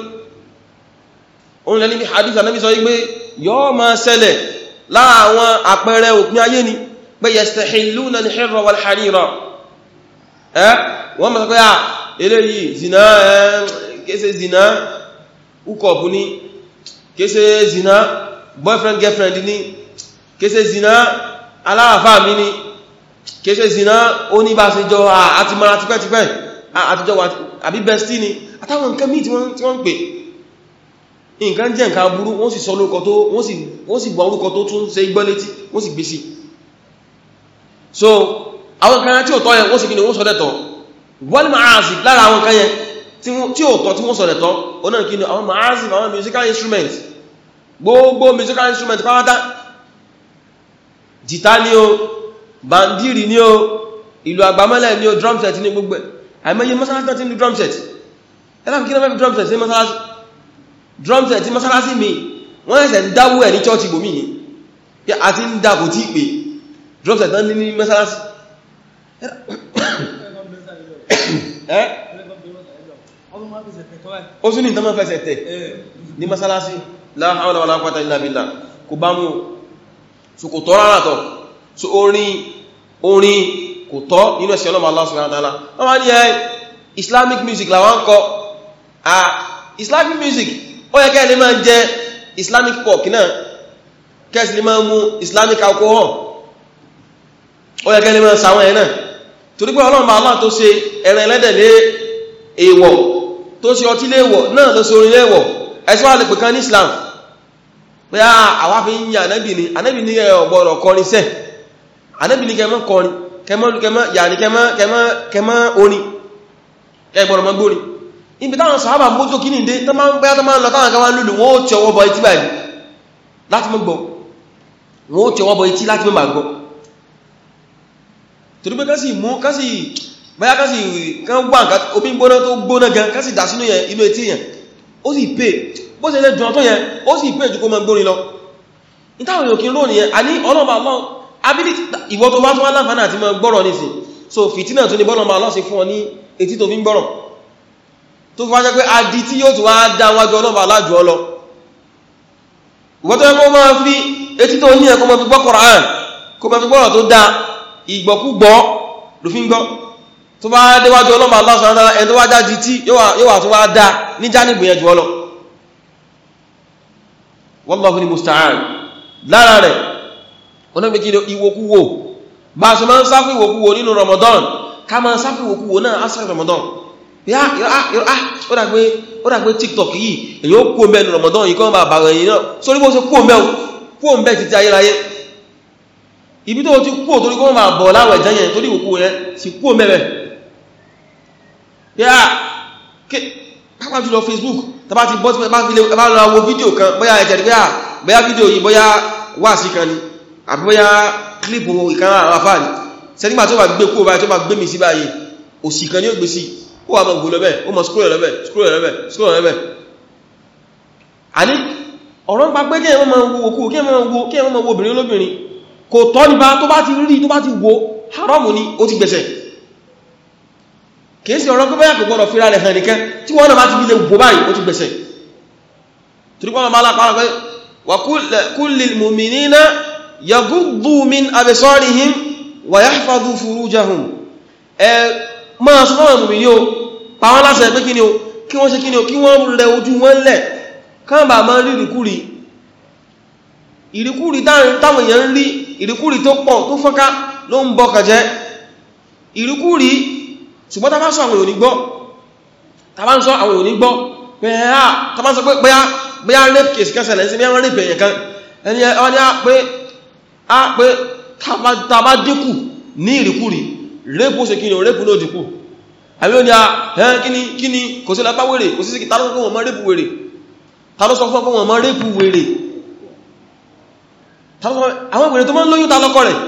gbé òun lẹ́ni bí hadith anábi sọ wípé yọ́ ma ṣẹlẹ̀ láàwọn àpẹẹrẹ òpin ayé ni pé yastahilluna al-hirra wal-harira ẹ́ wọ́n mọ̀ sọ́kọ́ yà eléyìí zina ẹ́ kése zina ukọ̀bù ni kése zina boyfriend girlfriend ni kése zina aláàfà mi ni kése zina oníbàṣẹjọ àti mara tipẹ́tipẹ́ àtijọ́ àbí bestie ni àtàwọn nǹkan míì tí wọ́n ń pè nǹkan jẹ́ nǹkan burú wọ́n sì sọ lókọ tó wọ́n sì gbọ́ orúkọ tó tún ṣe igbọ́létí wọ́n sì gbèsè so àwọn kan tí ó tọ́ yẹn wọ́n sì kí ni wọ́n sọ́dẹ̀tọ̀ wọ́n ma'azib lára àwọn kan yẹn tí ó tọ́ tí wọ́n sọ́dẹ̀tọ̀ onáà àwọn ma'azib musical instrument gbogbo musical instrument pátá jìtá ni o bandiri ni o ìlú drum set ti mọ́sálásí mi wọ́n ẹ̀sẹ̀ ń dáwó ẹ̀ ní chọ́ọ̀tì gbòmí ni pé a ti ń dá kò tí pé drum set tán ní ní mọ́sálásí eh? ó sún ní ìtàn máa fẹsẹ̀ tẹ̀ ní mọ́sálásí la hawla wala quwwata illa billah kò bá mú so kò tọ́ rárá tọ́ so orin orin kò tọ́ nínú ẹ̀sẹ̀ ọlọ́mà Allah subhanahu wa ta'ala wọ́n wá ní ẹ eh, islamic music làwọn kọ ah islamic music ó yẹ kẹ́ẹ̀ lè máa jẹ islamic pork náà kẹ́ẹ̀sì lè máa mú islamic alcohol ó yẹ kẹ́ẹ̀ lè máa sàwọn ẹ̀ náà torí pé ọlọ́run bá aláà tó ṣe ẹran ẹlẹ́dẹ̀ lé èèwọ̀ tó ṣe ọtí léèwọ̀ náà ló ṣe léèwọ̀ ẹ̀sùn islam pé àwa fi ń yan anábì ni anábì ni ẹ ọ̀gbọ̀rọ̀ kọrin sẹ́ anábì ni kẹmọ́ kọrin kẹmọ́ yàní kẹmọ́ orin ibi táwọn sàábà mójó kí ní dé tó máa ń bẹ́ tó máa ń lọ táwọn gawa lùlù wọ́n ó tí ọwọ́ bọ etí báyìí láti mọ́ gbọ́ wọ́n ó tí ọwọ́ bọ etí láti mọ́ gbọ́ torí pé kásì mú kásì báyá kásì kan wà nǹkan omi gbóná tó gbóná gan kásì dà sínú yẹn inú etí yẹn ó sì pè bó ṣe jọ tó yẹn ó sì pè jù kó mọ gbórin lọ ìtàwọn yòókì lónìí yẹn àní ọlọ́ba lọ abílí ìwọ tó wá tó wá láǹfààní àti mọ gbọ́rọ̀ nìsín so tó fi wá jẹ́ pé adi tí yóò tún wá dá wájú ọlọ́ba aláàjù ọlọ ìwọ́n tó máa fi etí tó ní ẹ̀ kó máa fi Qur'an kó máa fi gbọ́rọ̀ tó dáa ìgbọ́kúgbọ́ ló fi ń gbọ́ tó bá déwájú ọlọ́ba Allah subhanahu wa ta'ala ẹni tó wá dá di tí yóò wà tó wá dá ní jánìbù yẹn jù ọlọ wallahu ni musta'an lára rẹ̀ Ramadan ká máa sáfù ìwòkúwò náà Ramadan yá yọ̀rá ah, yọ̀rá ah. ó dà pé ó tiktok yìí èyí ó kú omi ẹnu rọ̀mọ̀dán yìí kọ́ máa bàrọ̀ yìí náà sórí bó ṣe kú omi ẹ̀hún kú omi ẹ̀ títí ayérayé ibi tó ti kú òtórí kọ́ máa bọ̀ láwẹ̀ jẹ́ yẹn torí òkú yẹn ti kú omi ẹ̀ yá pápá jùlọ facebook tàbá ti bọ́ bá lọ wo fídíò kan bóyá ẹ̀jẹ̀ pé ah, bóyá fídíò yìí bóyá wà sí kan ni àbí bóyá clip ìkan àwọn afáàní sẹ́nígbà tó bá gbé kú báyìí tó bá gbé mi sí báyìí ó wà máa gùn lọ bẹ́ẹ̀ ó máa skúrò lọ bẹ́ẹ̀ skúrò lọ bẹ́ẹ̀ skúrò lọ bẹ́ẹ̀ àní ọ̀rọ̀ ń pa pé kí ẹ máa wo kú kí ẹ máa fíra rẹ̀ hàn tí wọ́n náà bá ti fi lè báyìí ó ti gbẹ̀ṣẹ̀ torípọ́n ọmọ alápàá rẹ̀ wà kullil mu'minina yaghuddu min absarihim wa yahfazu furujahum máa sọ fáwọn mùmí yóò pa wọ́n láṣẹ kíni o kí wọ́n ṣe kíni o kí wọ́n rẹ ojú wọn lẹ̀ káàbà máa rí ìrìkúrì ìrìkúrì táwọn èèyàn rí ìrìkúrì tó pọ̀ tó fọ́nká ló ń bọ́ kàjẹ́ ìrìkúrì ṣùgbọ́n tá ní ìrìkúrì rẹ́pù ṣe kí ni rẹ́pù náà dìkù àbí oní àhán kí ni kí ni kò sí lápá wèrè kò sí sí tàbí kó wọ́n mọ́ rẹ́pù wèrè tàbí sọ fún wọn mọ́ rẹ́pù wèrè àwọn wèrè tó mọ́ lóyún tàlọ́kọ rẹ̀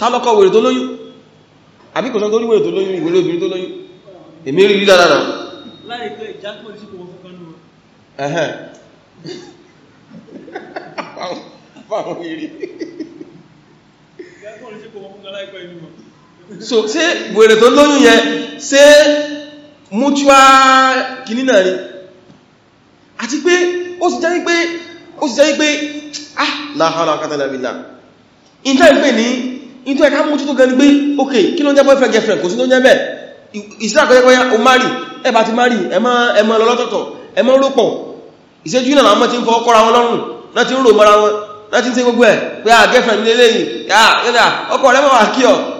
tàlọ́kọ wèrè tó lóyún àbí kò sọ tó ní wèrè tó lóyún ìwèrè obìnrin tó lóyún èmi rí rí dáadáa láìpẹ́ ìjákòó sí kò wọ́n fún kanú ẹ̀hẹ́n fáwọn ìrí ìjákòó sí kò wọ́n fún kanú láìpẹ́ inú wọn so ṣe wèrè tó lóyún yẹn ṣe mutual kìnnìnà ni àti pé ó sì jẹ́ wípé ó sì jẹ́ wípé ah láhàrá kátàlàbìlà ìjọ ìpé ní ìjọ ẹ̀ká mú tó gẹni pé ok kí ló ń jẹ́ boyfriend girlfriend kò sí ló ń jẹ́ bẹ́ẹ̀ ìsìlá kọjẹ́kọjá o mari ẹbà ti mari ẹmọ lọ́lọ́tọ̀tọ̀ ẹmọ rọ́pọ̀ ìṣẹ́jú náà àmọ́ ti ń fọ́ kọ́ra wọn lọ́rùn láti ń rò mara wọn láti ń ṣe gbogbo ẹ̀ pé à ah, girlfriend lélẹ́yìn ah, ọkọ rẹ̀ mọ̀ wà kí ọ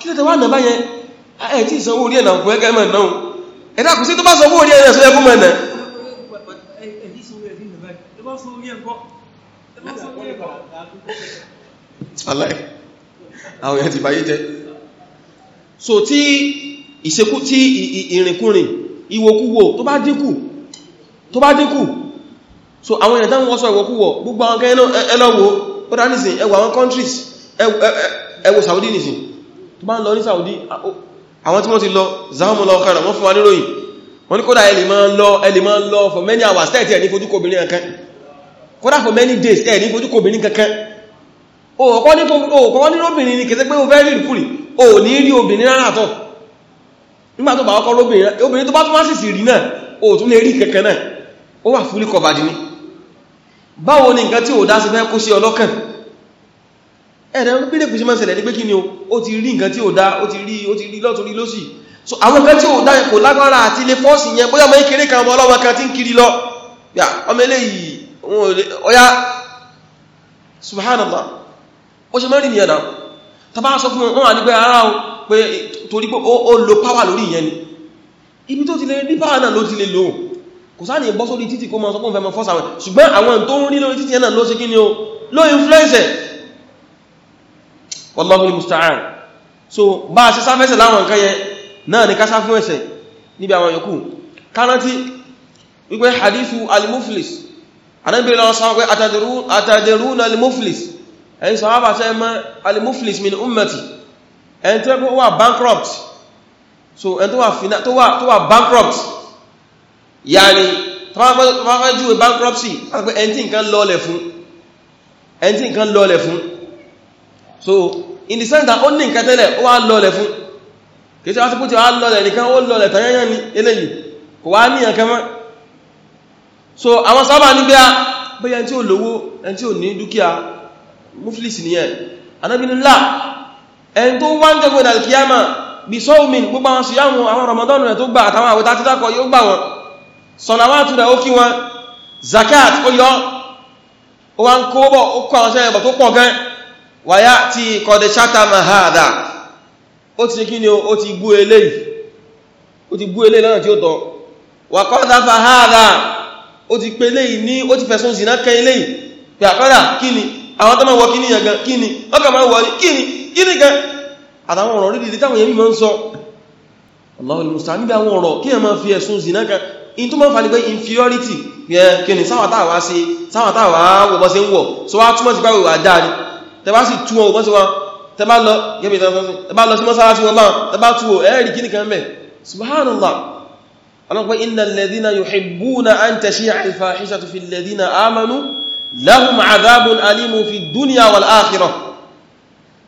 kí ló tẹ wá nà bá yẹn ẹ̀ tí ìsanwó orí ẹ̀nà ọ̀pọ̀ ẹgẹ́ mẹ́rin náà ẹ̀dá kù sí tó bá sanwó orí ẹ̀nà sọ́yẹ́ fún mẹ́rin àwọn èèyàn so tí ìṣekú tí ìrìnkúrìn ìwòkúwò tó bá dínkù tó bá dínkù so àwọn èèyàn táwọn wọ́sọ ìwòkúwò gbogbo àwọn kẹ́ ẹlọ́wọ́ countries ẹwọ Saudi nìsìn tó bá ń lọ ní Saudi àwọn tí wọ́n ti lọ záàmùlọ ọkàrà wọ́n fún wa níròyìn wọ́n ní kódà ẹlì máa ń lọ for many hours tẹ́ẹ̀tì ẹ̀ ní fojúkòbìnrin kankan kódà for many days ẹ̀ ní fojúkòbìnrin kankan òkọ́ ní lóbìnrin ni kẹsẹ́ pé o fẹ́ rí ìrìkúrì o ní rí obìnrin rárá tọ́ nígbà tó bá ọkọ̀ lóbìnrin obìnrin tó bá tún wá sì sì rí náà o tún lè rí kankan náà ó wà fully covered ní báwo ni nǹkan tí ò dá sí fẹ́ kó sí ọlọ́kàn ẹ̀rẹ̀ bí lè sí máa ṣẹlẹ̀ ní pé kí ni ó ti rí nǹkan tí ó dá ó ti rí lọ́tún rí lọ́sì so àwọn nǹkan tí ó dá kò lágbára àti ilé fọ́ọ̀sì yẹn bóyá mọ́ ìkéré kan ọlọ́wọ́ kan tí ń kiri lọ kò sáà ní bọ́ títì kó mọ́ sọ fún fọ́sàwẹ̀ ṣùgbọ́n àwọn tó ń rí lórí títì yẹn ló ṣe kí ni o ló influence wallahul musta'an so bá a ṣe sáfẹ́sẹ̀ láwọn nǹkan yẹ náà ni ká sá fún ẹ̀ṣẹ̀ níbi àwọn yòókù kárántí wípé hadithu al anábìnrin lọ sáwọn pé atadiruna al-muflis ẹ̀yin sọ̀hábà sẹ́ mọ́ min ummati ẹni tó wà bankrupt so ẹni tó wà bankrupt yàní tọ́wọ́ fẹ́ júwe bankruptcy àti pé ẹni so in the sense that ó ní nǹkan tẹ́lẹ̀ ó wá lọlẹ̀ fún kìí ṣe wá sí pútí wá lọlẹ̀ nìkan ó lọlẹ̀ tàyẹ́yàn ní eléyìí kò wá ní ẹ̀kẹ́ mọ́ so àwọn sábà ní bẹ́ẹ̀ bẹ́yẹn tí ó lówó ẹn tí ó ní dúkìá muflis nìyẹn anábìnilá ẹn tó wá ń jẹ́gbọ́n alkiyama bí sọ́ọ̀mìn gbogbo àwọn síyàmù àwọn ramadan rẹ̀ tó gbà àtàwọn àwẹ̀ tàti dákọ̀ yóò gbà wọn sọ̀nàwàtù rẹ̀ ó kí wọn zakat ó yọ ó wá ń kó bọ̀ ó kọ́ àwọn sẹ́yẹ̀bọ̀ tó pọ̀ gan wàyá tí kọ̀dẹ̀ ṣátàmà hádà ó ti kí ni ó ti bú eléyìí ó ti bú eléyìí lọ́nà tí ó tọ́ wà kọ́dá fa hádà ó ti pé eléyìí ní ó ti fẹ̀sùn zìnà kẹ eléyìí pé àkọ́dà kí ni àwọn tó máa wọ kí ni yàgán kí ni ọkà máa wọ kí ni kí ni gan àtàwọn ọ̀rọ̀ rí táwọn yẹmí máa ń sọ Allahul musta'an níbi àwọn ọ̀rọ̀ in tó máa ń fa ní pé inferiority yẹ kí ni sáwàtàwà sí sáwàtàwà wọ́bọ́ sí ń wọ̀ so wá túnmọ̀ sí pàwọ̀ àdáa ni tẹbá sì tú wọn òpọ́sí wọn tẹbá lọ gẹ́bẹ̀ ìtànsọ́sí tẹbá lọ sí mọ́sálásí wọn máa tẹbá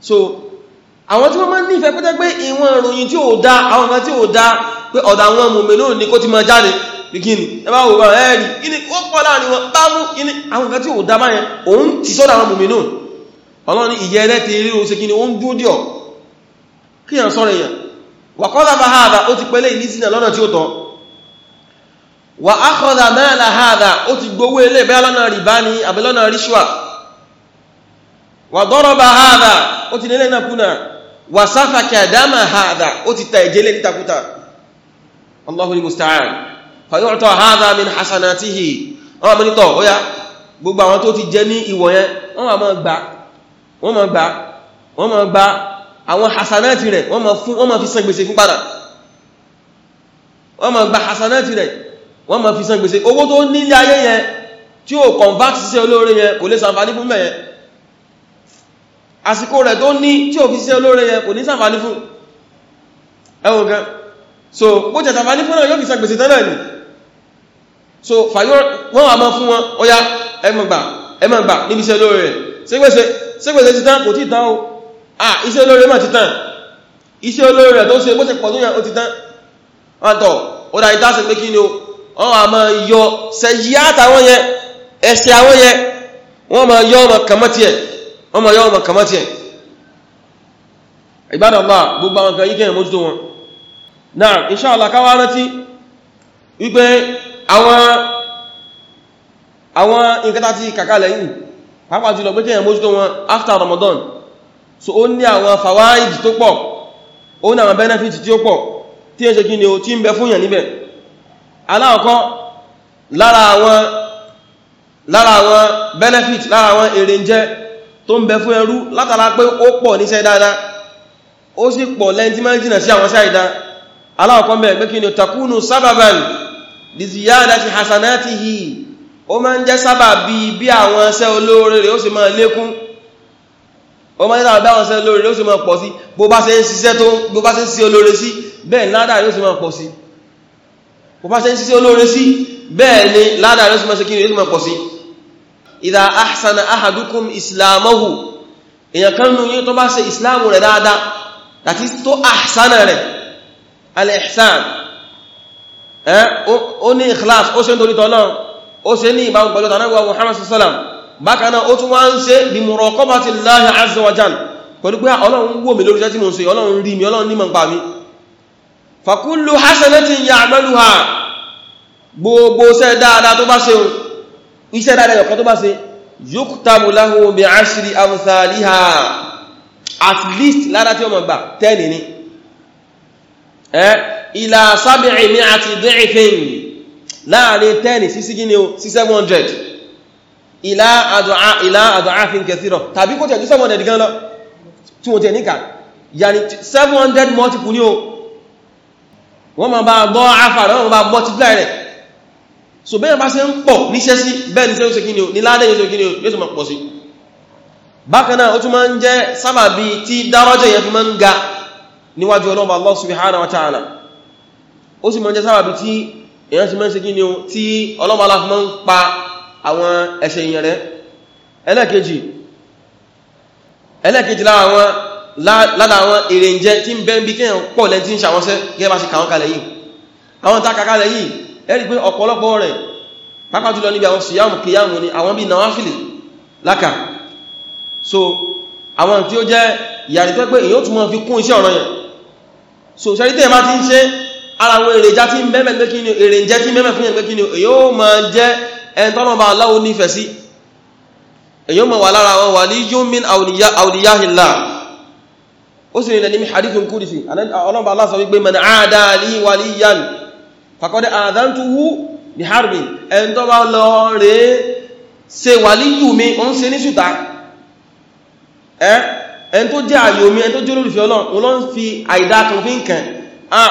so àwọn tí wọ́n máa nífẹ̀ẹ́ pẹ́tẹ́ pé ìwọ̀n ìròyìn tí ó dá àwọn nǹkan tí ó dá pé ọ̀dà àwọn mùmínù ní kó ti máa jáde bikini ẹbá wòrán ẹ̀rì kí ó pọ̀ láàrin wọn bá mú kí àwọn nǹkan tí ó dá báyẹn òun ti sọ́dọ̀ àwọn mùmínù ọlọ́ni ìyẹ́ ẹlẹ́tẹ̀ ríro ṣe kí ni ó ń dúó díọ̀ kí yàn sọ́rọ̀ èèyàn wà kọ́dà bá hádà ó ti pẹ́lẹ̀ ìlísìnà lọ́nà tí ó tọ́ wà ákọ́dà mẹ́rẹ̀lá hádà ó ti gbówó ilé bẹ́ Allahu al-musta'an fayu'ta hádà min hasanatihi wọ́n wà mọ́ nítọ̀ ó yá gbogbo àwọn tó ti jẹ́ ní ìwọ̀nyẹn wọ́n wà mọ́ gbà wọ́n ma gba wọ́n ma gba àwọn hasanáti rẹ̀ wọ́n ma fi san gbèsè fún padà wọ́n ma gba hasanáti rẹ̀ wọ́n ma fi san gbèsè owó tó nílé ayé yẹn tí ó convert sí olóore yẹn kò lè sàǹfàní fún mẹ́yẹn àsìkò rẹ̀ tó ní tí ó fi sí olóore yẹn kò ní sàǹfàní fún ẹwọ gan so bó jẹ sàǹfàní fún náà yóò fi san gbèsè tẹ́lẹ̀ ni so fàyọ́ wọ́n wà mọ́ fún wọn ó yá ẹmọ̀gbà ẹmọ̀gbà níbi iṣẹ́ olóore rẹ̀ sí gbèsè ṣé gbèsè ti tán kò tí tán o à iṣẹ́ olóore mà ti tán iṣẹ́ olóore rẹ̀ tó ṣe bó ṣe pọ̀ tó yàn ó ti tán wọ́n tọ̀ ó dá ìdá pé kí ni o wọ́n wà máa yọ ṣẹ̀yí àtàwọn yẹn ẹ̀ṣẹ̀ àwọn yẹn wọ́n máa yọ ọmọ kàmọ́tì wọ́n máa yọ ọmọ kàmọ́tì pàápàá jùlọ pé kíyàn mójútó wọn after Ramadan so ó ní àwọn fawaid tó pọ̀ ó ní àwọn benefit tí ó pọ̀ tí ẹ ṣe kí ni ó tí ń bẹ fúnyàn níbẹ̀ aláàkọ́ lára àwọn lára àwọn benefit lára àwọn èrè ń jẹ́ tó ń bẹ fún ẹrú látara pé ó pọ̀ níṣẹ́ dáadáa ó sì pọ̀ lẹ́yìn máa jìnà sí àwọn sáìdá aláàkọ́ mẹ́ pé kí ni takunu sábàbàn li ziyadati hasanatihi ó máa ń jẹ́ sábà bí bí àwọn iṣẹ́ olóore rẹ̀ ó sì máa lékún ó máa ń jẹ́ sábà bí àwọn iṣẹ́ olóore rẹ̀ ó sì máa pọ̀ sí bó bá ṣe ń ṣiṣẹ́ tó bó bá ṣe ń ṣe olóore sí bẹ́ẹ̀ ládà rẹ̀ ó sì máa pọ̀ sí bó bá ṣe ń ṣiṣẹ́ olóore sí bẹ́ẹ̀ ni ládà rẹ̀ ó sì máa ṣe kí ìdá ahsana ahadukum islamahu èèyàn kan nù yín tó bá ṣe ìsìláàmù rẹ̀ dáadáa àti tó ahsana rẹ̀ al-ihsan ó ní ikhlas ó ṣe ń torí tọ́lọ́run ó ṣe ní ìbámu pẹ̀lú tànáwà Muhammad sallam bákanáà ó tún wá ń ṣe bí muraqabati Allahi azza wa jal pẹ̀lú pé ọlọ́run wò mí lórí iṣẹ́ tí mo ń ṣe ọlọ́run rí mi ọlọ́run nímọ̀ pa mi fa kullu hasanatin ya'maluha gbogbo least lára tí ó mọ̀ gbà 10 ni ila sab'i mi'ati láàrin ten sí sí gíní o sí seven hundred ìlà àdọ̀áfin kẹsìrọ̀ tàbí kó tẹ̀jú seven hundred gan lọ tí wọ́n tẹ̀ níkà yàní seven hundred multiple ní o wọ́n ma bá gbọ́ afárẹ̀ wọ́n ma bá multiply rẹ̀ so bẹ́ẹ̀ bá ṣe ń pọ̀ níṣẹ́ sí bẹ́ẹ̀ níṣẹ́ oṣù gíní o ní ládẹ́ oṣù gíní o yóò tún ma pọ̀ sí bákan náà ó tún máa ń jẹ́ sábàbí tí dárọ́jẹ̀ Allah subhanahu wa ta'ala ó sì máa ń jẹ́ sábàbí tí èyàn sí mẹ́sí kí ni o tí ọlọ́mọlá fún ń pa àwọn ẹ̀ṣẹ̀ èyàn rẹ̀ ẹlẹ́kejì ẹlẹ́kejì lára àwọn èrè ń jẹ tí ń bẹ́ ń bí kí èyàn pọ̀ lẹ́ tí ń ṣàwọ́sẹ́ gẹ́gẹ́ bá ṣe kàwọn kalẹ̀ yìí àwọn tá kakalẹ̀ yìí ẹ̀rí pé ọ̀pọ̀lọpọ̀ rẹ̀ pápá jùlọ níbi àwọn sùyàmù kìyàmù ni àwọn bí nawafili láka so àwọn tí ó jẹ́ yàrí tó pé èyàn tún mọ́ fi kún iṣẹ́ ọ̀rọ̀ yẹn so ṣẹ́rí tẹ́yẹ bá ti ń ṣe ara àwọn èrèjá tí ń bẹ́mẹ̀ pé kí ni èrèjẹ́ tí mẹ́mẹ̀ fún yẹn pé kí ni yóò máa jẹ́ ẹni tọ́nà bá aláwo nífẹ̀ẹ́ sí èyí ó máa wà lára àwọn wàlí yóò min àwòdìyáhìlá ó sì rìnlẹ̀ ní hadithun kúrìsì ọlọ́bà aláṣọ wípé mẹ́ni àádáàlì wàlíyàn fàkọ́dẹ̀ àádántúwú ní harbin ẹni tó bá lọ rẹ̀ ṣe wàlíyù mi o ń ṣe ní ṣùtá ẹni tó jẹ́ àyòmí ẹni tó jẹ́ olólùfẹ́ ọlọ́run fi àìdá kan fi ń kàn ah,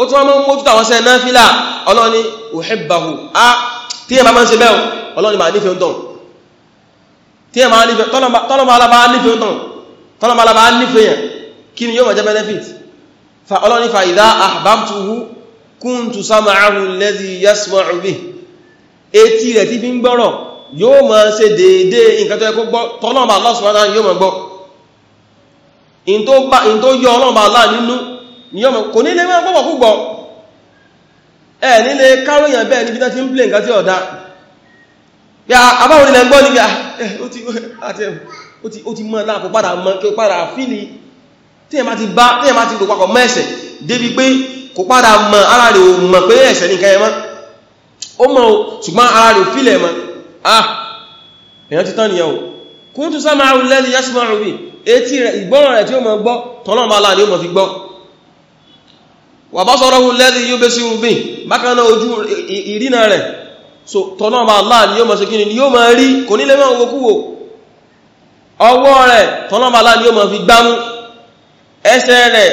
ó tún wọ́n mọ́ mójútó àwọn sẹ́ náfílà ọlọ́ni òhìbàhù á tí ẹ bá máa ń ṣe bẹ́ẹ̀ ọlọ́ni máa nífẹ̀ẹ́ ń tàn tí ẹ máa nífẹ̀ẹ́ tọ́lọ́mà alábá nífẹ̀ẹ́ ń tàn tọ́lọ́mà alábá nífẹ̀ẹ́ yẹn kí ni yóò máa jẹ́ benefit fa ọlọ́ni fa ìdá ahbabtuhu kuntu sam'ahu alladhi yasma'u bihi etí rẹ̀ tí fi ń gbọ́rọ̀ yóò máa ṣe déédéé nǹkan tó yẹ kó ni yọ́mọ̀ kò nílé máa gbọ́gbọ̀ púpọ̀ ẹ̀ nílé káròyìn bẹ́ẹ̀ níbi tán ti ń plé nǹkan tí ọ̀dá ya abáwọn ilẹ̀ gbọ́ níbi ó ti mọ́ láàpù padà mọ́ kí ó padà fílì tí ẹ ma ti bá tí ẹ ma ti rò papọ̀ mọ́ ẹ̀ṣẹ̀ débi pé kò padà mọ́ ara rẹ̀ ò mọ̀ pé ẹ̀ṣẹ̀ nìkan ẹmọ́ ah èyàn ti tán nìyàn kúntù sáà máa rú lẹ́ni yásùmọ́ rú bí etí rẹ̀ ìgbọ́ràn rẹ̀ wà bá sọ́rọ̀ hù lẹ́dí yóò bẹ́ sí rubin bákaná ojú ìrìnà rẹ̀ so tọ́nà ma Allah ni yóò ma ṣe kí ni yóò ma rí kò nílé mọ́ owókúwò ọwọ́ rẹ̀ tọ́nà ma Allah ni yóò ma fi gbámú ẹsẹ̀ rẹ̀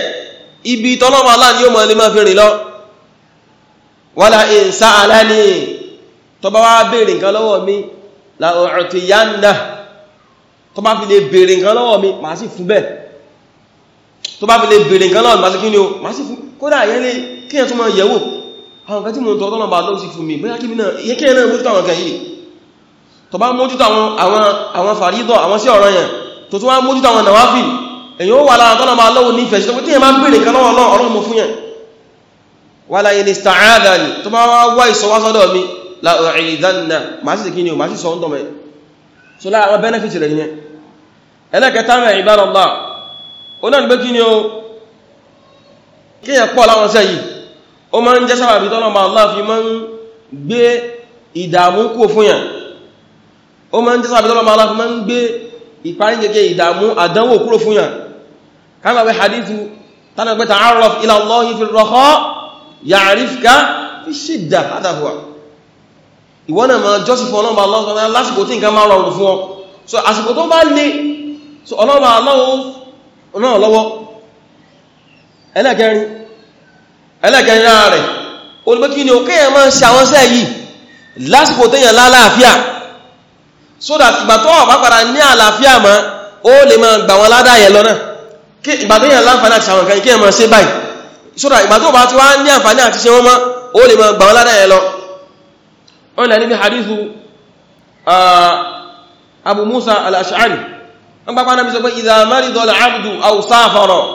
ibi tọ́nà ma Allah ni yóò ma lè ma fi rìn lọ wala in sa'alani tó bá wá béèrè nǹkan lọ́wọ́ mi la u'tiyanna kódà yẹn lè kí ẹ̀ tún máa yẹ̀wò àwọn kan tí mo tọ́ tọ́lọ̀bà lọ́wọ́ sí fún mi bóyá kí náà yẹ kí ẹ̀ náà mójútó àwọn kan yìí tó bá mójútó àwọn fàrídọ̀ àwọn sí ọ̀rọ̀ yẹn tó tún wá mójútó àwọn nàwáfì èyàn ó wà lára tọ́lọ̀bà lọ́wọ́ ní ìfẹ̀ṣẹ́ tó pé tí ẹ máa ń bèèrè kan lọ́wọ́ ọlọ́run mo fún yẹn wà láyé ní sta'adani tó bá wá wá ìsọwásọ́dọ̀ mi la ọ̀rìnìdánná máa sì kí ni o máa sì sọ ń tọ́mẹ́ so lára benefit rẹ̀ nìyẹn ẹlẹ́kẹta mẹ́ ìbára Allah ó náà ní pé kí ni o kíyàn pọ̀ láwọn iṣẹ́ yìí ó máa ń jẹ́ sábàbí tọ́nà ma Allah fi máa ń gbé ìdààmú kú fún yàn ó máa ń jẹ́ sábàbí tọ́nà ma Allah fi máa ń gbé ìparí jẹ́gẹ́ ìdààmú àdánwò kúrò fún yàn kánàwé hadithu tánàgbé ta'arraf ila Allahi fi raha ya'rifka fi shidda hadha huwa ìwọ́n so àsìkò tó bá le so ọlọ́mà ọlọ́wọ́ ẹlẹ́kẹrin ẹlẹ́kẹrin lára rẹ̀ olùgbékí ni òkè ẹ̀ máa ń ṣàwọ́sẹ̀ yìí lásìkò tẹ́yàn lálàáfíà so that ìgbà tó ọ̀pá padà ní àlàáfíà mọ́ ó lè máa gbà wọn ládàáyẹ lọ́nà ìgbà tẹ́yàn láǹfààní àti ṣàwọn kan kí so that ìgbà tó bá ti wá ní àǹfààní àti ṣe wọ́n mọ́ ó lè máa gbà wọn ládàáyẹ lọ wọ́n lẹ́ níbi hadithu ah, Abu Musa al-Ash'ari wọ́n náà bí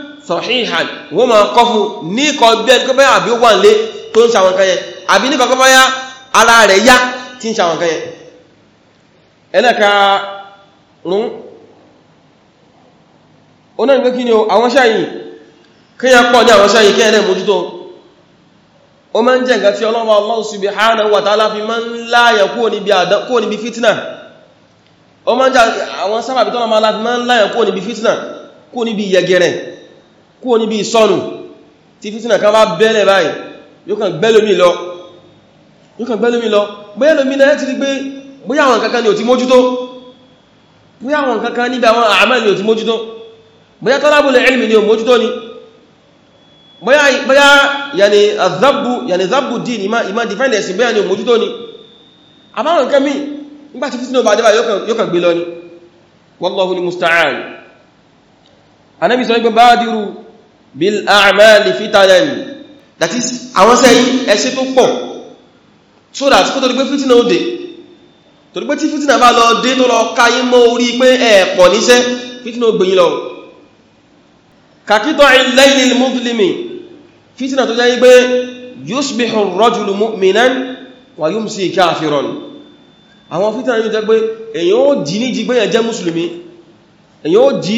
sahihan wọ́n máa kọ́ fún ní ikọ̀ bí ẹni pẹ́pẹ́ àbí ó wà nílé tó ń ṣàwọn kan yẹn àbí ní kọ̀kọ́ báyá ara rẹ̀ yá tí ń ṣàwọn kan yẹn ẹlẹ́ka rún ó kí ni àwọn ṣáyìn kí yẹn pọ̀ ní àwọn ṣáyìn kí ẹ̀rẹ́ mójútó ó máa ń jẹ́ nǹkan Allah subhanahu wa ta'ala fi máa ń láyẹ̀ kúrò níbi fitna ó máa ń jẹ́ àwọn sábàbí tọ́lọ́mọ́ aláfi máa ń kúrò níbi ìsọnù tí fìtínà kan bá bẹ́lẹ̀ báyìí yóò kàn gbẹ́lómi lọ yóò kàn gbẹ́lómi lọ bóyá lómi náà ti rí pé bóyá àwọn kankan ni ò ti mójútó bóyá àwọn kankan níbi àwọn àmà ni ò ti mójútó bóyá talabul ilmi ni ò mójútó ni bóyá yàní àzábù yàní zábù dì ní ìmá dìfẹ́ndẹ̀sì bóyá ni ò ni àbáwọn nǹkan mí nígbà tí fìtínà bá dé báyìí yóò ni wallahu al-musta'an anábì sọ bil a'mali fitanan that is àwọn ṣe yìí ẹ̀ṣẹ̀ tó pọ̀ so that kó tó di pé fìtínà ó dé tó di pé tí fìtínà bá lọ dé tó lọ káyí mọ́ orí pé ẹ̀ẹ̀pọ̀ níṣẹ́ fìtínà ó gbẹ̀yìn lọ kàkítọ̀ al-laylil mudlimi fìtínà tó jẹ́ pé yusbihu ar-rajulu mu'minan wa yumsi kafiran àwọn fìtínà yóò jẹ́ pé èyàn ó jí ní jí pé èyàn jẹ́ mùsùlùmí èyàn ó jí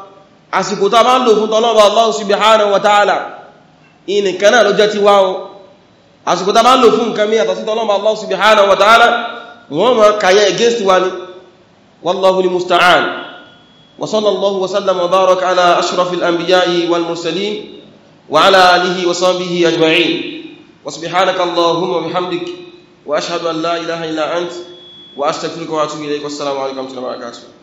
àsìkò tó bá ń lò fún tọ́lọ́bà Allah subhanahu wa ta'ala ìnìkan náà ló jẹ́ ti wá o àsìkò tó bá ń lò fún nǹkan mìíràn sí tọ́lọ́bà Allah subhanahu wa ta'ala wọ́n ma kàyẹ against wa ni wallahul musta'an wa sallallahu wa sallam wa baraka ala ashrafil anbiya'i wal mursalin wa ala alihi wa sahbihi ajma'in wa subhanaka allahumma wa bihamdik wa ashhadu an la ilaha illa ant wa astaghfiruka wa atubu ilayk wassalamu alaikum wa rahmatullahi wa barakatuh